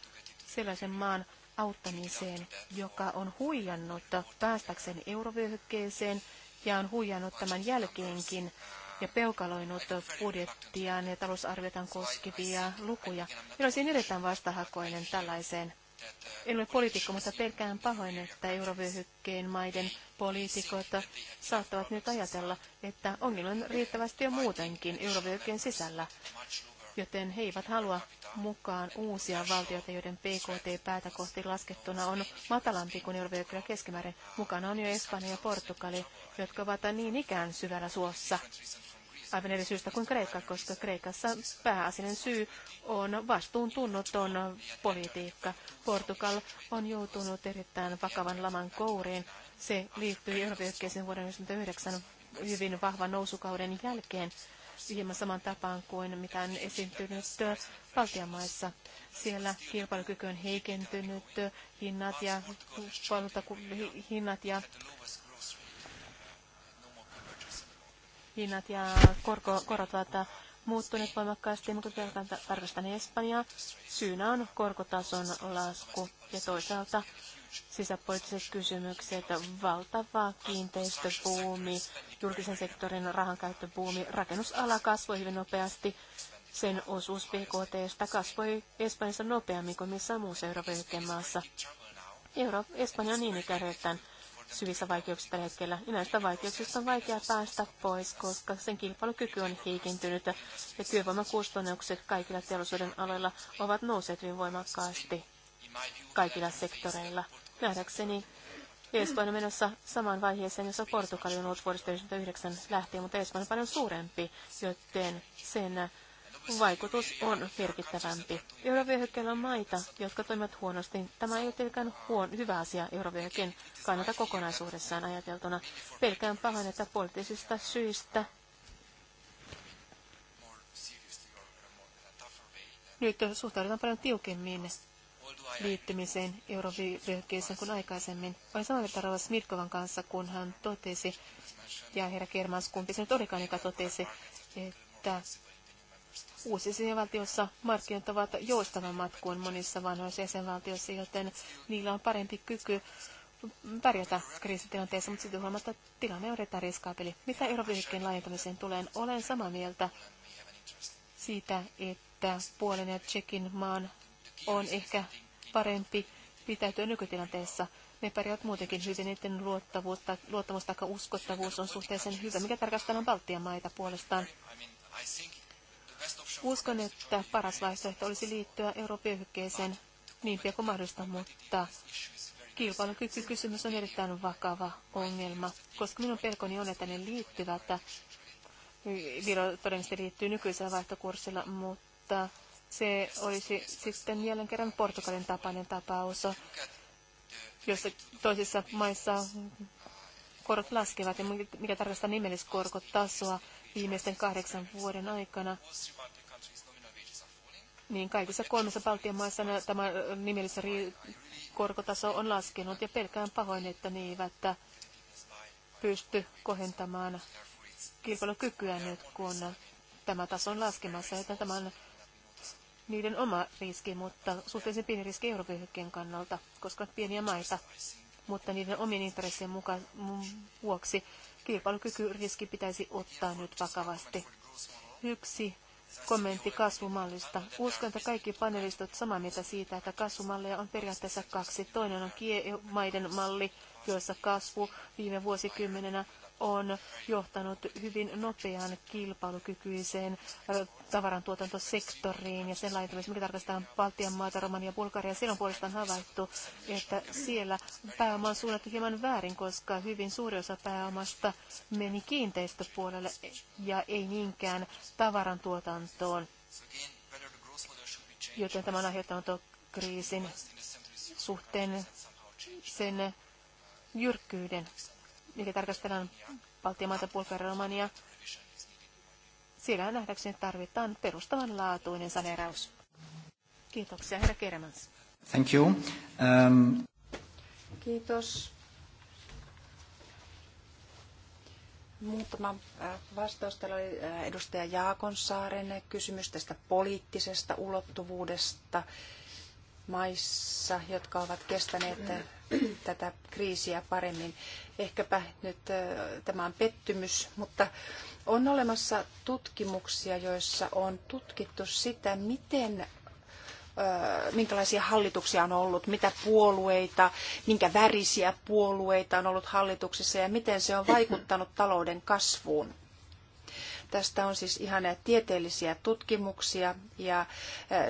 sellaisen maan auttamiseen, joka on huijannut päästäkseen eurovyöhykkeeseen ja on huijannut tämän jälkeenkin ja peukaloinut budjettiaan niin ja talousarviotaan koskevia lukuja, Minä siinä erittäin vastahakoinen tällaiseen. En ole poliitikko, mutta pelkään pahoin, että eurovyöhykkeen maiden poliitikot saattavat nyt ajatella, että ongelma on riittävästi jo muutenkin eurovyöhykkeen sisällä, joten he eivät halua mukaan uusia valtioita, joiden PKT päätä kohti laskettuna on matalampi kuin eurovyöhykkeellä keskimäärin. Mukana on jo Espanja ja Portugali, jotka ovat niin ikään syvällä suossa aivan eri syystä kuin Kreikka, koska Kreikassa pääasiallinen syy on vastuuntunnoton politiikka. Portugal on joutunut erittäin vakavan laman kouriin. Se liittyy eurovyökkäisen vuoden 1999 hyvin vahvan nousukauden jälkeen hieman saman tapaan kuin mitä on esiintynyt Baltian Siellä kilpailukyky on heikentynyt, hinnat ja, hinnat ja hinnat ja korko, korot ovat muuttuneet voimakkaasti, mutta tarkastan Espanjaa. Syynä on korkotason lasku ja toisaalta sisäpoliittiset kysymykset, valtava kiinteistöbuumi, julkisen sektorin rahankäyttöbuumi, rakennusala kasvoi hyvin nopeasti, sen osuus BKT kasvoi Espanjassa nopeammin kuin missään muussa Euroopan maassa. Euro- Espanja niin ikään syvissä vaikeuksissa tällä hetkellä. Ja näistä vaikeuksista on vaikea päästä pois, koska sen kilpailukyky on heikentynyt ja työvoimakustannukset kaikilla teollisuuden aloilla ovat nousseet hyvin voimakkaasti kaikilla sektoreilla. Nähdäkseni Espoon on menossa samaan vaiheeseen, jossa Portugali on ollut vuodesta 1999 lähtien, mutta Espoon on paljon suurempi, joten sen vaikutus on merkittävämpi. Eurovyöhykkeellä on maita, jotka toimivat huonosti. Tämä ei ole tietenkään huon, hyvä asia eurovyöhykkeen kannalta kokonaisuudessaan ajateltuna. Pelkään pahan, että poliittisista syistä nyt suhtaudutaan paljon tiukemmin liittymiseen eurovyöhykkeeseen kuin aikaisemmin. Olen samaa mieltä Rova Smirkovan kanssa, kun hän totesi, ja herra Kermans, kumpi se nyt olikaan, joka totesi, että Uusi jäsenvaltiossa markkinat ovat joustavammat kuin monissa vanhoissa jäsenvaltioissa, joten niillä on parempi kyky pärjätä kriisitilanteessa, mutta sitten huomatta tilanne on erittäin riskaapeli. Mitä eurovyöhykkeen laajentamiseen tulee, olen samaa mieltä siitä, että Puolen ja Tsekin maan on ehkä parempi pitäytyä nykytilanteessa. Ne pärjäävät muutenkin hyvin, niiden luottavuutta, luottamus tai uskottavuus on suhteellisen hyvä, mikä tarkastellaan Baltian maita puolestaan. Uskon, että paras vaihtoehto olisi liittyä Euroopan hyökkeeseen niin pian kuin mahdollista, mutta kilpailukykykysymys on erittäin vakava ongelma, koska minun pelkoni on, että ne liittyvät. Viro todennäköisesti liittyy nykyisellä vaihtokurssilla, mutta se olisi sitten jälleen kerran Portugalin tapainen tapaus, jossa toisissa maissa korot laskevat ja mikä tarkoittaa nimelliskorkotasoa viimeisten kahdeksan vuoden aikana niin kaikissa kolmessa Baltian maassa tämä nimellisessä korkotaso on laskenut ja pelkään pahoin, että ne eivät äh, pysty kohentamaan kilpailukykyä nyt, kun tämä taso on laskemassa, että tämä on niiden oma riski, mutta suhteellisen pieni riski Euroopan kannalta, koska on pieniä maita, mutta niiden omien intressien muka, vuoksi kilpailukykyriski pitäisi ottaa nyt vakavasti. Yksi kommentti kasvumallista. Uskon, että kaikki panelistot samaa mieltä siitä, että kasvumalleja on periaatteessa kaksi. Toinen on maiden malli, joissa kasvu viime vuosikymmenenä on johtanut hyvin nopeaan kilpailukykyiseen äh, tavarantuotantosektoriin ja sen laajentamiseen, mikä tarkoittaa Baltian maata, Romania ja Bulgaria. on puolestaan havaittu, että siellä pääoma on suunnattu hieman väärin, koska hyvin suuri osa pääomasta meni kiinteistöpuolelle ja ei niinkään tavarantuotantoon. Joten tämä on aiheuttanut kriisin suhteen sen jyrkkyyden niitä tarkastellaan Baltiamaita, Bulgaria, Romania. Siellä nähdäkseni tarvitaan perustavanlaatuinen saneeraus. Kiitoksia, herra Keremans. Thank you. Um... Kiitos. Muutama äh, vastaus. Täällä oli äh, edustaja Jaakonsaaren kysymys tästä poliittisesta ulottuvuudesta maissa, jotka ovat kestäneet tätä kriisiä paremmin. Ehkäpä nyt tämä on pettymys, mutta on olemassa tutkimuksia, joissa on tutkittu sitä, miten minkälaisia hallituksia on ollut, mitä puolueita, minkä värisiä puolueita on ollut hallituksissa ja miten se on vaikuttanut talouden kasvuun. Tästä on siis ihan tieteellisiä tutkimuksia ja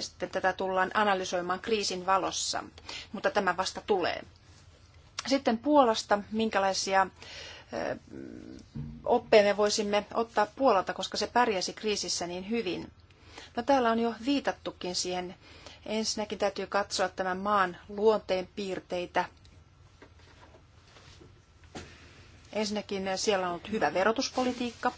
sitten tätä tullaan analysoimaan kriisin valossa, mutta tämä vasta tulee. Sitten Puolasta, minkälaisia oppeja me voisimme ottaa Puolalta, koska se pärjäsi kriisissä niin hyvin. No täällä on jo viitattukin siihen. Ensinnäkin täytyy katsoa tämän maan luonteen piirteitä. Ensinnäkin siellä on ollut hyvä verotuspolitiikka,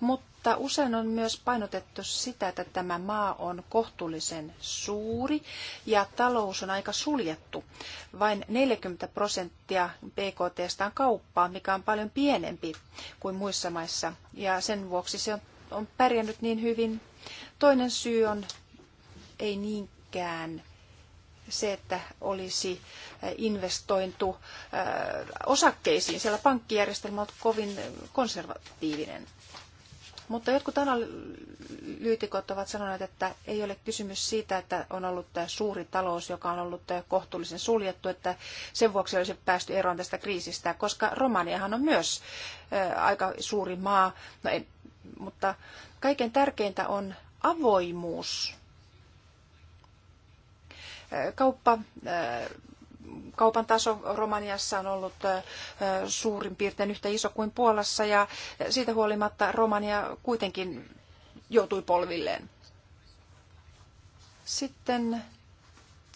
mutta mutta usein on myös painotettu sitä, että tämä maa on kohtuullisen suuri ja talous on aika suljettu. Vain 40 prosenttia BKTstä on kauppaa, mikä on paljon pienempi kuin muissa maissa ja sen vuoksi se on pärjännyt niin hyvin. Toinen syy on ei niinkään se, että olisi äh, investointu äh, osakkeisiin. Siellä pankkijärjestelmä on kovin äh, konservatiivinen. Mutta jotkut analyytikot ovat sanoneet, että ei ole kysymys siitä, että on ollut tämä suuri talous, joka on ollut kohtuullisen suljettu, että sen vuoksi olisi päästy eroon tästä kriisistä, koska Romaniahan on myös aika suuri maa. No mutta kaiken tärkeintä on avoimuus kauppa kaupan taso Romaniassa on ollut suurin piirtein yhtä iso kuin Puolassa ja siitä huolimatta Romania kuitenkin joutui polvilleen. Sitten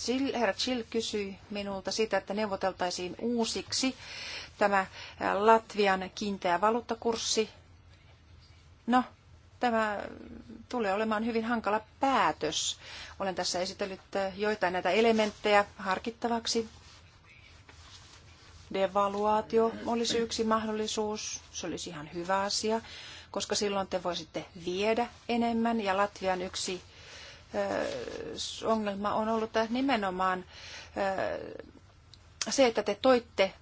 Jill, herra Chill kysyi minulta sitä, että neuvoteltaisiin uusiksi tämä Latvian kiinteä valuuttakurssi. No, tämä tulee olemaan hyvin hankala päätös. Olen tässä esitellyt joitain näitä elementtejä harkittavaksi devaluaatio olisi yksi mahdollisuus. Se olisi ihan hyvä asia, koska silloin te voisitte viedä enemmän. Ja Latvian yksi ongelma on ollut nimenomaan se, että te toitte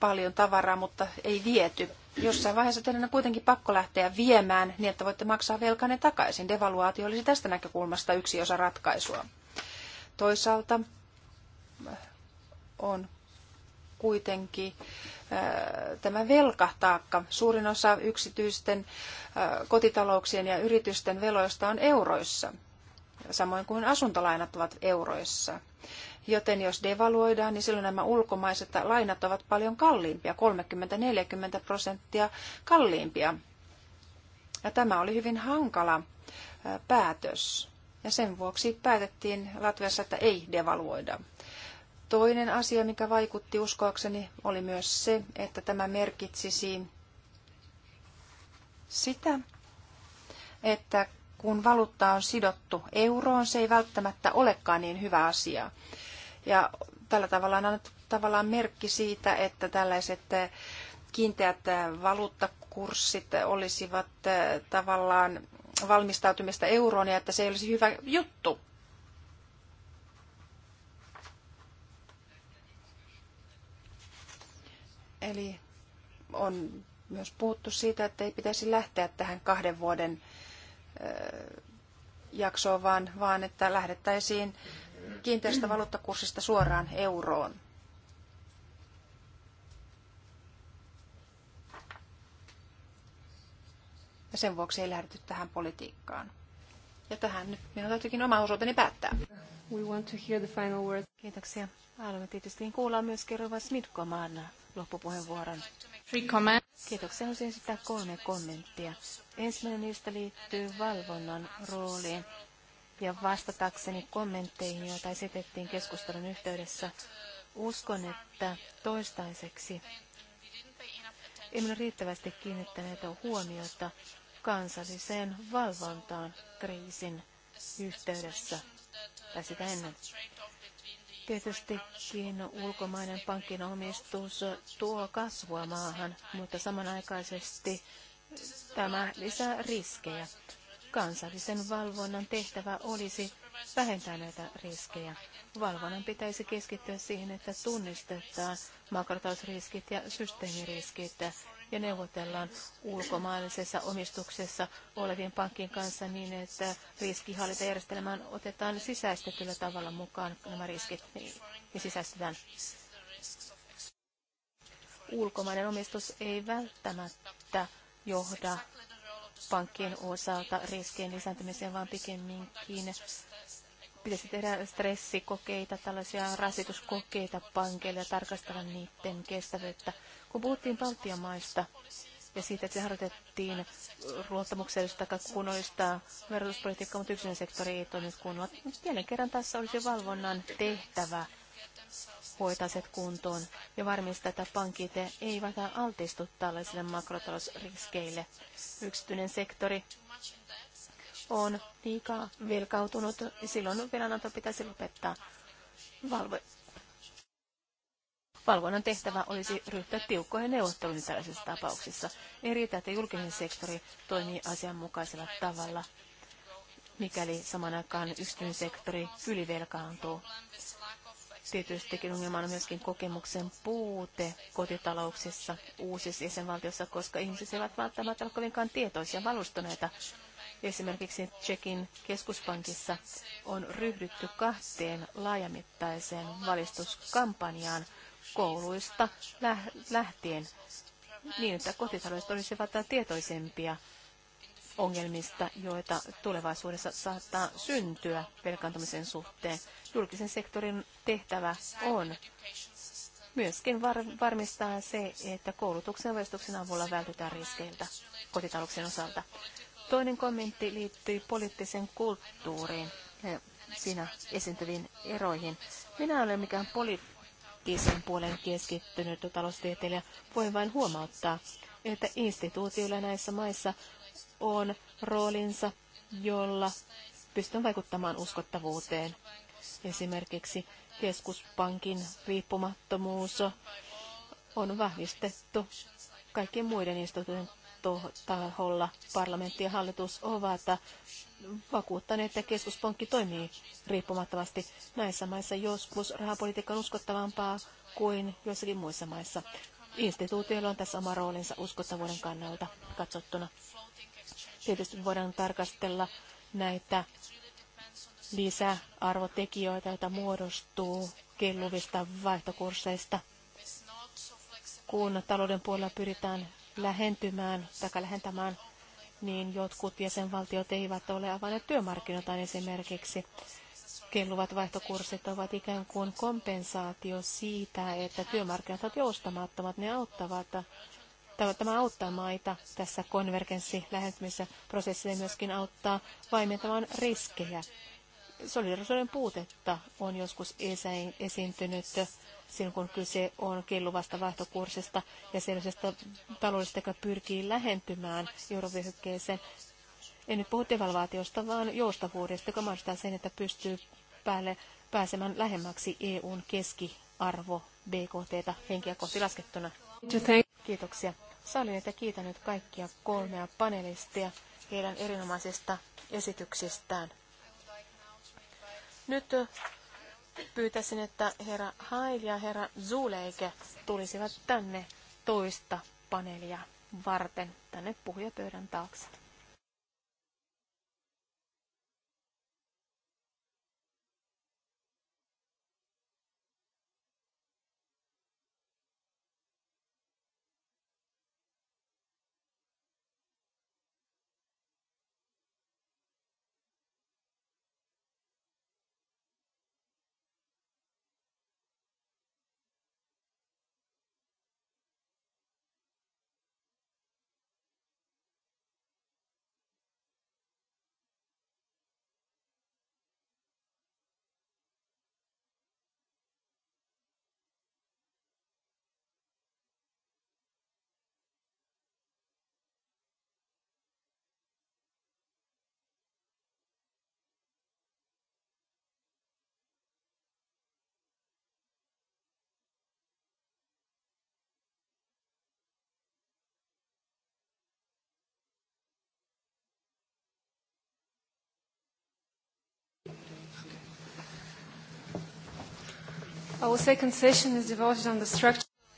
paljon tavaraa, mutta ei viety. Jossain vaiheessa teidän on kuitenkin pakko lähteä viemään niin, että voitte maksaa velkanne takaisin. Devaluaatio olisi tästä näkökulmasta yksi osa ratkaisua. Toisaalta on kuitenkin tämä velkataakka. Suurin osa yksityisten kotitalouksien ja yritysten veloista on euroissa, samoin kuin asuntolainat ovat euroissa. Joten jos devaluoidaan, niin silloin nämä ulkomaiset lainat ovat paljon kalliimpia, 30-40 prosenttia kalliimpia. Ja tämä oli hyvin hankala päätös. Ja sen vuoksi päätettiin Latviassa, että ei devaluoida. Toinen asia, mikä vaikutti uskoakseni, oli myös se, että tämä merkitsisi sitä, että kun valuutta on sidottu euroon, se ei välttämättä olekaan niin hyvä asia. Ja tällä tavalla on annettu tavallaan merkki siitä, että tällaiset eh, kiinteät eh, valuuttakurssit olisivat eh, tavallaan valmistautumista euroon ja että se ei olisi hyvä juttu. Eli on myös puhuttu siitä, että ei pitäisi lähteä tähän kahden vuoden jaksoon, vaan, vaan että lähdettäisiin kiinteästä valuuttakurssista suoraan euroon. Ja sen vuoksi ei lähdetty tähän politiikkaan. Ja tähän nyt minun täytyykin oma osuuteni päättää. We want to hear the final word. Kiitoksia. Haluamme tietysti kuulla myös kerrova Smitkomaan loppupuheenvuoron. Kiitoksia. Haluaisin esittää kolme kommenttia. Ensimmäinen niistä liittyy valvonnan rooliin. Ja vastatakseni kommentteihin, joita esitettiin keskustelun yhteydessä, uskon, että toistaiseksi emme ole riittävästi kiinnittäneet huomiota kansalliseen valvontaan kriisin yhteydessä tai sitä ennen. Tietystikin ulkomainen pankin omistus tuo kasvua maahan, mutta samanaikaisesti tämä lisää riskejä. Kansallisen valvonnan tehtävä olisi vähentää näitä riskejä. Valvonnan pitäisi keskittyä siihen, että tunnistetaan makrotausriskit ja systeemiriskit ja neuvotellaan ulkomaalaisessa omistuksessa olevien pankkien kanssa niin, että riskihallintajärjestelmään otetaan sisäistetyllä tavalla mukaan nämä riskit niin, ja sisäistetään. Ulkomainen omistus ei välttämättä johda pankkien osalta riskien lisääntymiseen, vaan pikemminkin Pitäisi tehdä stressikokeita, tällaisia rasituskokeita pankeille ja tarkastella niiden kestävyyttä. Kun puhuttiin Baltian maista ja siitä, että se harjoitettiin luottamuksellista tai kunnollista verotuspolitiikkaa, mutta yksinen sektori ei toiminut kunnolla. Niin jälleen kerran tässä olisi valvonnan tehtävä hoitaa se kuntoon ja varmistaa, että pankit eivät altistu tällaisille makrotalousriskeille. Yksityinen sektori on liikaa velkautunut, silloin velananto pitäisi lopettaa. Valvo- Valvonnan tehtävä olisi ryhtyä tiukkoihin neuvotteluihin tällaisissa tapauksissa. Ei riitä, että julkinen sektori toimii asianmukaisella tavalla, mikäli saman aikaan yksityinen sektori ylivelkaantuu. Tietystikin ongelma on myöskin kokemuksen puute kotitalouksissa uusissa jäsenvaltioissa, koska ihmiset eivät välttämättä ole kovinkaan tietoisia valustuneita Esimerkiksi Tsekin keskuspankissa on ryhdytty kahteen laajamittaiseen valistuskampanjaan kouluista lähtien niin, että kotitaloudet olisivat tietoisempia ongelmista, joita tulevaisuudessa saattaa syntyä velkaantumisen suhteen. Julkisen sektorin tehtävä on myöskin var- varmistaa se, että koulutuksen ja avulla vältytään riskeiltä kotitalouksien osalta. Toinen kommentti liittyy poliittiseen kulttuuriin ja siinä esiintyviin eroihin. Minä olen mikään poliittisen puolen keskittynyt taloustieteilijä. Voin vain huomauttaa, että instituutioilla näissä maissa on roolinsa, jolla pystyn vaikuttamaan uskottavuuteen. Esimerkiksi keskuspankin riippumattomuus on vahvistettu kaikkien muiden instituutioiden taholla parlamentti ja hallitus ovat vakuuttaneet, että keskuspankki toimii riippumattomasti. Näissä maissa joskus rahapolitiikka on uskottavampaa kuin joissakin muissa maissa. Instituutioilla on tässä oma roolinsa uskottavuuden kannalta katsottuna. Tietysti voidaan tarkastella näitä lisäarvotekijöitä, joita muodostuu kelluvista vaihtokursseista. Kun talouden puolella pyritään lähentymään tai lähentämään, niin jotkut jäsenvaltiot eivät ole avanneet työmarkkinoita esimerkiksi. Kelluvat vaihtokurssit ovat ikään kuin kompensaatio siitä, että työmarkkinat ovat joustamattomat. Ne auttavat, tämä auttaa maita tässä konvergenssi lähentymisprosessissa ja myöskin auttaa vaimentamaan riskejä. Solidarisuuden puutetta on joskus esiintynyt silloin kun kyse on kelluvasta vaihtokurssista ja sellaisesta taloudesta, joka pyrkii lähentymään eurovyöhykkeeseen. En nyt puhu devalvaatiosta, vaan joustavuudesta, joka mahdollistaa sen, että pystyy päälle pääsemään lähemmäksi EUn keskiarvo BKT henkiä kohti laskettuna. Kiitoksia. Sallin, että kiitän nyt kaikkia kolmea panelistia heidän erinomaisista esityksistään. Nyt Pyytäisin, että herra Hail ja herra Zuleike tulisivat tänne toista paneelia varten, tänne puhujapöydän taakse.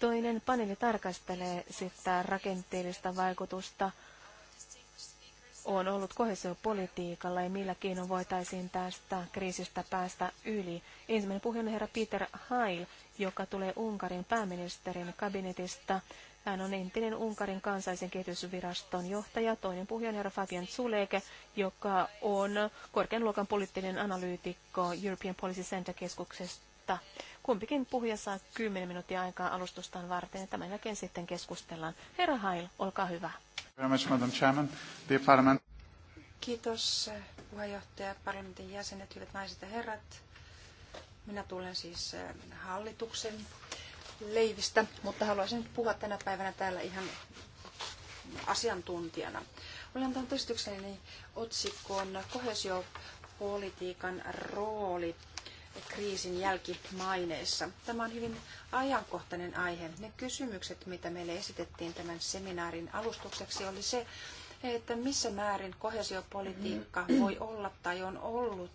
Toinen paneeli tarkastelee sitä rakenteellista vaikutusta on ollut kohesiopolitiikalla ja millä keinoin voitaisiin tästä kriisistä päästä yli. Ensimmäinen puhuja on herra Peter Heil, joka tulee Unkarin pääministerin kabinetista. Hän on entinen Unkarin kansallisen kehitysviraston johtaja. Toinen puhuja on herra Fabian Zuleke, joka on korkean luokan poliittinen analyytikko European Policy Center-keskuksesta. Kumpikin puhuja saa 10 minuuttia aikaa alustustaan varten ja tämän jälkeen sitten keskustellaan. Herra Hail, olkaa hyvä. Kiitos puheenjohtaja, parlamentin jäsenet, hyvät naiset ja herrat. Minä tulen siis eh, hallituksen leivistä, mutta haluaisin nyt puhua tänä päivänä täällä ihan asiantuntijana. Olen antanut esitykseni otsikkoon kohesiopolitiikan rooli kriisin jälkimaineissa. Tämä on hyvin ajankohtainen aihe. Ne kysymykset, mitä meille esitettiin tämän seminaarin alustukseksi, oli se, että missä määrin kohesiopolitiikka voi olla tai on ollut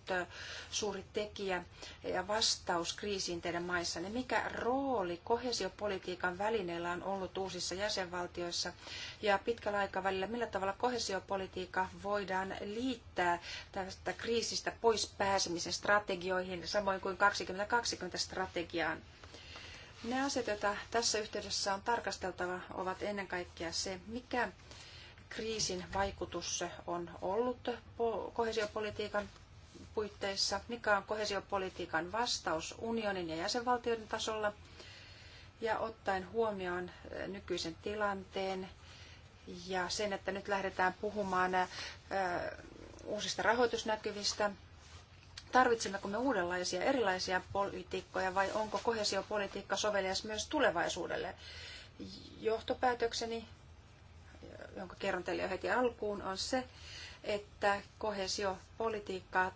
suuri tekijä ja vastaus kriisiin teidän maissanne. Mikä rooli kohesiopolitiikan välineellä on ollut uusissa jäsenvaltioissa ja pitkällä aikavälillä, millä tavalla kohesiopolitiikka voidaan liittää tästä kriisistä pois pääsemisen strategioihin, samoin kuin 2020 strategiaan? Ne asiat, joita tässä yhteydessä on tarkasteltava, ovat ennen kaikkea se, mikä kriisin vaikutus on ollut kohesiopolitiikan puitteissa, mikä on kohesiopolitiikan vastaus unionin ja jäsenvaltioiden tasolla ja ottaen huomioon eh, nykyisen tilanteen ja sen, että nyt lähdetään puhumaan eh, uusista rahoitusnäkyvistä, tarvitsemmeko me uudenlaisia erilaisia politiikkoja vai onko kohesiopolitiikka sovelias myös tulevaisuudelle? Johtopäätökseni jonka kerron teille jo heti alkuun, on se, että kohesiopolitiikkaa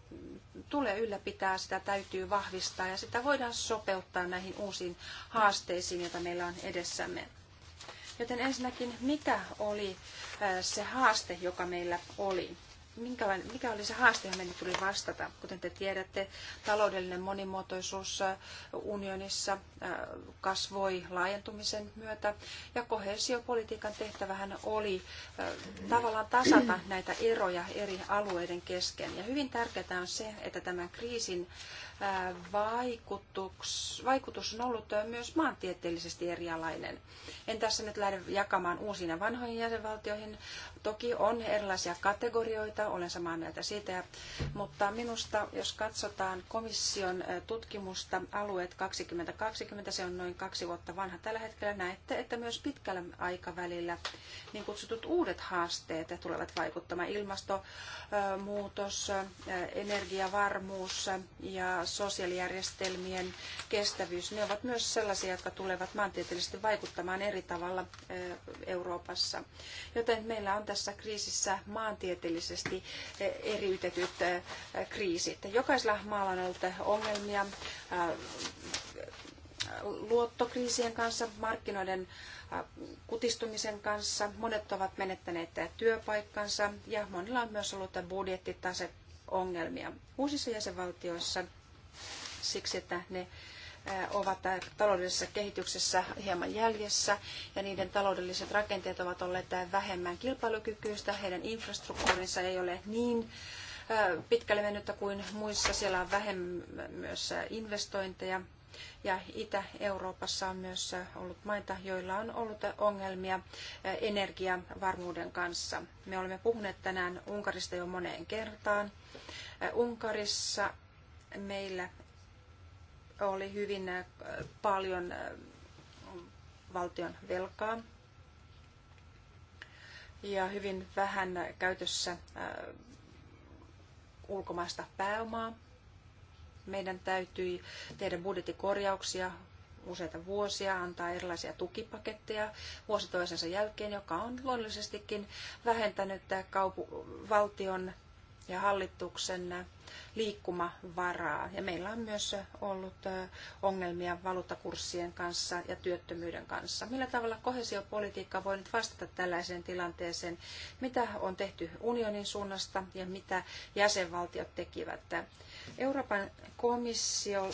tulee ylläpitää, sitä täytyy vahvistaa ja sitä voidaan sopeuttaa näihin uusiin haasteisiin, joita meillä on edessämme. Joten ensinnäkin, mikä oli se haaste, joka meillä oli? minkälainen, mikä oli se haaste, johon meidän tuli vastata. Kuten te tiedätte, taloudellinen monimuotoisuus äh, unionissa äh, kasvoi laajentumisen myötä, ja kohesiopolitiikan tehtävähän oli äh, tavallaan tasata näitä eroja eri alueiden kesken. Ja hyvin tärkeää on se, että tämän kriisin vaikutus, vaikutus on ollut myös maantieteellisesti erilainen. En tässä nyt lähde jakamaan uusiin ja vanhoihin jäsenvaltioihin, Toki on erilaisia kategorioita, olen samaa mieltä siitä, mutta minusta jos katsotaan komission tutkimusta Alueet 2020, se on noin kaksi vuotta vanha tällä hetkellä, näette, että myös pitkällä aikavälillä niin kutsutut uudet haasteet tulevat vaikuttamaan ilmastonmuutos, energiavarmuus ja sosiaalijärjestelmien kestävyys. Ne ovat myös sellaisia, jotka tulevat maantieteellisesti vaikuttamaan eri tavalla Euroopassa. Joten meillä on tässä kriisissä maantieteellisesti eriytetyt kriisit. Jokaisella maalla on ollut ongelmia luottokriisien kanssa, markkinoiden kutistumisen kanssa. Monet ovat menettäneet työpaikkansa ja monilla on myös ollut budjettitase ongelmia uusissa jäsenvaltioissa siksi, että ne ovat taloudellisessa kehityksessä hieman jäljessä ja niiden taloudelliset rakenteet ovat olleet vähemmän kilpailukykyistä. Heidän infrastruktuurinsa ei ole niin pitkälle mennyttä kuin muissa. Siellä on vähemmän myös investointeja. Ja Itä-Euroopassa on myös ollut maita, joilla on ollut ongelmia energiavarmuuden kanssa. Me olemme puhuneet tänään Unkarista jo moneen kertaan. Unkarissa meillä oli hyvin äh, paljon äh, valtion velkaa ja hyvin vähän käytössä äh, ulkomaista pääomaa. Meidän täytyi tehdä budjettikorjauksia useita vuosia, antaa erilaisia tukipaketteja vuosi toisensa jälkeen, joka on luonnollisestikin vähentänyt kaupu- valtion ja hallituksen liikkumavaraa. Ja meillä on myös ollut ongelmia valuuttakurssien kanssa ja työttömyyden kanssa. Millä tavalla kohesiopolitiikka voi nyt vastata tällaiseen tilanteeseen? Mitä on tehty unionin suunnasta ja mitä jäsenvaltiot tekivät? Euroopan komissio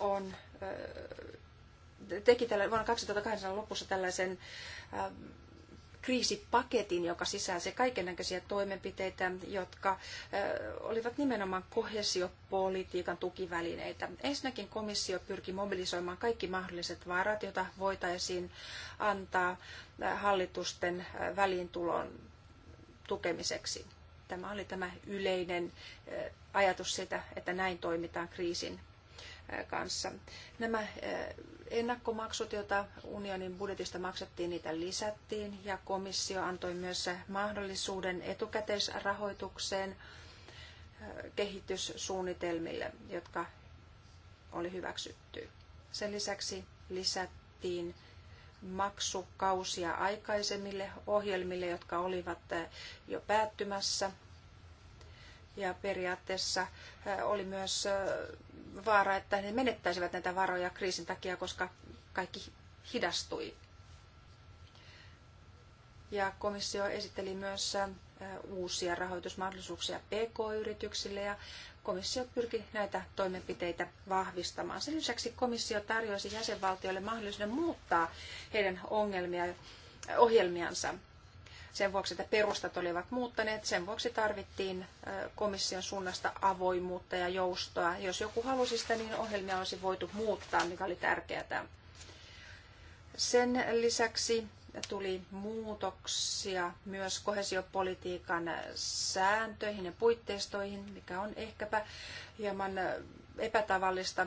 on teki tällä, vuonna 2008 lopussa tällaisen kriisipaketin, joka sisälsi kaikennäköisiä toimenpiteitä, jotka olivat nimenomaan kohesiopolitiikan tukivälineitä. Ensinnäkin komissio pyrki mobilisoimaan kaikki mahdolliset varat, joita voitaisiin antaa hallitusten väliintulon tukemiseksi. Tämä oli tämä yleinen ajatus siitä, että näin toimitaan kriisin kanssa. Nämä eh, ennakkomaksut, joita unionin budjetista maksettiin, niitä lisättiin ja komissio antoi myös mahdollisuuden etukäteisrahoitukseen eh, kehityssuunnitelmille, jotka oli hyväksytty. Sen lisäksi lisättiin maksukausia aikaisemmille ohjelmille, jotka olivat eh, jo päättymässä ja periaatteessa oli myös vaara, että he menettäisivät näitä varoja kriisin takia, koska kaikki hidastui. Ja komissio esitteli myös uusia rahoitusmahdollisuuksia PK-yrityksille ja komissio pyrki näitä toimenpiteitä vahvistamaan. Sen lisäksi komissio tarjosi jäsenvaltioille mahdollisuuden muuttaa heidän ongelmia, ohjelmiansa sen vuoksi, että perustat olivat muuttaneet, sen vuoksi tarvittiin komission suunnasta avoimuutta ja joustoa. Jos joku halusi sitä, niin ohjelmia olisi voitu muuttaa, mikä oli tärkeää. Sen lisäksi tuli muutoksia myös kohesiopolitiikan sääntöihin ja puitteistoihin, mikä on ehkäpä hieman epätavallista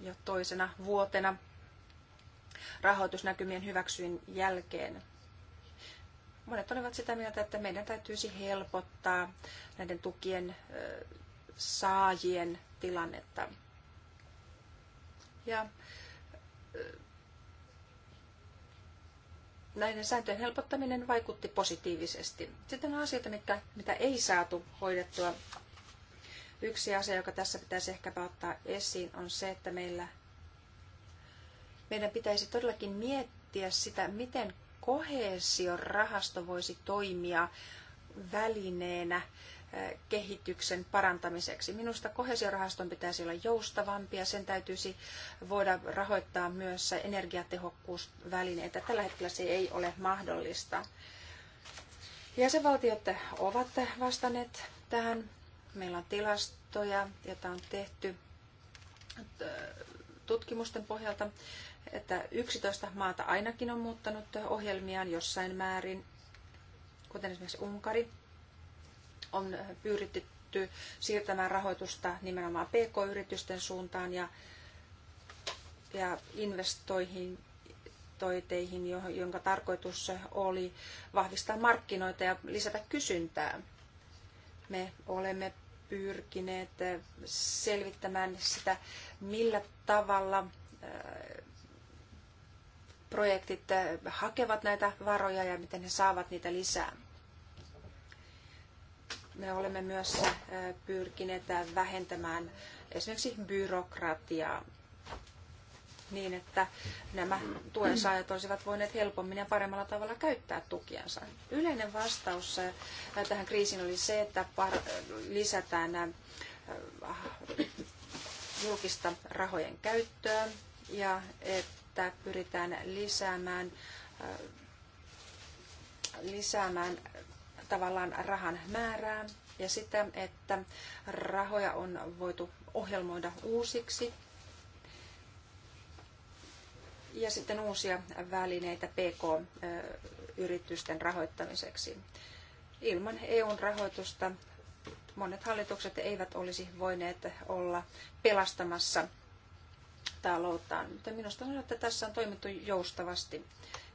jo toisena vuotena rahoitusnäkymien hyväksyin jälkeen. Monet olivat sitä mieltä, että meidän täytyisi helpottaa näiden tukien saajien tilannetta. Ja näiden sääntöjen helpottaminen vaikutti positiivisesti. Sitten on asioita, mitkä, mitä ei saatu hoidettua. Yksi asia, joka tässä pitäisi ehkä ottaa esiin, on se, että meillä, meidän pitäisi todellakin miettiä sitä, miten koheesiorahasto voisi toimia välineenä eh, kehityksen parantamiseksi. Minusta kohesiorahaston pitäisi olla joustavampi ja sen täytyisi voida rahoittaa myös energiatehokkuusvälineitä. Tällä hetkellä se ei ole mahdollista. Jäsenvaltiot ovat vastanneet tähän. Meillä on tilastoja, joita on tehty eh, tutkimusten pohjalta että 11 maata ainakin on muuttanut ohjelmiaan jossain määrin, kuten esimerkiksi Unkari, on pyritty siirtämään rahoitusta nimenomaan PK-yritysten suuntaan ja, ja investoihin toiteihin, jonka tarkoitus oli vahvistaa markkinoita ja lisätä kysyntää. Me olemme pyrkineet selvittämään sitä, millä tavalla projektit eh, hakevat näitä varoja ja miten he saavat niitä lisää. Me olemme myös eh, pyrkineet eh, vähentämään esimerkiksi byrokratiaa niin, että nämä tuen saajat olisivat voineet helpommin ja paremmalla tavalla käyttää tukiansa. Yleinen vastaus tähän kriisiin oli se, että lisätään julkista rahojen käyttöä ja että että pyritään lisäämään, äh, lisäämään tavallaan rahan määrää ja sitä, että rahoja on voitu ohjelmoida uusiksi ja sitten uusia välineitä PK-yritysten rahoittamiseksi. Ilman EUn rahoitusta monet hallitukset eivät olisi voineet olla pelastamassa talouttaan. Mutta minusta on, että tässä on toimittu joustavasti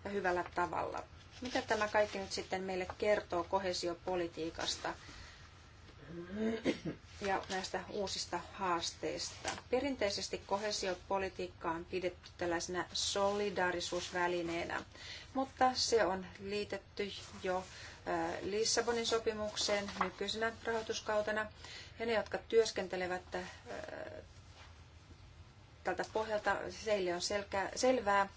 ja hyvällä tavalla. Mitä tämä kaikki nyt sitten meille kertoo kohesiopolitiikasta ja näistä uusista haasteista? Perinteisesti kohesiopolitiikka on pidetty tällaisena solidaarisuusvälineenä, mutta se on liitetty jo Lissabonin sopimukseen nykyisenä rahoituskautena. Ja ne, jotka työskentelevät tältä pohjalta seille on selkää, selvää,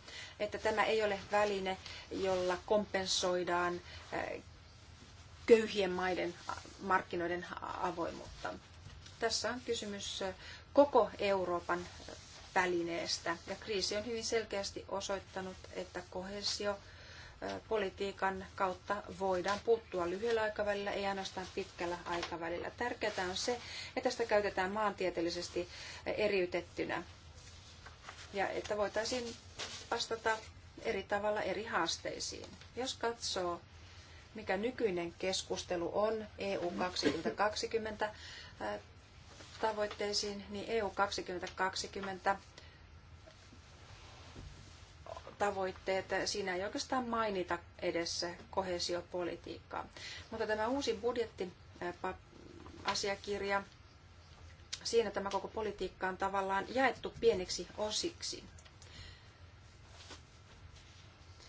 että tämä ei ole väline, jolla kompensoidaan eh, köyhien maiden markkinoiden avoimuutta. Tässä on kysymys eh, koko Euroopan eh, välineestä. Ja kriisi on hyvin selkeästi osoittanut, että kohesio politiikan kautta voidaan puuttua lyhyellä aikavälillä, ei ainoastaan pitkällä aikavälillä. Tärkeää on se, että sitä käytetään maantieteellisesti eriytettynä ja että voitaisiin vastata eri tavalla eri haasteisiin. Jos katsoo, mikä nykyinen keskustelu on EU 2020 äh, tavoitteisiin, niin EU 2020 tavoitteet, siinä ei oikeastaan mainita edessä kohesiopolitiikkaa. Mutta tämä uusi budjetti äh, asiakirja Siinä tämä koko politiikka on tavallaan jaettu pieniksi osiksi.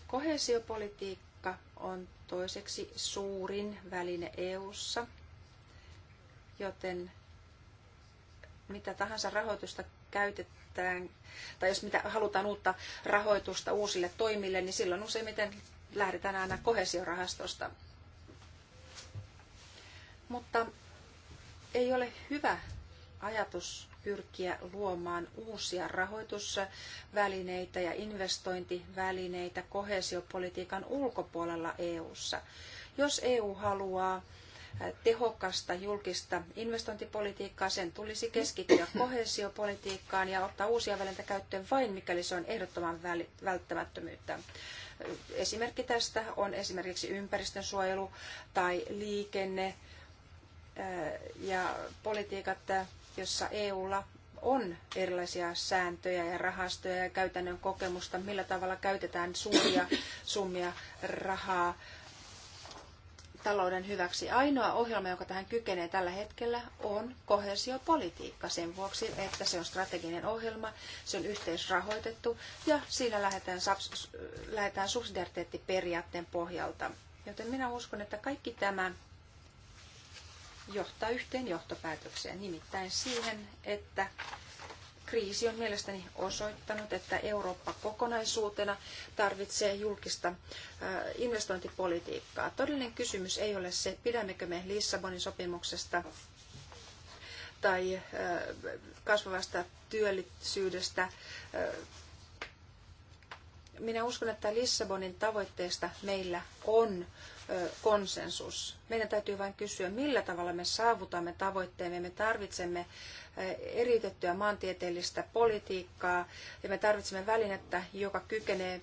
Kohesiopolitiikka on toiseksi suurin väline EU:ssa, joten mitä tahansa rahoitusta käytetään, tai jos mitä halutaan uutta rahoitusta uusille toimille, niin silloin useimmiten lähdetään aina kohesiorahastosta. Mutta ei ole hyvä ajatus pyrkiä luomaan uusia rahoitusvälineitä ja investointivälineitä kohesiopolitiikan ulkopuolella EU:ssa. Jos EU haluaa tehokasta julkista investointipolitiikkaa, sen tulisi keskittyä kohesiopolitiikkaan ja ottaa uusia välineitä käyttöön vain, mikäli se on ehdottoman välttämättömyyttä. Esimerkki tästä on esimerkiksi ympäristönsuojelu tai liikenne ja politiikat jossa EUlla on erilaisia sääntöjä ja rahastoja ja käytännön kokemusta, millä tavalla käytetään suuria summia rahaa talouden hyväksi. Ainoa ohjelma, joka tähän kykenee tällä hetkellä, on kohesiopolitiikka sen vuoksi, että se on strateginen ohjelma, se on yhteisrahoitettu ja siinä lähdetään, lähdetään subsidiariteettiperiaatteen pohjalta. Joten minä uskon, että kaikki tämä johtaa yhteen johtopäätökseen, nimittäin siihen, että kriisi on mielestäni osoittanut, että Eurooppa kokonaisuutena tarvitsee julkista investointipolitiikkaa. Todellinen kysymys ei ole se, pidämmekö me Lissabonin sopimuksesta tai kasvavasta työllisyydestä. Minä uskon, että Lissabonin tavoitteesta meillä on konsensus. Meidän täytyy vain kysyä, millä tavalla me saavutamme tavoitteemme. Me tarvitsemme eriytettyä maantieteellistä politiikkaa ja me tarvitsemme välinettä, joka kykenee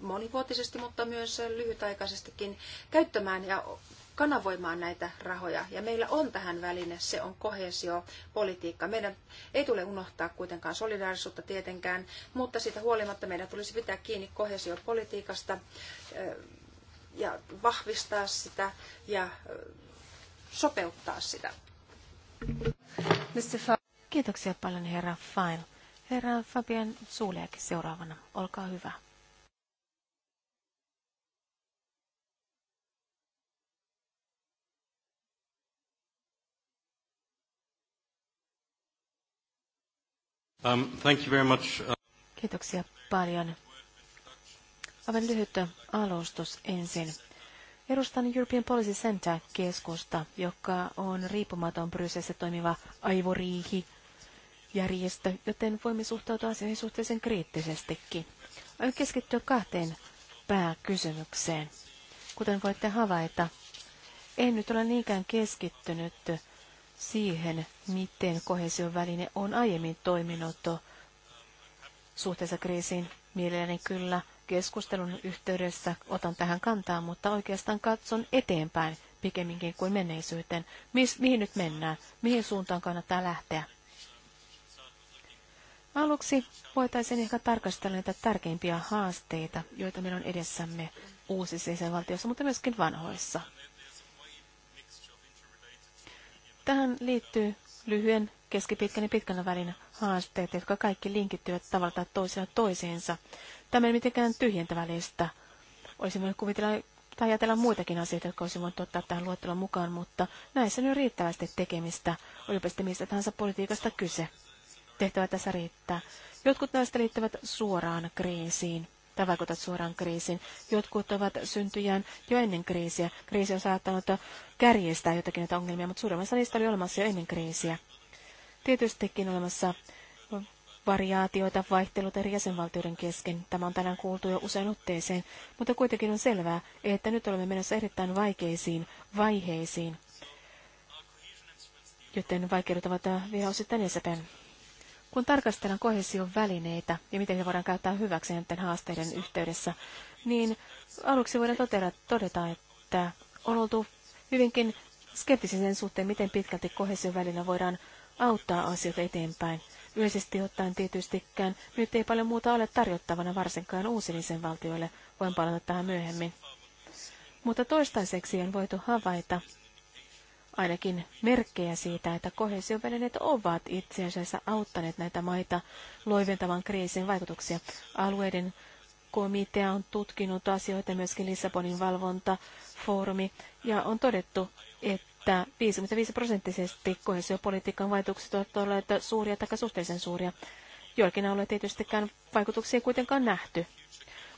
monivuotisesti, mutta myös lyhytaikaisestikin käyttämään ja kanavoimaan näitä rahoja. Ja meillä on tähän väline, se on kohesiopolitiikka. Meidän ei tule unohtaa kuitenkaan solidaarisuutta tietenkään, mutta siitä huolimatta meidän tulisi pitää kiinni kohesiopolitiikasta ja vahvistaa sitä ja sopeuttaa sitä. Kiitoksia paljon herra Fail. Herra Fabian Zuleek seuraavana. Olkaa hyvä. Um, thank you very much. Uh, Kiitoksia paljon Aivan lyhyt alustus ensin. Edustan European Policy Center-keskusta, joka on riippumaton Brysselissä toimiva aivoriihi järjestö, joten voimme suhtautua asioihin suhteellisen kriittisestikin. Aion keskittyä kahteen pääkysymykseen. Kuten voitte havaita, en nyt ole niinkään keskittynyt siihen, miten kohesion väline on aiemmin toiminut suhteessa kriisiin. Mielelläni kyllä keskustelun yhteydessä otan tähän kantaa, mutta oikeastaan katson eteenpäin pikemminkin kuin menneisyyteen. Mis, mihin nyt mennään? Mihin suuntaan kannattaa lähteä? Aluksi voitaisiin ehkä tarkastella niitä tärkeimpiä haasteita, joita meillä on edessämme uusissa jäsenvaltioissa, mutta myöskin vanhoissa. Tähän liittyy lyhyen, keskipitkän ja pitkän välin haasteet, jotka kaikki linkittyvät tavalla tai toisella toisiinsa. Tämä ei mitenkään tyhjentävä lista. Olisi voinut kuvitella tai ajatella muitakin asioita, jotka olisi voinut ottaa tähän luettelon mukaan, mutta näissä on riittävästi tekemistä, olipa sitten mistä tahansa politiikasta kyse. Tehtävä tässä riittää. Jotkut näistä liittyvät suoraan kriisiin tai vaikutat suoraan kriisiin. Jotkut ovat syntyjään jo ennen kriisiä. Kriisi on saattanut kärjestää jotakin näitä ongelmia, mutta suurimmassa niistä oli olemassa jo ennen kriisiä. Tietystikin olemassa variaatioita, vaihtelut eri jäsenvaltioiden kesken. Tämä on tänään kuultu jo usein otteeseen, mutta kuitenkin on selvää, että nyt olemme menossa erittäin vaikeisiin vaiheisiin, joten vaikeudet ovat vielä osittain jäsepäin. Kun tarkastellaan kohesion välineitä ja miten ne voidaan käyttää hyväksi näiden haasteiden yhteydessä, niin aluksi voidaan totera, todeta, että on oltu hyvinkin skeptisen sen suhteen, miten pitkälti kohesion välinä voidaan auttaa asioita eteenpäin. Yleisesti ottaen tietystikään nyt ei paljon muuta ole tarjottavana varsinkaan uusilisen valtioille. Voin palata tähän myöhemmin. Mutta toistaiseksi on voitu havaita ainakin merkkejä siitä, että kohesiovälineet ovat itse asiassa auttaneet näitä maita loiventavan kriisin vaikutuksia. Alueiden komitea on tutkinut asioita, myöskin Lissabonin valvontafoorumi, ja on todettu, että 55 prosenttisesti kohesiopolitiikan vaikutukset ovat olleet suuria tai suhteellisen suuria. Joillakin alueilla tietystikään vaikutuksia ei kuitenkaan nähty.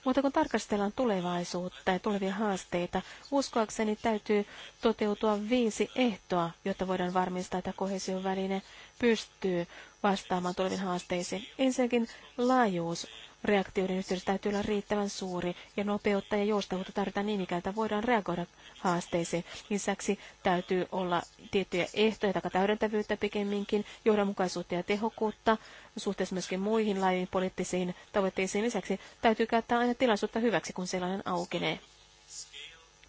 Mutta kun tarkastellaan tulevaisuutta ja tulevia haasteita, uskoakseni täytyy toteutua viisi ehtoa, jotta voidaan varmistaa, että kohesion väline pystyy vastaamaan tuleviin haasteisiin. Ensinnäkin laajuus reaktioiden yhteydessä täytyy olla riittävän suuri ja nopeutta ja joustavuutta tarvitaan niin ikään, että voidaan reagoida haasteisiin. Lisäksi täytyy olla tiettyjä ehtoja tai täydentävyyttä pikemminkin, johdonmukaisuutta ja tehokkuutta suhteessa myöskin muihin lajiin poliittisiin tavoitteisiin. Lisäksi täytyy käyttää aina tilaisuutta hyväksi, kun sellainen aukenee.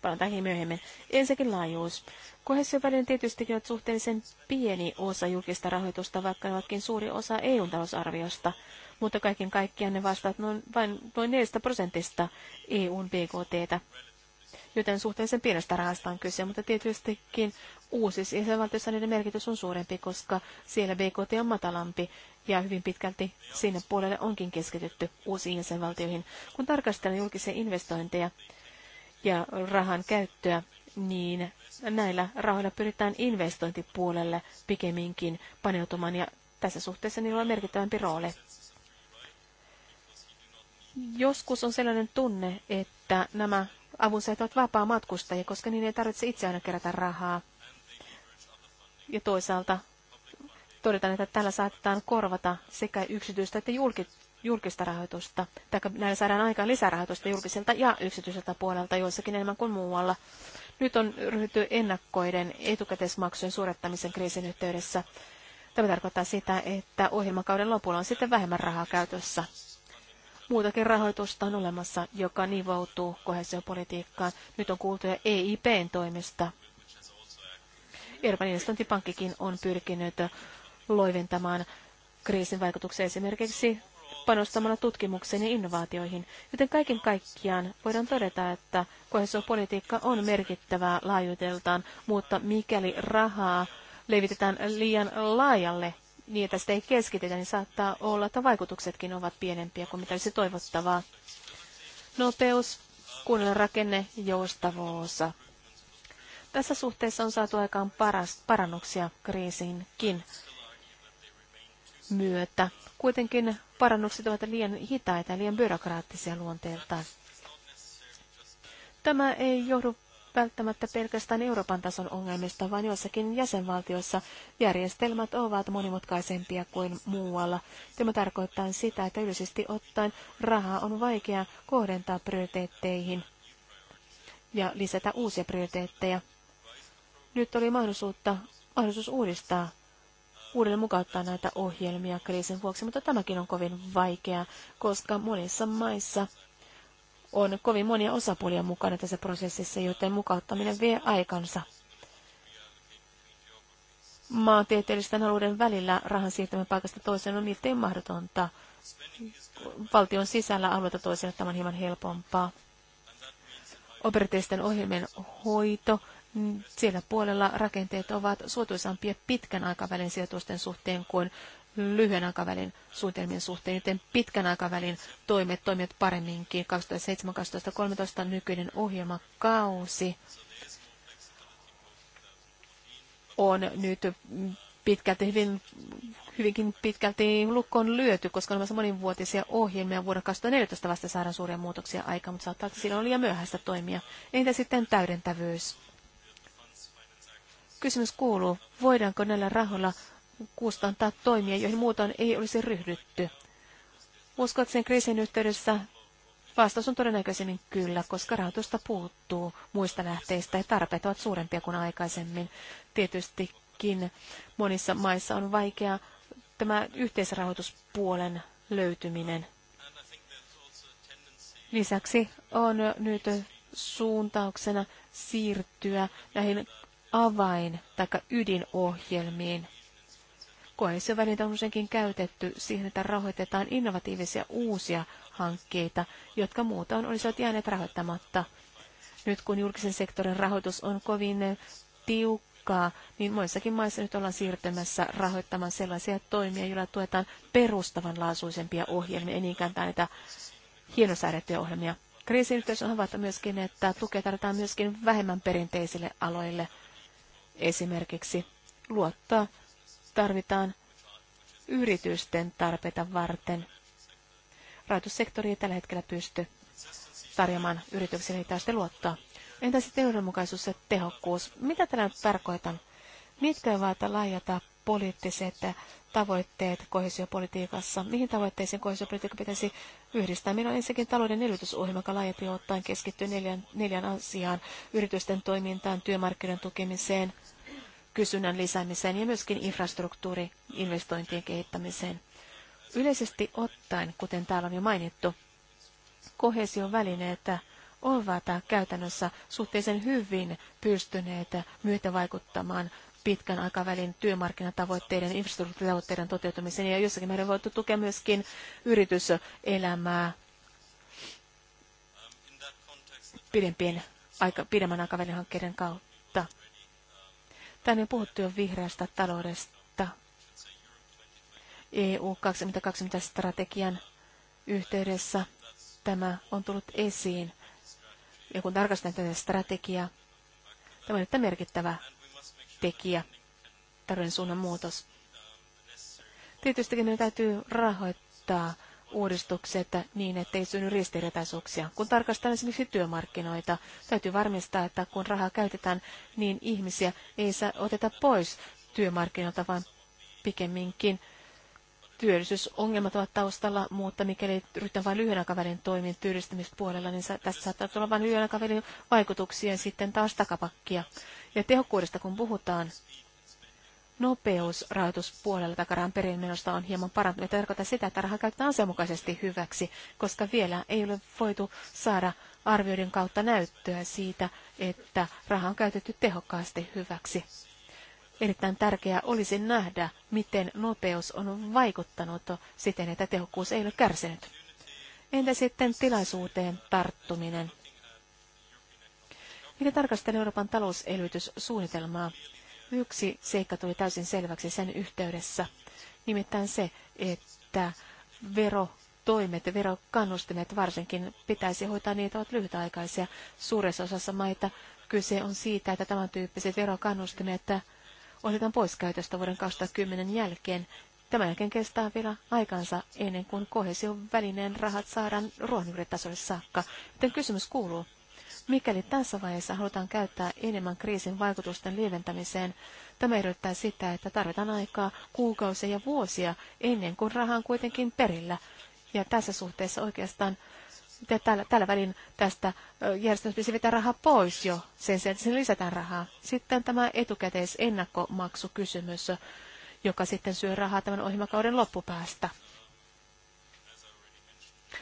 Palaan tähän myöhemmin. Ensinnäkin laajuus. Kohessiovälinen tietysti on suhteellisen pieni osa julkista rahoitusta, vaikka ne ovatkin suuri osa eu talousarviosta, mutta kaiken kaikkiaan ne vastaavat noin, vain noin 4 prosentista EUn BKTtä. Joten suhteellisen pienestä rahasta on kyse, mutta tietystikin uusissa jäsenvaltioissa niiden merkitys on suurempi, koska siellä BKT on matalampi ja hyvin pitkälti sinne puolelle onkin keskitytty uusiin jäsenvaltioihin. Kun tarkastellaan julkisia investointeja, ja rahan käyttöä, niin näillä rahoilla pyritään investointipuolelle pikemminkin paneutumaan ja tässä suhteessa niillä on merkittävämpi rooli. Joskus on sellainen tunne, että nämä avunsaajat ovat vapaa matkustajia, koska niin ei tarvitse itse aina kerätä rahaa. Ja toisaalta todetaan, että tällä saatetaan korvata sekä yksityistä että julkista rahoitusta, tai näillä saadaan aikaan lisärahoitusta julkiselta ja yksityiseltä puolelta joissakin enemmän kuin muualla. Nyt on ryhdytty ennakkoiden etukäteismaksujen suorittamisen kriisin yhteydessä. Tämä tarkoittaa sitä, että ohjelmakauden lopulla on sitten vähemmän rahaa käytössä. Muutakin rahoitusta on olemassa, joka nivoutuu kohesiopolitiikkaan. Nyt on kuultu jo EIPn toimista. Euroopan investointipankkikin on pyrkinyt loiventamaan kriisin vaikutuksia esimerkiksi panostamalla tutkimukseen ja innovaatioihin, joten kaiken kaikkiaan voidaan todeta, että kohesiopolitiikka on merkittävää laajuudeltaan, mutta mikäli rahaa levitetään liian laajalle, niin että sitä ei keskitetä, niin saattaa olla, että vaikutuksetkin ovat pienempiä kuin mitä olisi toivottavaa. Nopeus, kunnollinen rakenne, joustavuus. Tässä suhteessa on saatu aikaan paras, parannuksia kriisinkin myötä. Kuitenkin parannukset ovat liian hitaita ja liian byrokraattisia luonteeltaan. Tämä ei johdu välttämättä pelkästään Euroopan tason ongelmista, vaan joissakin jäsenvaltioissa järjestelmät ovat monimutkaisempia kuin muualla. Tämä tarkoittaa sitä, että yleisesti ottaen rahaa on vaikea kohdentaa prioriteetteihin ja lisätä uusia prioriteetteja. Nyt oli mahdollisuutta, mahdollisuus uudistaa uudelleen mukauttaa näitä ohjelmia kriisin vuoksi, mutta tämäkin on kovin vaikea, koska monissa maissa on kovin monia osapuolia mukana tässä prosessissa, joten mukauttaminen vie aikansa. Maantieteellisten alueiden välillä rahan siirtäminen paikasta toiseen on miltei mahdotonta. Valtion sisällä alueelta toiseen tämä on hieman helpompaa. Operatiivisten ohjelmien hoito Mm, siellä puolella rakenteet ovat suotuisampia pitkän aikavälin sijoitusten suhteen kuin lyhyen aikavälin suunnitelmien suhteen, joten pitkän aikavälin toimet toimivat paremminkin. 2007-2013 nykyinen ohjelmakausi on nyt pitkälti, hyvin, hyvinkin pitkälti lukkoon lyöty, koska on olemassa monivuotisia ohjelmia. Vuonna 2014 vasta saadaan suuria muutoksia aikaan, mutta saattaa, että silloin on liian myöhäistä toimia. Entä sitten täydentävyys? Kysymys kuuluu, voidaanko näillä rahoilla kustantaa toimia, joihin muutoin ei olisi ryhdytty? sen kriisin yhteydessä vastaus on todennäköisemmin kyllä, koska rahoitusta puuttuu muista lähteistä ja tarpeet ovat suurempia kuin aikaisemmin. Tietystikin monissa maissa on vaikea tämä yhteisrahoituspuolen löytyminen. Lisäksi on nyt suuntauksena siirtyä näihin avain- tai ydinohjelmiin. Kohesiovälineitä on useinkin käytetty siihen, että rahoitetaan innovatiivisia uusia hankkeita, jotka muutoin olisivat jääneet rahoittamatta. Nyt kun julkisen sektorin rahoitus on kovin tiukkaa, niin moissakin maissa nyt ollaan siirtymässä rahoittamaan sellaisia toimia, joilla tuetaan perustavanlaatuisempia ohjelmia, ei niinkään näitä hienosäädettyjä ohjelmia. Kriisin yhteydessä on havaittu myöskin, että tukea tarvitaan myöskin vähemmän perinteisille aloille – esimerkiksi luottaa tarvitaan yritysten tarpeita varten. Rahoitussektori ei tällä hetkellä pysty tarjoamaan yrityksille hitaasti luottoa. Entä sitten yhdenmukaisuus ja tehokkuus? Mitä tällä nyt tarkoitan? Mitkä ovat laajata poliittiset tavoitteet kohesiopolitiikassa? Mihin tavoitteisiin kohesiopolitiikka pitäisi Yhdistäminen on ensinnäkin talouden elvytysohjelma, joka laajempi ottaen keskittyy neljän, neljän asiaan, yritysten toimintaan, työmarkkinoiden tukemiseen, kysynnän lisäämiseen ja myöskin infrastruktuuriinvestointien kehittämiseen. Yleisesti ottaen, kuten täällä on jo mainittu, kohesion välineet ovat käytännössä suhteellisen hyvin pystyneet vaikuttamaan pitkän aikavälin työmarkkinatavoitteiden, infrastruktuuritavoitteiden toteutumiseen ja jossakin määrin voitu tukea myöskin yrityselämää pidempien, aika, pidemmän aikavälin hankkeiden kautta. Tänne on puhuttu jo vihreästä taloudesta EU 2020-strategian yhteydessä. Tämä on tullut esiin. Ja kun tarkastetaan tätä strategiaa, tämä on erittäin merkittävä tekijä, suunnan muutos. Tietystikin meidän täytyy rahoittaa uudistukset niin, ettei synny ristiriitaisuuksia. Kun tarkastellaan esimerkiksi työmarkkinoita, täytyy varmistaa, että kun rahaa käytetään, niin ihmisiä ei saa oteta pois työmarkkinoilta, vaan pikemminkin työllisyysongelmat ovat taustalla, mutta mikäli ryhdytään vain lyhyen aikavälin toimiin työllistämispuolella, niin tässä saattaa tulla vain lyhyen aikavälin vaikutuksia ja sitten taas takapakkia. Ja tehokkuudesta kun puhutaan, nopeus rahoituspuolella takaran perinmenosta on hieman parantunut. Tarkoittaa sitä, että rahaa käytetään asianmukaisesti hyväksi, koska vielä ei ole voitu saada arvioiden kautta näyttöä siitä, että raha on käytetty tehokkaasti hyväksi erittäin tärkeää olisi nähdä, miten nopeus on vaikuttanut siten, että tehokkuus ei ole kärsinyt. Entä sitten tilaisuuteen tarttuminen? Mitä tarkastelen Euroopan talouselvytyssuunnitelmaa? Yksi seikka tuli täysin selväksi sen yhteydessä, nimittäin se, että vero toimet ja verokannustimet varsinkin pitäisi hoitaa niitä ovat lyhytaikaisia. Suuressa osassa maita kyse on siitä, että tämän tyyppiset verokannustimet otetaan pois käytöstä vuoden 2010 jälkeen. Tämän jälkeen kestää vielä aikansa ennen kuin kohesion välineen rahat saadaan ruohonjuuritasolle saakka. Joten kysymys kuuluu, mikäli tässä vaiheessa halutaan käyttää enemmän kriisin vaikutusten lieventämiseen, tämä edellyttää sitä, että tarvitaan aikaa kuukausia ja vuosia ennen kuin raha on kuitenkin perillä. Ja tässä suhteessa oikeastaan tehdä tällä, tällä välin tästä järjestelmästä pitäisi vetää rahaa pois jo sen sijaan, että sinne lisätään rahaa. Sitten tämä etukäteis ennakkomaksukysymys, joka sitten syö rahaa tämän ohjelmakauden loppupäästä.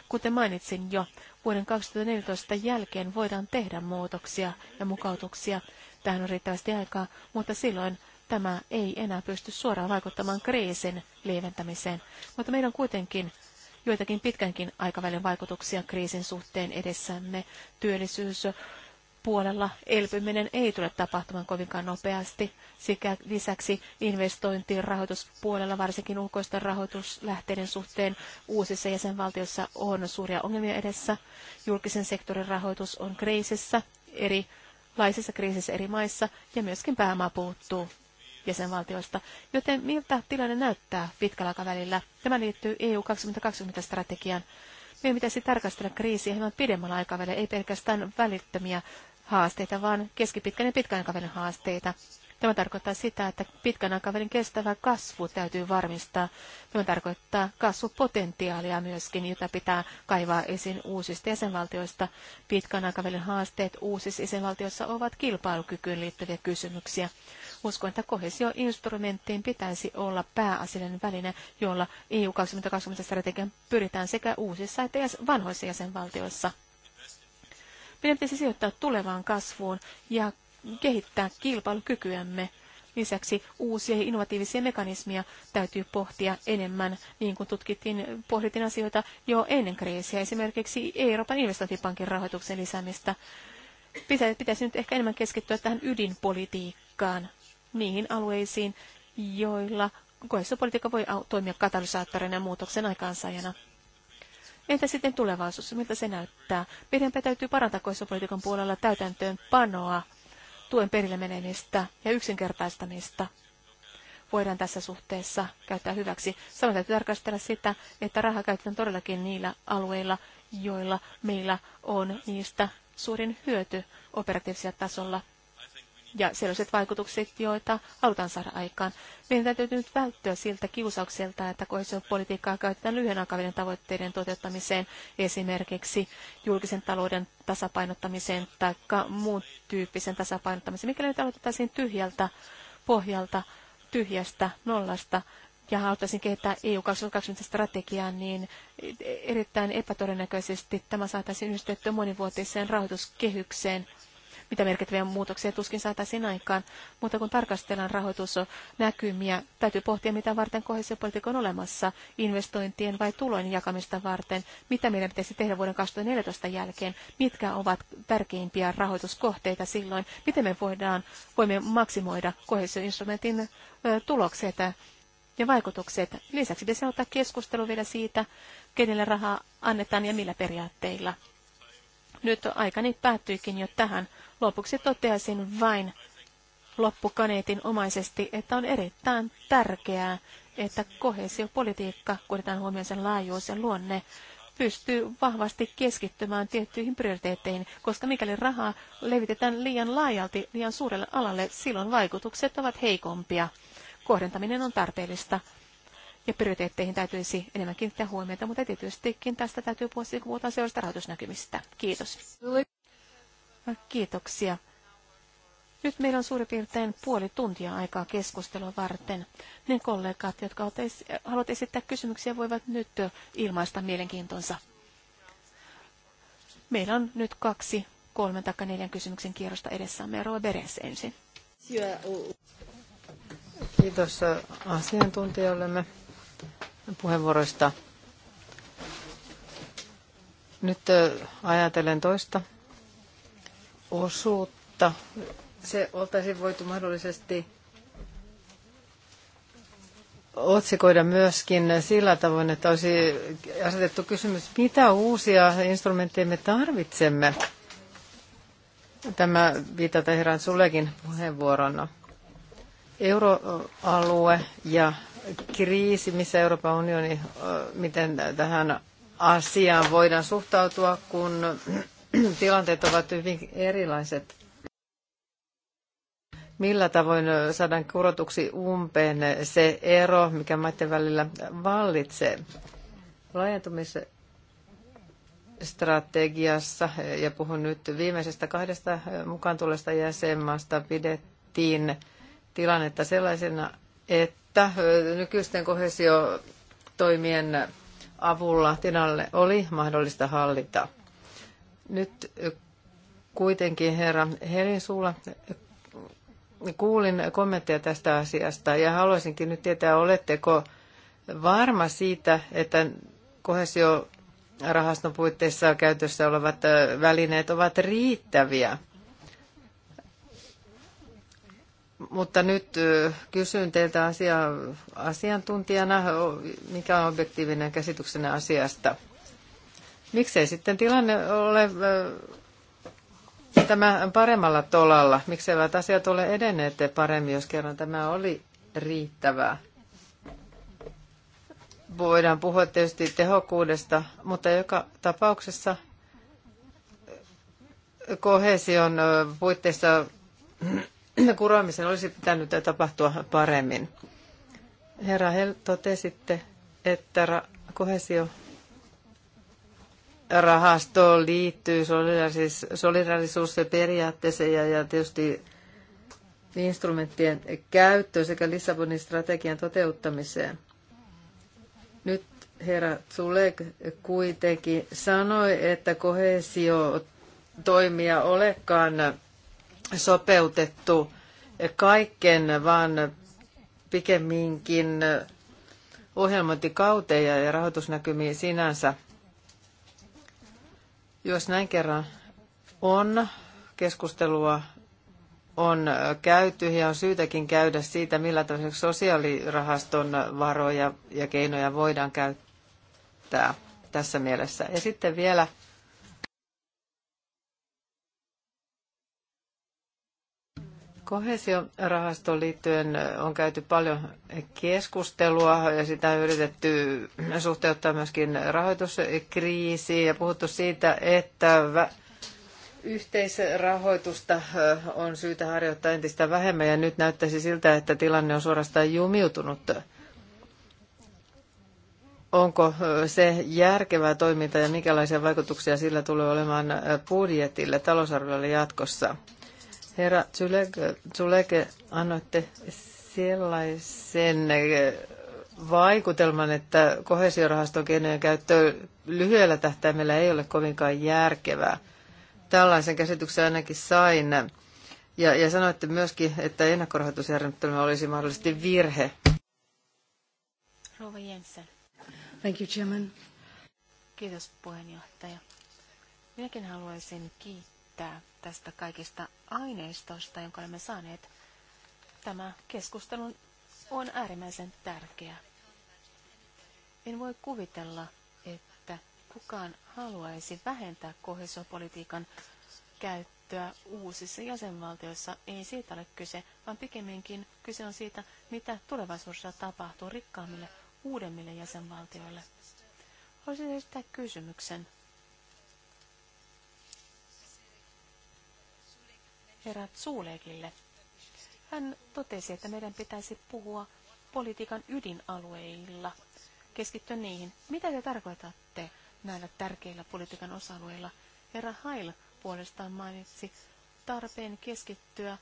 Kuten mainitsin jo, vuoden 2014 jälkeen voidaan tehdä muutoksia ja mukautuksia. Tähän on riittävästi aikaa, mutta silloin tämä ei enää pysty suoraan vaikuttamaan kriisin lieventämiseen. Mutta meidän kuitenkin joitakin pitkänkin aikavälin vaikutuksia kriisin suhteen edessämme. Työllisyys puolella elpyminen ei tule tapahtumaan kovinkaan nopeasti. Sikä lisäksi investointiin rahoituspuolella, varsinkin ulkoisten rahoituslähteiden suhteen, uusissa jäsenvaltioissa on suuria ongelmia edessä. Julkisen sektorin rahoitus on kriisissä, laisissa kriisissä eri maissa ja myöskin pääoma puuttuu jäsenvaltioista. Joten miltä tilanne näyttää pitkällä aikavälillä? Tämä liittyy EU 2020-strategiaan. Meidän pitäisi tarkastella kriisiä hieman pidemmällä aikavälillä, ei pelkästään välittömiä haasteita, vaan keskipitkän ja pitkän aikavälin haasteita. Tämä tarkoittaa sitä, että pitkän aikavälin kestävä kasvu täytyy varmistaa. Tämä tarkoittaa kasvupotentiaalia myöskin, jota pitää kaivaa esiin uusista jäsenvaltioista. Pitkän aikavälin haasteet uusissa jäsenvaltioissa ovat kilpailukykyyn liittyviä kysymyksiä. Uskon, että kohesioinstrumenttiin pitäisi olla pääasiallinen väline, jolla EU 2020 strategian pyritään sekä uusissa että vanhoissa jäsenvaltioissa. Meidän pitäisi sijoittaa tulevaan kasvuun ja kehittää kilpailukykyämme. Lisäksi uusia ja innovatiivisia mekanismia täytyy pohtia enemmän, niin kuin tutkittiin, pohdittiin asioita jo ennen kriisiä, esimerkiksi Euroopan investointipankin rahoituksen lisäämistä. Pitäisi, nyt ehkä enemmän keskittyä tähän ydinpolitiikkaan, niihin alueisiin, joilla kohesiopolitiikka voi toimia katalysaattorina ja muutoksen aikaansaajana. Entä sitten tulevaisuus? Miltä se näyttää? Meidän täytyy parantaa kohesiopolitiikan puolella täytäntöön panoa tuen perille menemistä ja yksinkertaistamista voidaan tässä suhteessa käyttää hyväksi. Samoin täytyy tarkastella sitä, että raha käytetään todellakin niillä alueilla, joilla meillä on niistä suurin hyöty operatiivisella tasolla ja sellaiset vaikutukset, joita halutaan saada aikaan. Meidän täytyy nyt välttyä siltä kiusaukselta, että kohesiopolitiikkaa käytetään lyhyen aikavälin tavoitteiden toteuttamiseen, esimerkiksi julkisen talouden tasapainottamiseen tai muun tyyppisen tasapainottamiseen. Mikäli nyt aloitettaisiin tyhjältä pohjalta, tyhjästä nollasta, ja haluttaisiin kehittää EU 2020 strategiaa, niin erittäin epätodennäköisesti tämä saataisiin yhdistettyä monivuotiseen rahoituskehykseen – mitä merkittäviä muutoksia tuskin saataisiin aikaan. Mutta kun tarkastellaan rahoitusnäkymiä, täytyy pohtia, mitä varten kohesiopolitiikka on olemassa, investointien vai tulojen jakamista varten, mitä meidän pitäisi tehdä vuoden 2014 jälkeen, mitkä ovat tärkeimpiä rahoituskohteita silloin, miten me voidaan, voimme maksimoida kohesioinstrumentin tulokset ja vaikutukset. Lisäksi pitäisi ottaa keskustelu vielä siitä, kenelle rahaa annetaan ja millä periaatteilla. Nyt aikani päättyikin jo tähän. Lopuksi toteaisin vain loppukaneetin omaisesti, että on erittäin tärkeää, että kohesiopolitiikka, kun otetaan huomioon sen laajuus ja luonne, pystyy vahvasti keskittymään tiettyihin prioriteetteihin, koska mikäli rahaa levitetään liian laajalti, liian suurelle alalle, silloin vaikutukset ovat heikompia. Kohdentaminen on tarpeellista ja prioriteetteihin täytyisi enemmän kiinnittää huomiota, mutta tietystikin tästä täytyy puhutaan seuraavasta rahoitusnäkymistä. Kiitos. Kiitoksia. Nyt meillä on suurin piirtein puoli tuntia aikaa keskustelua varten. Ne kollegat, jotka haluavat esittää kysymyksiä, voivat nyt ilmaista mielenkiintonsa. Meillä on nyt kaksi, kolmen tai neljän kysymyksen kierrosta edessämme. Roa Beres ensin. Kiitos asiantuntijoillemme puheenvuoroista. Nyt ajatellen toista osuutta. Se oltaisiin voitu mahdollisesti otsikoida myöskin sillä tavoin, että olisi asetettu kysymys, mitä uusia instrumentteja me tarvitsemme. Tämä viitata herran sullekin puheenvuorona. Euroalue ja kriisi, missä Euroopan unioni, miten tähän asiaan voidaan suhtautua, kun tilanteet ovat hyvin erilaiset. Millä tavoin saadaan kurotuksi umpeen se ero, mikä maiden välillä vallitsee? Laajentumisstrategiassa, ja puhun nyt viimeisestä kahdesta mukaan tulleesta jäsenmaasta, pidettiin tilannetta sellaisena, että että nykyisten kohesiotoimien avulla tilanne oli mahdollista hallita. Nyt kuitenkin herra Helin suulla kuulin kommentteja tästä asiasta ja haluaisinkin nyt tietää, oletteko varma siitä, että kohesio puitteissa käytössä olevat välineet ovat riittäviä – Mutta nyt kysyn teiltä asia, asiantuntijana, mikä on objektiivinen käsityksenä asiasta. Miksei sitten tilanne ole tämä paremmalla tolalla? Mikseivät asiat ole edenneet paremmin, jos kerran tämä oli riittävää? Voidaan puhua tietysti tehokkuudesta, mutta joka tapauksessa kohesion puitteissa kuroamisen olisi pitänyt tapahtua paremmin. Herra Hel, totesitte, että ra- kohesio rahastoon liittyy solidarisuus, ja periaatteeseen ja, ja tietysti instrumenttien käyttöön sekä Lissabonin strategian toteuttamiseen. Nyt herra Zulek kuitenkin sanoi, että kohesio toimia olekaan sopeutettu kaiken, vaan pikemminkin ohjelmointikauteja ja rahoitusnäkymiin sinänsä. Jos näin kerran on, keskustelua on käyty ja on syytäkin käydä siitä, millä tavalla sosiaalirahaston varoja ja keinoja voidaan käyttää tässä mielessä. Ja sitten vielä Kohesiorahastoon liittyen on käyty paljon keskustelua ja sitä on yritetty suhteuttaa myöskin rahoituskriisiin ja puhuttu siitä, että yhteisrahoitusta on syytä harjoittaa entistä vähemmän ja nyt näyttäisi siltä, että tilanne on suorastaan jumiutunut. Onko se järkevää toimintaa ja minkälaisia vaikutuksia sillä tulee olemaan budjetille, talousarviolle jatkossa? Herra Zuleke, annoitte sellaisen äh, vaikutelman, että kohesiorahaston keinojen käyttö lyhyellä tähtäimellä ei ole kovinkaan järkevää. Tällaisen käsityksen ainakin sain. Ja, ja sanoitte myöskin, että ennakkorahoitusjärjestelmä olisi mahdollisesti virhe. Rouva Jensen. Thank you, Chairman. Kiitos puheenjohtaja. Minäkin haluaisin kiittää kiittää tästä kaikista aineistosta, jonka olemme saaneet. Tämä keskustelu on äärimmäisen tärkeä. En voi kuvitella, että kukaan haluaisi vähentää kohesiopolitiikan käyttöä uusissa jäsenvaltioissa. Ei siitä ole kyse, vaan pikemminkin kyse on siitä, mitä tulevaisuudessa tapahtuu rikkaammille uudemmille jäsenvaltioille. Haluaisin esittää kysymyksen herra Zulegille. Hän totesi, että meidän pitäisi puhua politiikan ydinalueilla, keskittyä niihin. Mitä te tarkoitatte näillä tärkeillä politiikan osa-alueilla? Herra Hail puolestaan mainitsi tarpeen keskittyä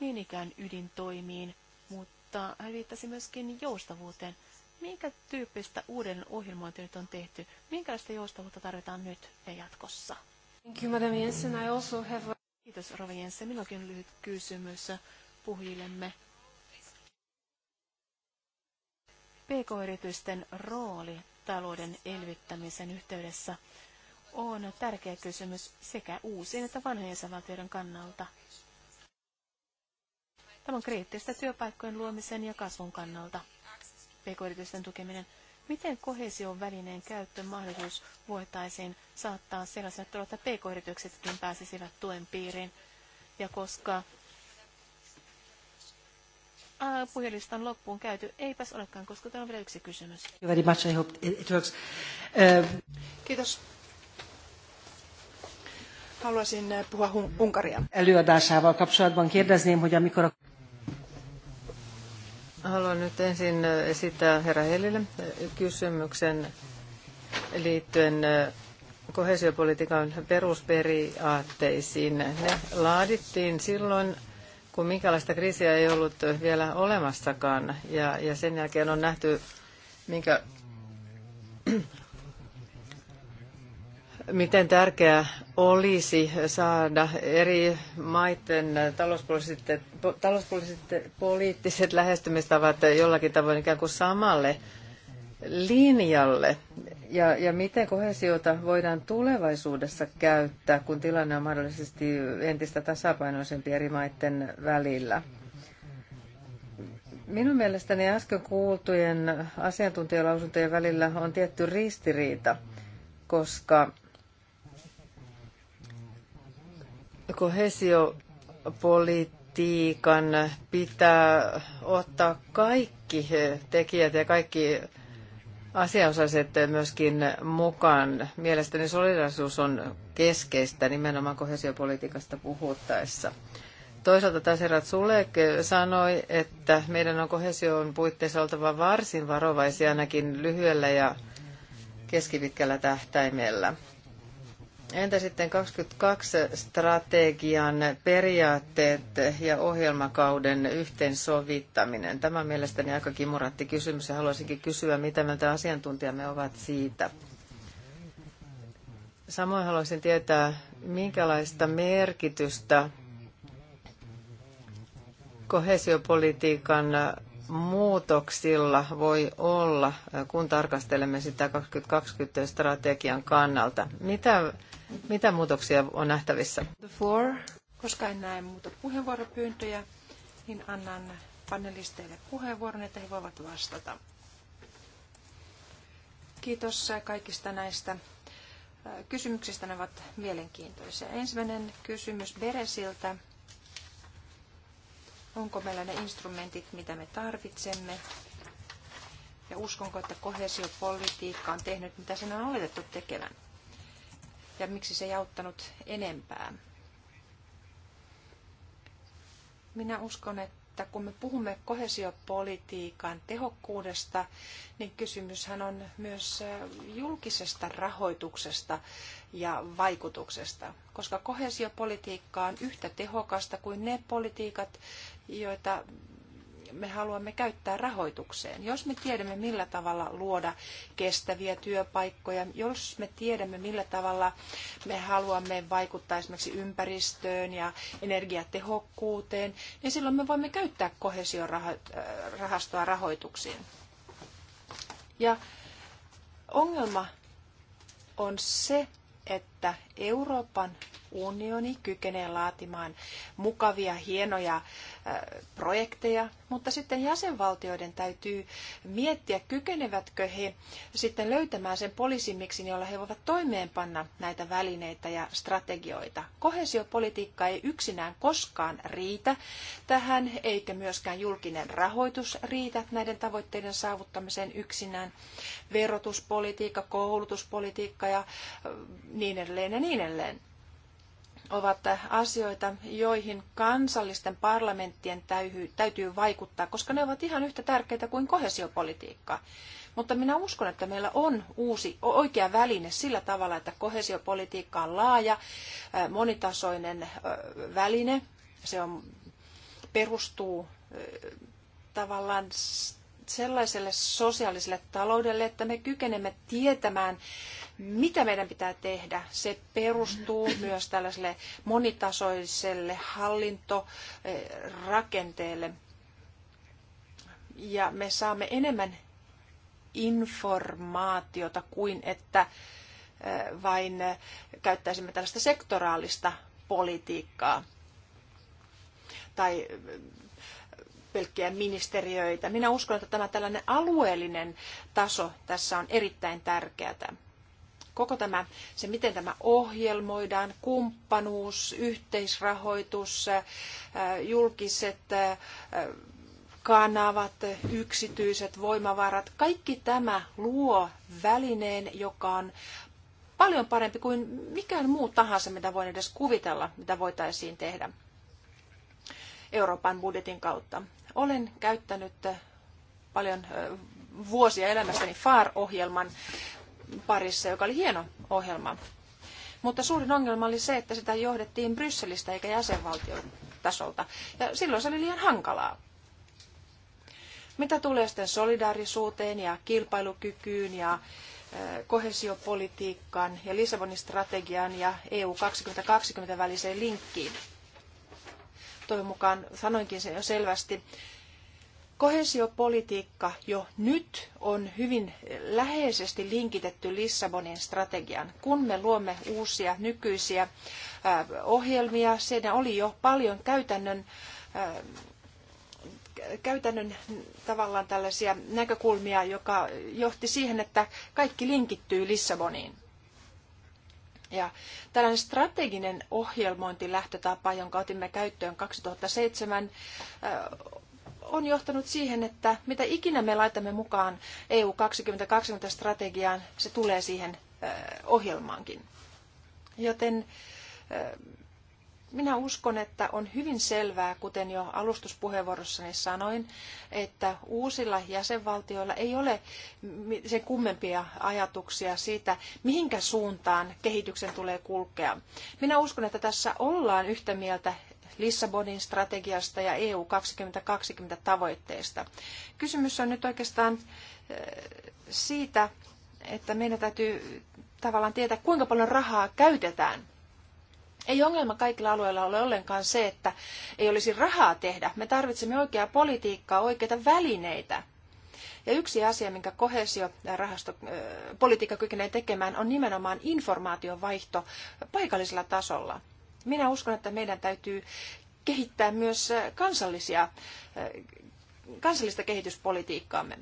niin ikään ydintoimiin, mutta hän viittasi myöskin joustavuuteen. Minkä tyyppistä uuden ohjelmointi nyt on tehty? Minkälaista joustavuutta tarvitaan nyt ja jatkossa? Thank you, Madam Jensen. I also have a... Kiitos Rova Jensen. Minullakin lyhyt kysymys puhujillemme. PK-yritysten rooli talouden elvyttämisen yhteydessä on tärkeä kysymys sekä uusien että vanhojen jäsenvaltioiden kannalta. Tämä on kriittistä työpaikkojen luomisen ja kasvun kannalta. PK-yritysten tukeminen Miten kohesion välineen mahdollisuus voitaisiin saattaa sellaisena tulla, että pk-yrityksetkin pääsisivät tuen piiriin? Ja koska on loppuun käyty, eipäs olekaan, koska täällä on vielä yksi kysymys. Very much, uh, Kiitos. Haluaisin puhua unkaria. Unkaria. Előadásával kapcsolatban vaan hogy amikor a Haluan nyt ensin äh, esittää herra Helille äh, kysymyksen liittyen äh, kohesiopolitiikan perusperiaatteisiin. Ne laadittiin silloin, kun minkälaista kriisiä ei ollut vielä olemassakaan, ja, ja sen jälkeen on nähty, minkä miten tärkeää olisi saada eri maiden talouspoliittiset, poliittiset lähestymistavat jollakin tavoin ikään kuin samalle linjalle. Ja, ja miten kohesiota voidaan tulevaisuudessa käyttää, kun tilanne on mahdollisesti entistä tasapainoisempi eri maiden välillä? Minun mielestäni äsken kuultujen asiantuntijalausuntojen välillä on tietty ristiriita, koska Kohesiopolitiikan pitää ottaa kaikki tekijät ja kaikki asiaosaiset myöskin mukaan. Mielestäni solidaarisuus on keskeistä nimenomaan kohesiopolitiikasta puhuttaessa. Toisaalta Taserat Sulek sanoi, että meidän on kohesion puitteissa oltava varsin varovaisia ainakin lyhyellä ja keskipitkällä tähtäimellä. Entä sitten 22 strategian periaatteet ja ohjelmakauden yhteensovittaminen? Tämä on mielestäni aika kimuratti kysymys ja haluaisinkin kysyä, mitä mieltä asiantuntijamme ovat siitä. Samoin haluaisin tietää, minkälaista merkitystä kohesiopolitiikan muutoksilla voi olla, kun tarkastelemme sitä 2020-strategian kannalta? Mitä, mitä muutoksia on nähtävissä? Koska en näe muuta puheenvuoropyyntöjä, niin annan panelisteille puheenvuoron, että he voivat vastata. Kiitos kaikista näistä äh, kysymyksistä. Ne ovat mielenkiintoisia. Ensimmäinen kysymys Beresiltä onko meillä ne instrumentit, mitä me tarvitsemme. Ja uskonko, että kohesiopolitiikka on tehnyt, mitä sen on oletettu tekevän. Ja miksi se ei auttanut enempää. Minä uskon, että kun me puhumme kohesiopolitiikan tehokkuudesta, niin kysymyshän on myös julkisesta rahoituksesta ja vaikutuksesta, koska kohesiopolitiikka on yhtä tehokasta kuin ne politiikat, joita me haluamme käyttää rahoitukseen. Jos me tiedämme, millä tavalla luoda kestäviä työpaikkoja, jos me tiedämme, millä tavalla me haluamme vaikuttaa esimerkiksi ympäristöön ja energiatehokkuuteen, niin silloin me voimme käyttää kohesion rahastoa rahoituksiin. Ja ongelma on se, että että Euroopan unioni kykenee laatimaan mukavia, hienoja äh, projekteja, mutta sitten jäsenvaltioiden täytyy miettiä, kykenevätkö he sitten löytämään sen poliisimiksin, jolla he voivat toimeenpanna näitä välineitä ja strategioita. Kohesiopolitiikka ei yksinään koskaan riitä tähän, eikä myöskään julkinen rahoitus riitä näiden tavoitteiden saavuttamiseen yksinään. Verotuspolitiikka, koulutuspolitiikka ja äh, niin edelleen edelleen ja niin edelleen, ovat asioita, joihin kansallisten parlamenttien täytyy vaikuttaa, koska ne ovat ihan yhtä tärkeitä kuin kohesiopolitiikka. Mutta minä uskon, että meillä on uusi oikea väline sillä tavalla, että kohesiopolitiikka on laaja, äh, monitasoinen äh, väline. Se on, perustuu äh, tavallaan sellaiselle sosiaaliselle taloudelle, että me kykenemme tietämään, mitä meidän pitää tehdä. Se perustuu myös tällaiselle monitasoiselle hallintorakenteelle. Ja me saamme enemmän informaatiota kuin että vain käyttäisimme tällaista sektoraalista politiikkaa tai pelkkiä ministeriöitä. Minä uskon, että tämä tällainen alueellinen taso tässä on erittäin tärkeää. Koko tämä, se miten tämä ohjelmoidaan, kumppanuus, yhteisrahoitus, äh, julkiset äh, kanavat, yksityiset voimavarat, kaikki tämä luo välineen, joka on paljon parempi kuin mikään muu tahansa, mitä voin edes kuvitella, mitä voitaisiin tehdä Euroopan budjetin kautta. Olen käyttänyt äh, paljon äh, vuosia elämässäni FAR-ohjelman parissa, joka oli hieno ohjelma. Mutta suurin ongelma oli se, että sitä johdettiin Brysselistä eikä jäsenvaltion tasolta. Ja silloin se oli liian hankalaa. Mitä tulee sitten solidaarisuuteen ja kilpailukykyyn ja äh, kohesiopolitiikkaan ja Lissabonin strategian ja EU 2020 väliseen linkkiin? toivon mukaan sanoinkin sen jo selvästi. Kohesiopolitiikka jo nyt on hyvin läheisesti linkitetty Lissabonin strategian. Kun me luomme uusia nykyisiä äh, ohjelmia, siinä oli jo paljon käytännön äh, käytännön tavallaan tällaisia näkökulmia, joka johti siihen, että kaikki linkittyy Lissaboniin. Ja tällainen strateginen ohjelmointilähtötapa, jonka otimme käyttöön 2007, on johtanut siihen, että mitä ikinä me laitamme mukaan EU 2020-strategiaan, se tulee siihen ohjelmaankin. Joten minä uskon, että on hyvin selvää, kuten jo alustuspuheenvuorossani sanoin, että uusilla jäsenvaltioilla ei ole sen kummempia ajatuksia siitä, mihinkä suuntaan kehityksen tulee kulkea. Minä uskon, että tässä ollaan yhtä mieltä Lissabonin strategiasta ja EU 2020 tavoitteesta. Kysymys on nyt oikeastaan eh, siitä, että meidän täytyy tavallaan tietää, kuinka paljon rahaa käytetään ei ongelma kaikilla alueilla ole ollenkaan se, että ei olisi rahaa tehdä. Me tarvitsemme oikeaa politiikkaa, oikeita välineitä. Ja yksi asia, minkä kohesio politiikka kykenee tekemään, on nimenomaan informaation vaihto paikallisella tasolla. Minä uskon, että meidän täytyy kehittää myös kansallisia, kansallista kehityspolitiikkaamme.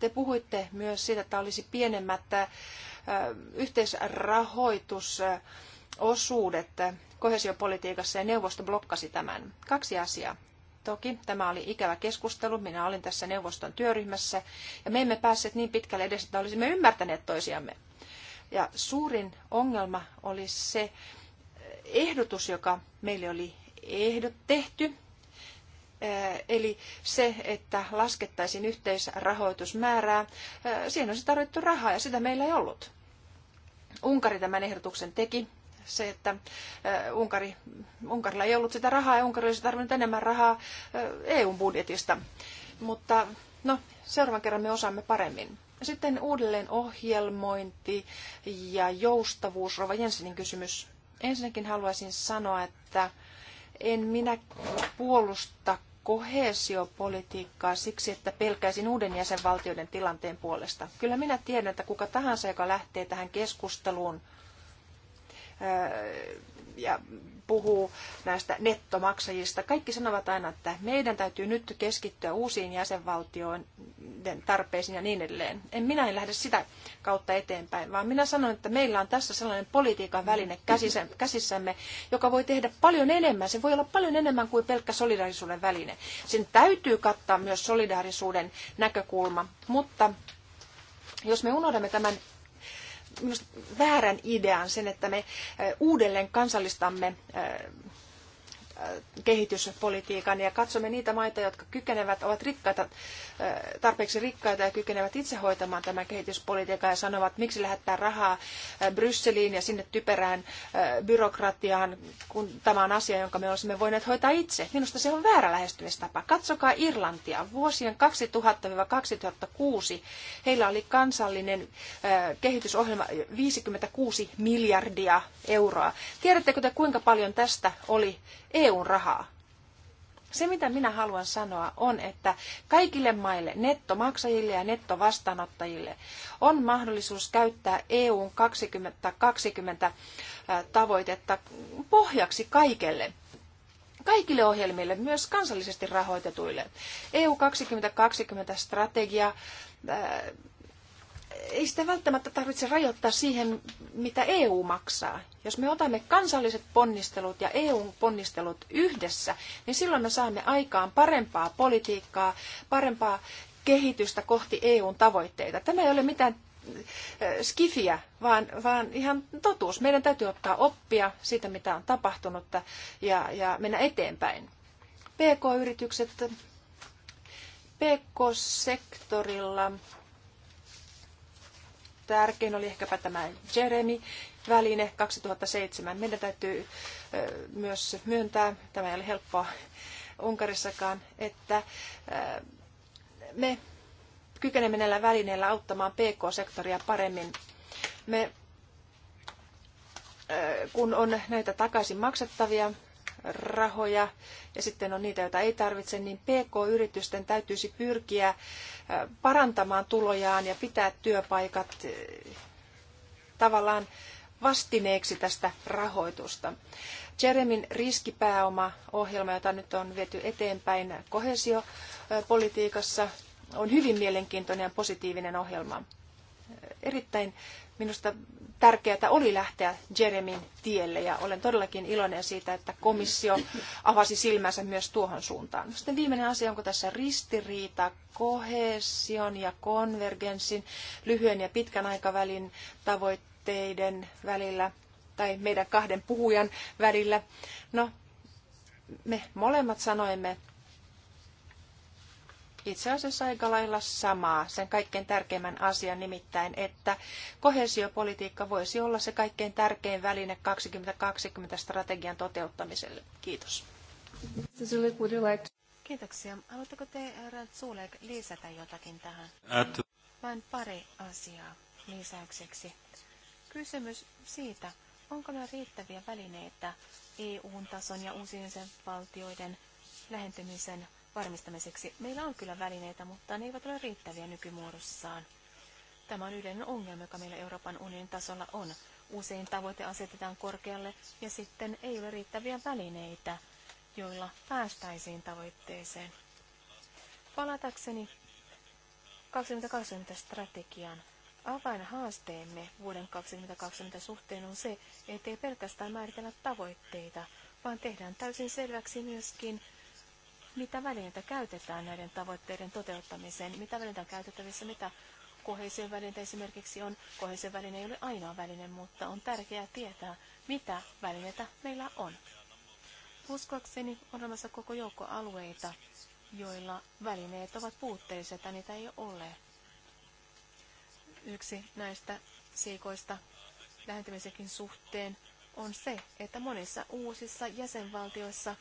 Te puhuitte myös siitä, että olisi pienemmät yhteisrahoitus osuudet kohesiopolitiikassa ja neuvosto blokkasi tämän. Kaksi asiaa. Toki tämä oli ikävä keskustelu. Minä olin tässä neuvoston työryhmässä ja me emme päässeet niin pitkälle edes, että olisimme ymmärtäneet toisiamme. Ja suurin ongelma oli se ehdotus, joka meille oli ehdot tehty, eli se, että laskettaisiin yhteisrahoitusmäärää. Siihen olisi tarvittu rahaa ja sitä meillä ei ollut. Unkari tämän ehdotuksen teki se, että äh, Unkari, Unkarilla ei ollut sitä rahaa ja Unkari olisi tarvinnut enemmän rahaa äh, EU-budjetista. Mutta no, seuraavan kerran me osaamme paremmin. Sitten uudelleen ohjelmointi ja joustavuus. Rova Jensenin kysymys. Ensinnäkin haluaisin sanoa, että en minä puolusta koheesiopolitiikkaa siksi, että pelkäisin uuden jäsenvaltioiden tilanteen puolesta. Kyllä minä tiedän, että kuka tahansa, joka lähtee tähän keskusteluun ja puhuu näistä nettomaksajista. Kaikki sanovat aina, että meidän täytyy nyt keskittyä uusiin jäsenvaltioiden tarpeisiin ja niin edelleen. En minä en lähde sitä kautta eteenpäin, vaan minä sanon, että meillä on tässä sellainen politiikan väline käsissämme, joka voi tehdä paljon enemmän. Se voi olla paljon enemmän kuin pelkkä solidaarisuuden väline. Sen täytyy kattaa myös solidaarisuuden näkökulma, mutta jos me unohdamme tämän minusta väärän idean sen, että me uudelleen kansallistamme kehityspolitiikan ja katsomme niitä maita, jotka kykenevät, ovat rikkaita, äh, tarpeeksi rikkaita ja kykenevät itse hoitamaan tämän kehityspolitiikan ja sanovat, miksi lähettää rahaa äh, Brysseliin ja sinne typerään äh, byrokratiaan, kun tämä on asia, jonka me olisimme voineet hoitaa itse. Minusta se on väärä lähestymistapa. Katsokaa Irlantia. Vuosien 2000-2006 heillä oli kansallinen kehitysohjelma 56 miljardia euroa. Tiedättekö te, kuinka paljon tästä oli EU EUn rahaa. Se, mitä minä haluan sanoa, on, että kaikille maille, nettomaksajille ja nettovastaanottajille, on mahdollisuus käyttää EUn 2020 tavoitetta pohjaksi kaikelle. Kaikille ohjelmille, myös kansallisesti rahoitetuille. EU 2020 strategia ei sitä välttämättä tarvitse rajoittaa siihen, mitä EU maksaa. Jos me otamme kansalliset ponnistelut ja EUn ponnistelut yhdessä, niin silloin me saamme aikaan parempaa politiikkaa, parempaa kehitystä kohti EUn tavoitteita. Tämä ei ole mitään skifiä, vaan, vaan ihan totuus. Meidän täytyy ottaa oppia siitä, mitä on tapahtunut ja, ja mennä eteenpäin. PK-yritykset, PK-sektorilla tärkein oli ehkäpä tämä Jeremy-väline 2007. Meidän täytyy myös myöntää, tämä ei ole helppoa Unkarissakaan, että me kykenemme näillä välineillä auttamaan PK-sektoria paremmin. Me, kun on näitä takaisin maksettavia rahoja ja sitten on niitä, joita ei tarvitse, niin PK-yritysten täytyisi pyrkiä parantamaan tulojaan ja pitää työpaikat tavallaan vastineeksi tästä rahoitusta. Jeremin riskipääoma-ohjelma, jota nyt on viety eteenpäin kohesiopolitiikassa, on hyvin mielenkiintoinen ja positiivinen ohjelma. Erittäin Minusta tärkeää oli lähteä Jeremin tielle ja olen todellakin iloinen siitä, että komissio avasi silmänsä myös tuohon suuntaan. No sitten viimeinen asia, onko tässä ristiriita kohesion ja konvergenssin lyhyen ja pitkän aikavälin tavoitteiden välillä tai meidän kahden puhujan välillä. No, me molemmat sanoimme, itse asiassa aika lailla samaa, sen kaikkein tärkeimmän asian nimittäin, että kohesiopolitiikka voisi olla se kaikkein tärkein väline 2020-strategian toteuttamiselle. Kiitos. Kiitoksia. Haluatteko te, Zulek, lisätä jotakin tähän? Vain pari asiaa lisäykseksi. Kysymys siitä, onko nämä riittäviä välineitä eu tason ja uusien valtioiden lähentymisen varmistamiseksi. Meillä on kyllä välineitä, mutta ne eivät ole riittäviä nykymuodossaan. Tämä on yleinen ongelma, joka meillä Euroopan unionin tasolla on. Usein tavoite asetetaan korkealle ja sitten ei ole riittäviä välineitä, joilla päästäisiin tavoitteeseen. Palatakseni 2020 strategian avainhaasteemme vuoden 2020 suhteen on se, ettei pelkästään määritellä tavoitteita, vaan tehdään täysin selväksi myöskin mitä välineitä käytetään näiden tavoitteiden toteuttamiseen, mitä välineitä on käytettävissä, mitä kohesion välineitä esimerkiksi on. Kohesion väline ei ole ainoa väline, mutta on tärkeää tietää, mitä välineitä meillä on. Uskoakseni on olemassa koko joukko alueita, joilla välineet ovat puutteelliset tai niitä ei ole. Yksi näistä siikoista lähentymisenkin suhteen on se, että monissa uusissa jäsenvaltioissa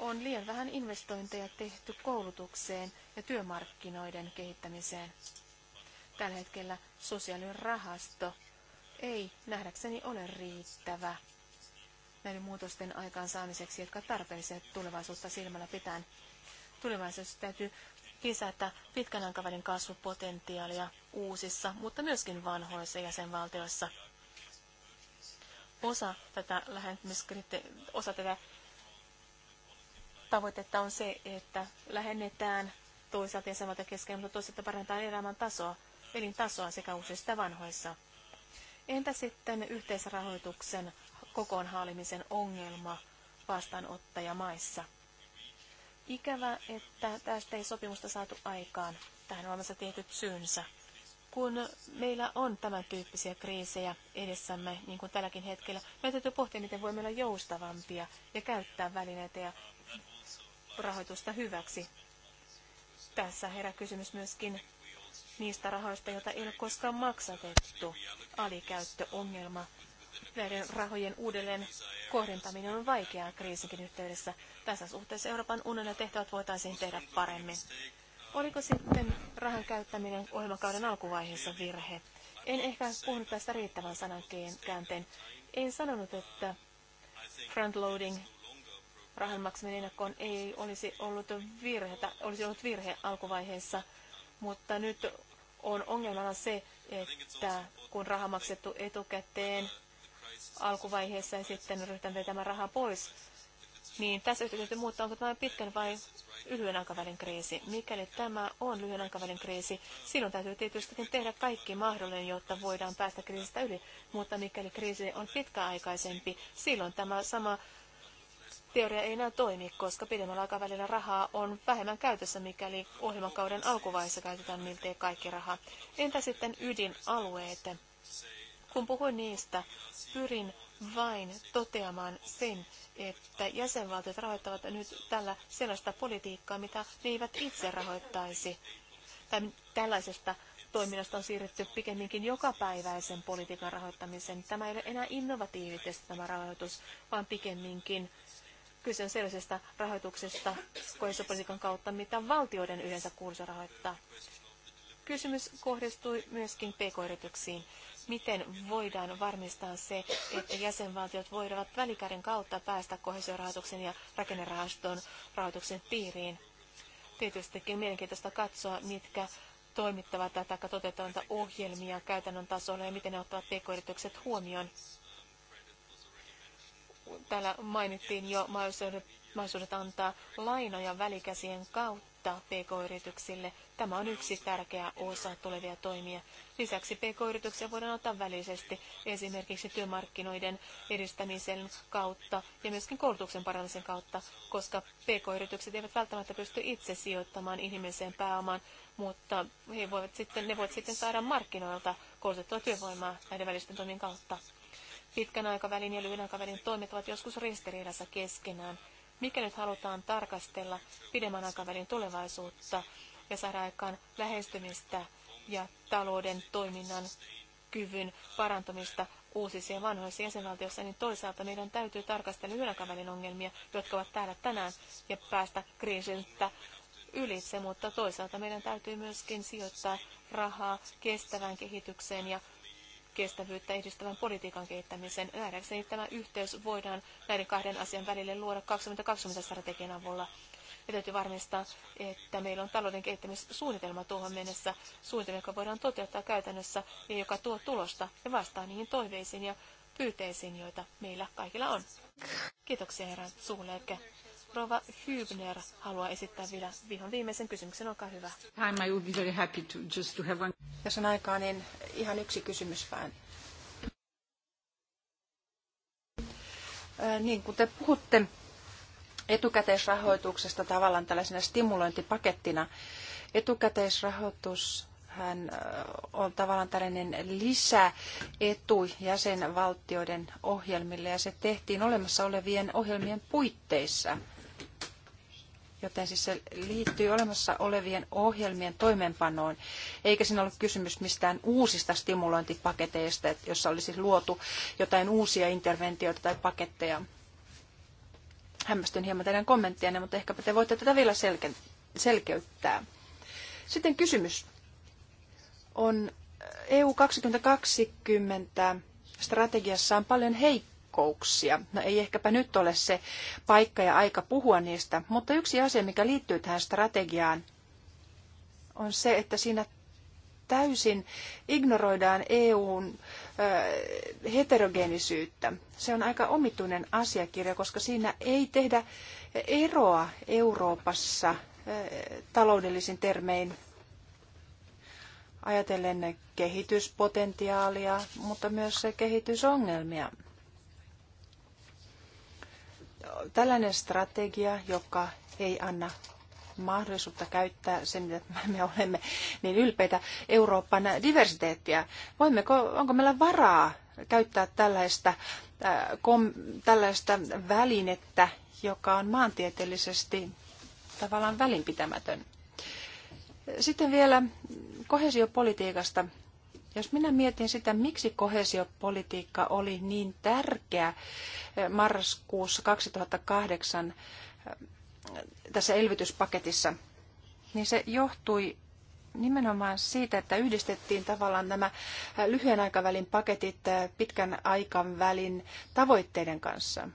on liian vähän investointeja tehty koulutukseen ja työmarkkinoiden kehittämiseen. Tällä hetkellä sosiaalirahasto ei nähdäkseni ole riittävä näiden muutosten aikaansaamiseksi, jotka tarpeellisia tulevaisuutta silmällä pitäen. Tulevaisuudessa täytyy lisätä pitkän aikavälin kasvupotentiaalia uusissa, mutta myöskin vanhoissa jäsenvaltioissa. Osa tätä, osa tätä tavoitetta on se, että lähennetään toisaalta ja samalta kesken, mutta toisaalta parantaa elämän tasoa, elintasoa sekä uusista vanhoissa. Entä sitten yhteisrahoituksen kokoonhaalimisen ongelma vastaanottajamaissa? Ikävä, että tästä ei sopimusta saatu aikaan. Tähän on olemassa tietyt syynsä. Kun meillä on tämän tyyppisiä kriisejä edessämme, niin kuin tälläkin hetkellä, meidän täytyy pohtia, miten voimme olla joustavampia ja käyttää välineitä ja rahoitusta hyväksi. Tässä herää kysymys myöskin niistä rahoista, joita ei ole koskaan maksatettu. Alikäyttöongelma. Näiden rahojen uudelleen kohdentaminen on vaikeaa kriisinkin yhteydessä. Tässä suhteessa Euroopan unionin tehtävät voitaisiin tehdä paremmin. Oliko sitten rahan käyttäminen ohjelmakauden alkuvaiheessa virhe? En ehkä puhunut tästä riittävän sanan käänteen. En sanonut, että frontloading rahan maksaminen niin, ennakkoon ei olisi ollut virhe, olisi ollut virhe alkuvaiheessa, mutta nyt on ongelmana se, että kun raha maksettu etukäteen alkuvaiheessa ja sitten ryhdytään vetämään rahaa pois, niin tässä yhteydessä muuttaa, onko tämä pitkän vai lyhyen aikavälin kriisi. Mikäli tämä on lyhyen aikavälin kriisi, silloin täytyy tietysti tehdä kaikki mahdollinen, jotta voidaan päästä kriisistä yli. Mutta mikäli kriisi on pitkäaikaisempi, silloin tämä sama teoria ei enää toimi, koska pidemmällä aikavälillä rahaa on vähemmän käytössä, mikäli ohjelmakauden alkuvaiheessa käytetään miltei kaikki raha. Entä sitten ydinalueet? Kun puhuin niistä, pyrin vain toteamaan sen, että jäsenvaltiot rahoittavat nyt tällä sellaista politiikkaa, mitä ne eivät itse rahoittaisi. Tai tällaisesta toiminnasta on siirrytty pikemminkin jokapäiväisen politiikan rahoittamiseen. Tämä ei ole enää innovatiivisesti tämä rahoitus, vaan pikemminkin Kyse on sellaisesta rahoituksesta kohesiopolitiikan kautta, mitä valtioiden yleensä kuuluu rahoittaa. Kysymys kohdistui myöskin pk-yrityksiin. Miten voidaan varmistaa se, että jäsenvaltiot voivat välikäden kautta päästä kohesiorahoituksen ja rakennerahaston rahoituksen piiriin? Tietystikin mielenkiintoista katsoa, mitkä toimittavat tai toteuttavat ohjelmia käytännön tasolla ja miten ne ottavat pk-yritykset huomioon täällä mainittiin jo mahdollisuudet, mahdollisuudet antaa lainoja välikäsien kautta pk-yrityksille. Tämä on yksi tärkeä osa tulevia toimia. Lisäksi pk-yrityksiä voidaan ottaa välisesti esimerkiksi työmarkkinoiden edistämisen kautta ja myöskin koulutuksen parantamisen kautta, koska pk-yritykset eivät välttämättä pysty itse sijoittamaan inhimilliseen pääomaan, mutta he voivat sitten, ne voivat sitten saada markkinoilta koulutettua työvoimaa näiden välisten toimien kautta. Pitkän aikavälin ja lyhyen aikavälin toimet ovat joskus ristiriidassa keskenään. Mikä nyt halutaan tarkastella pidemmän aikavälin tulevaisuutta ja saada aikaan lähestymistä ja talouden toiminnan kyvyn parantamista uusissa ja vanhoissa jäsenvaltioissa, niin toisaalta meidän täytyy tarkastella aikavälin ongelmia, jotka ovat täällä tänään, ja päästä kriisiltä ylitse, mutta toisaalta meidän täytyy myöskin sijoittaa rahaa kestävään kehitykseen ja kestävyyttä edistävän politiikan kehittämisen. Nähdäkseni tämä yhteys voidaan näiden kahden asian välille luoda 2020-strategian avulla. Ja täytyy varmistaa, että meillä on talouden kehittämissuunnitelma tuohon mennessä, suunnitelma, joka voidaan toteuttaa käytännössä ja joka tuo tulosta ja vastaa niihin toiveisiin ja pyyteisiin, joita meillä kaikilla on. Kiitoksia herra Suuleke. Rova Hübner haluaa esittää vielä vihon viimeisen kysymyksen. Olkaa hyvä. Time I would be very happy to just to have one. Jos on aikaa, niin ihan yksi kysymys vain. Niin kuin te puhutte etukäteisrahoituksesta tavallaan tällaisena stimulointipakettina, etukäteisrahoitus hän on tavallaan tällainen lisäetu jäsenvaltioiden ohjelmille ja se tehtiin olemassa olevien ohjelmien puitteissa joten siis se liittyy olemassa olevien ohjelmien toimeenpanoon, eikä siinä ole kysymys mistään uusista stimulointipaketeista, jossa olisi luotu jotain uusia interventioita tai paketteja. Hämmästyn hieman teidän kommenttianne, mutta ehkäpä te voitte tätä vielä selkeyttää. Sitten kysymys on EU 2020 strategiassa on paljon heikkouksia heikkouksia. No ei ehkäpä nyt ole se paikka ja aika puhua niistä, mutta yksi asia, mikä liittyy tähän strategiaan, on se, että siinä täysin ignoroidaan EUn ö, heterogeenisyyttä. Se on aika omituinen asiakirja, koska siinä ei tehdä eroa Euroopassa taloudellisin termein ajatellen kehityspotentiaalia, mutta myös kehitysongelmia tällainen strategia, joka ei anna mahdollisuutta käyttää se, mitä me olemme niin ylpeitä Euroopan diversiteettiä. Voimmeko, onko meillä varaa käyttää tällaista, äh, kom, tällaista välinettä, joka on maantieteellisesti tavallaan välinpitämätön? Sitten vielä kohesiopolitiikasta jos minä mietin sitä, miksi kohesiopolitiikka oli niin tärkeä eh, marraskuussa 2008 eh, tässä elvytyspaketissa, niin se johtui nimenomaan siitä, että yhdistettiin tavallaan nämä eh, lyhyen aikavälin paketit pitkän aikavälin tavoitteiden kanssa –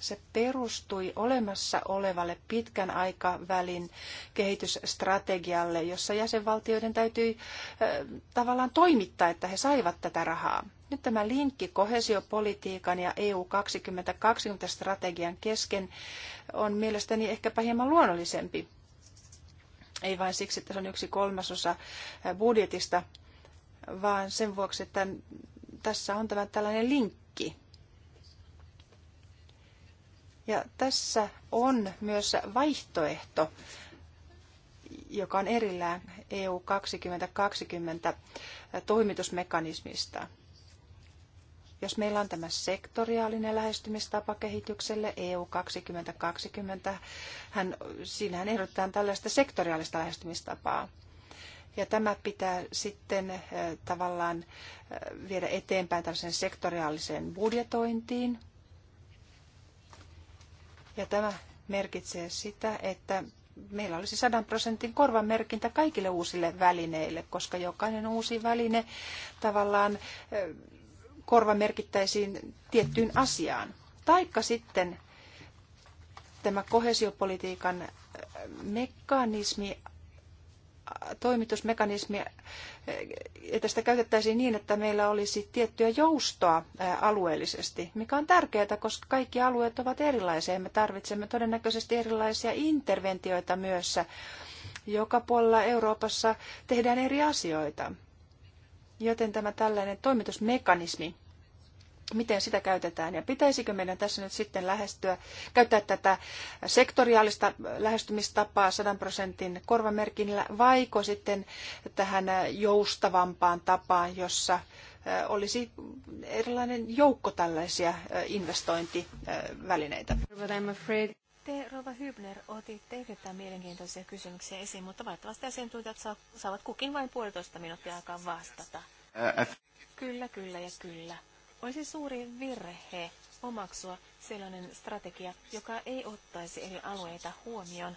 se perustui olemassa olevalle pitkän aikavälin kehitysstrategialle, jossa jäsenvaltioiden täytyi tavallaan toimittaa, että he saivat tätä rahaa. Nyt tämä linkki kohesiopolitiikan ja EU 2020-strategian kesken on mielestäni ehkäpä hieman luonnollisempi. Ei vain siksi, että se on yksi kolmasosa budjetista, vaan sen vuoksi, että tässä on tämä tällainen linkki Ja tässä on myös vaihtoehto, joka on erillään EU 2020 toimitusmekanismista. Jos meillä on tämä sektoriaalinen lähestymistapa kehitykselle, EU 2020, hän, siinähän ehdotetaan tällaista sektoriaalista lähestymistapaa. Ja tämä pitää sitten eh, tavallaan eh, viedä eteenpäin tällaisen sektoriaaliseen budjetointiin, ja tämä merkitsee sitä, että meillä olisi 100 prosentin korvamerkintä kaikille uusille välineille, koska jokainen uusi väline tavallaan korvamerkittäisiin tiettyyn asiaan. Taikka sitten tämä kohesiopolitiikan mekanismi toimitusmekanismi, että sitä käytettäisiin niin, että meillä olisi tiettyä joustoa alueellisesti, mikä on tärkeää, koska kaikki alueet ovat erilaisia ja me tarvitsemme todennäköisesti erilaisia interventioita myös. Joka puolella Euroopassa tehdään eri asioita. Joten tämä tällainen toimitusmekanismi miten sitä käytetään ja pitäisikö meidän tässä nyt sitten lähestyä, käyttää tätä sektoriaalista lähestymistapaa 100 prosentin korvamerkinnillä vaiko sitten tähän joustavampaan tapaan, jossa olisi erilainen joukko tällaisia investointivälineitä. Te, Rova Hybner, otitte erittäin mielenkiintoisia kysymyksiä esiin, mutta valitettavasti asiantuntijat saavat kukin vain puolitoista minuuttia aikaa vastata. Kyllä, kyllä ja kyllä. Olisi suuri virhe omaksua sellainen strategia, joka ei ottaisi eri alueita huomioon.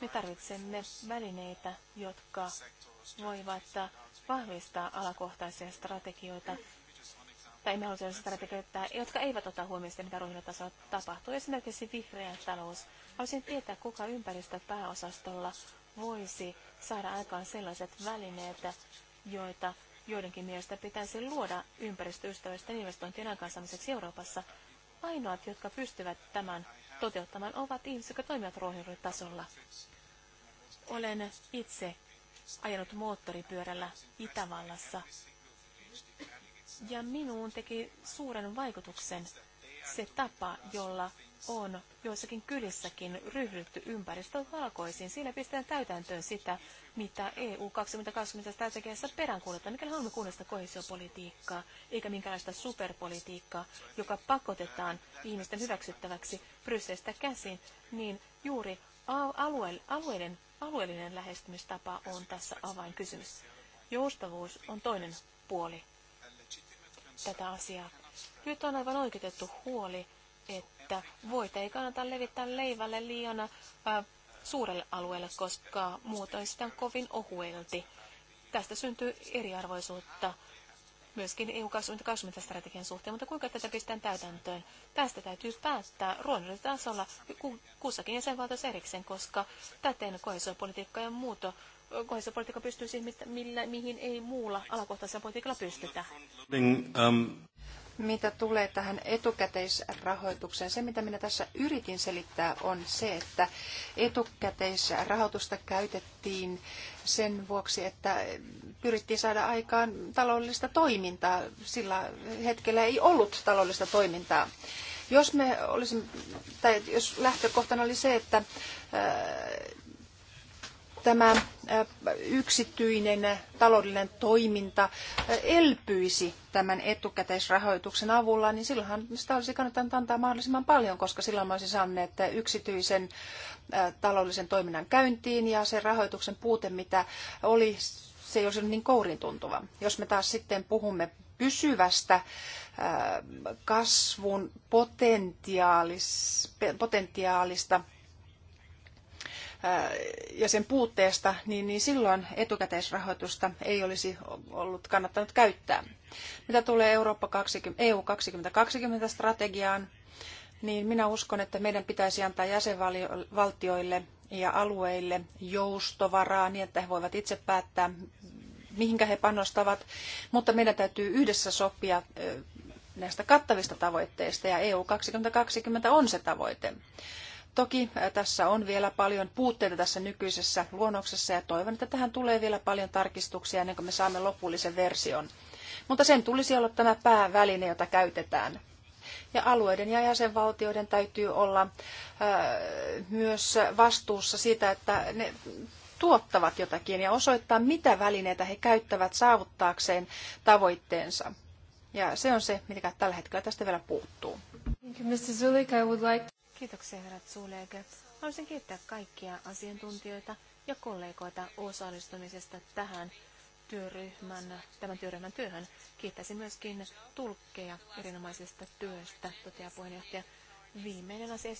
Me tarvitsemme välineitä, jotka voivat vahvistaa alakohtaisia strategioita tai me halua strategioita, jotka eivät ota huomioon sitä, mitä ruohonjuuritasolla tapahtuu. Esimerkiksi vihreä talous. Haluaisin tietää, kuka ympäristöpääosastolla voisi saada aikaan sellaiset välineet, joita joidenkin mielestä pitäisi luoda ympäristöystävällisten investointien aikaansaamiseksi Euroopassa. Ainoat, jotka pystyvät tämän toteuttamaan, ovat ihmiset, jotka toimivat ruohonjuuritasolla. Olen itse ajanut moottoripyörällä Itävallassa. Ja minuun teki suuren vaikutuksen se tapa, jolla on joissakin kylissäkin ryhdytty ympäristötalkoisiin. Siinä pistetään täytäntöön sitä, mitä EU 2020 strategiassa peräänkuulutetaan, mikäli haluamme kuunnella kohesiopolitiikkaa, eikä minkäänlaista superpolitiikkaa, joka pakotetaan ihmisten hyväksyttäväksi Brysselistä käsin, niin juuri alueiden alueellinen lähestymistapa on tässä avainkysymys. Joustavuus on toinen puoli tätä asiaa. Nyt on aivan oikeutettu huoli että voita ei kannata levittää leivälle liian äh, suurelle alueelle, koska muutoin sitä on kovin ohuelti. Tästä syntyy eriarvoisuutta myöskin EU 2020 strategian suhteen, mutta kuinka tätä pistetään täytäntöön? Tästä täytyy päättää ruoanjuuritasolla tasolla kussakin jäsenvaltiossa erikseen, koska täten kohesiopolitiikka ja muuto kohesiopolitiikka pystyy siihen, millä, mihin ei muulla alakohtaisella politiikalla pystytä. Um, mitä tulee tähän etukäteisrahoitukseen, se mitä minä tässä yritin selittää on se, että etukäteisrahoitusta käytettiin sen vuoksi, että pyrittiin saada aikaan taloudellista toimintaa. Sillä hetkellä ei ollut taloudellista toimintaa. Jos me olisimme, tai jos lähtökohtana oli se, että tämä yksityinen taloudellinen toiminta elpyisi tämän etukäteisrahoituksen avulla, niin silloinhan sitä olisi kannattanut antaa mahdollisimman paljon, koska silloin olisi saaneet yksityisen taloudellisen toiminnan käyntiin ja se rahoituksen puute, mitä oli, se ei olisi ollut niin kourin tuntuva. Jos me taas sitten puhumme pysyvästä kasvun potentiaalista, ja sen puutteesta, niin, niin silloin etukäteisrahoitusta ei olisi ollut kannattanut käyttää. Mitä tulee Eurooppa 20, EU 2020 strategiaan, niin minä uskon, että meidän pitäisi antaa jäsenvaltioille ja alueille joustovaraa niin, että he voivat itse päättää, mihinkä he panostavat, mutta meidän täytyy yhdessä sopia näistä kattavista tavoitteista ja EU 2020 on se tavoite. Toki tässä on vielä paljon puutteita tässä nykyisessä luonnoksessa ja toivon, että tähän tulee vielä paljon tarkistuksia ennen kuin me saamme lopullisen version. Mutta sen tulisi olla tämä pääväline, jota käytetään. Ja alueiden ja jäsenvaltioiden täytyy olla myös vastuussa siitä, että ne tuottavat jotakin ja osoittaa, mitä välineitä he käyttävät saavuttaakseen tavoitteensa. Ja se on se, mikä tällä hetkellä tästä vielä puuttuu. Mr. Zulik, I would like... Kiitoksia herrat Zuleke. Haluaisin kiittää kaikkia asiantuntijoita ja kollegoita osallistumisesta tähän työryhmän, tämän työryhmän työhön. Kiittäisin myöskin tulkkeja erinomaisesta työstä, toteaa puheenjohtaja. Viimeinen asia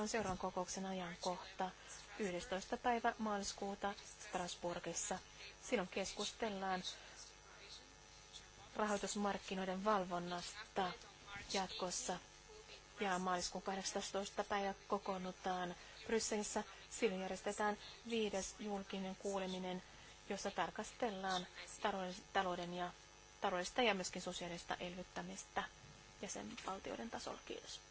on seuraavan kokouksen ajankohta 11. päivä maaliskuuta Strasbourgissa. Silloin keskustellaan rahoitusmarkkinoiden valvonnasta jatkossa ja maaliskuun 18. päivä kokoonnutaan Brysselissä. Silloin järjestetään viides julkinen kuuleminen, jossa tarkastellaan talouden ja taloudellista ja myöskin sosiaalista elvyttämistä jäsenvaltioiden tasolla. Kiitos.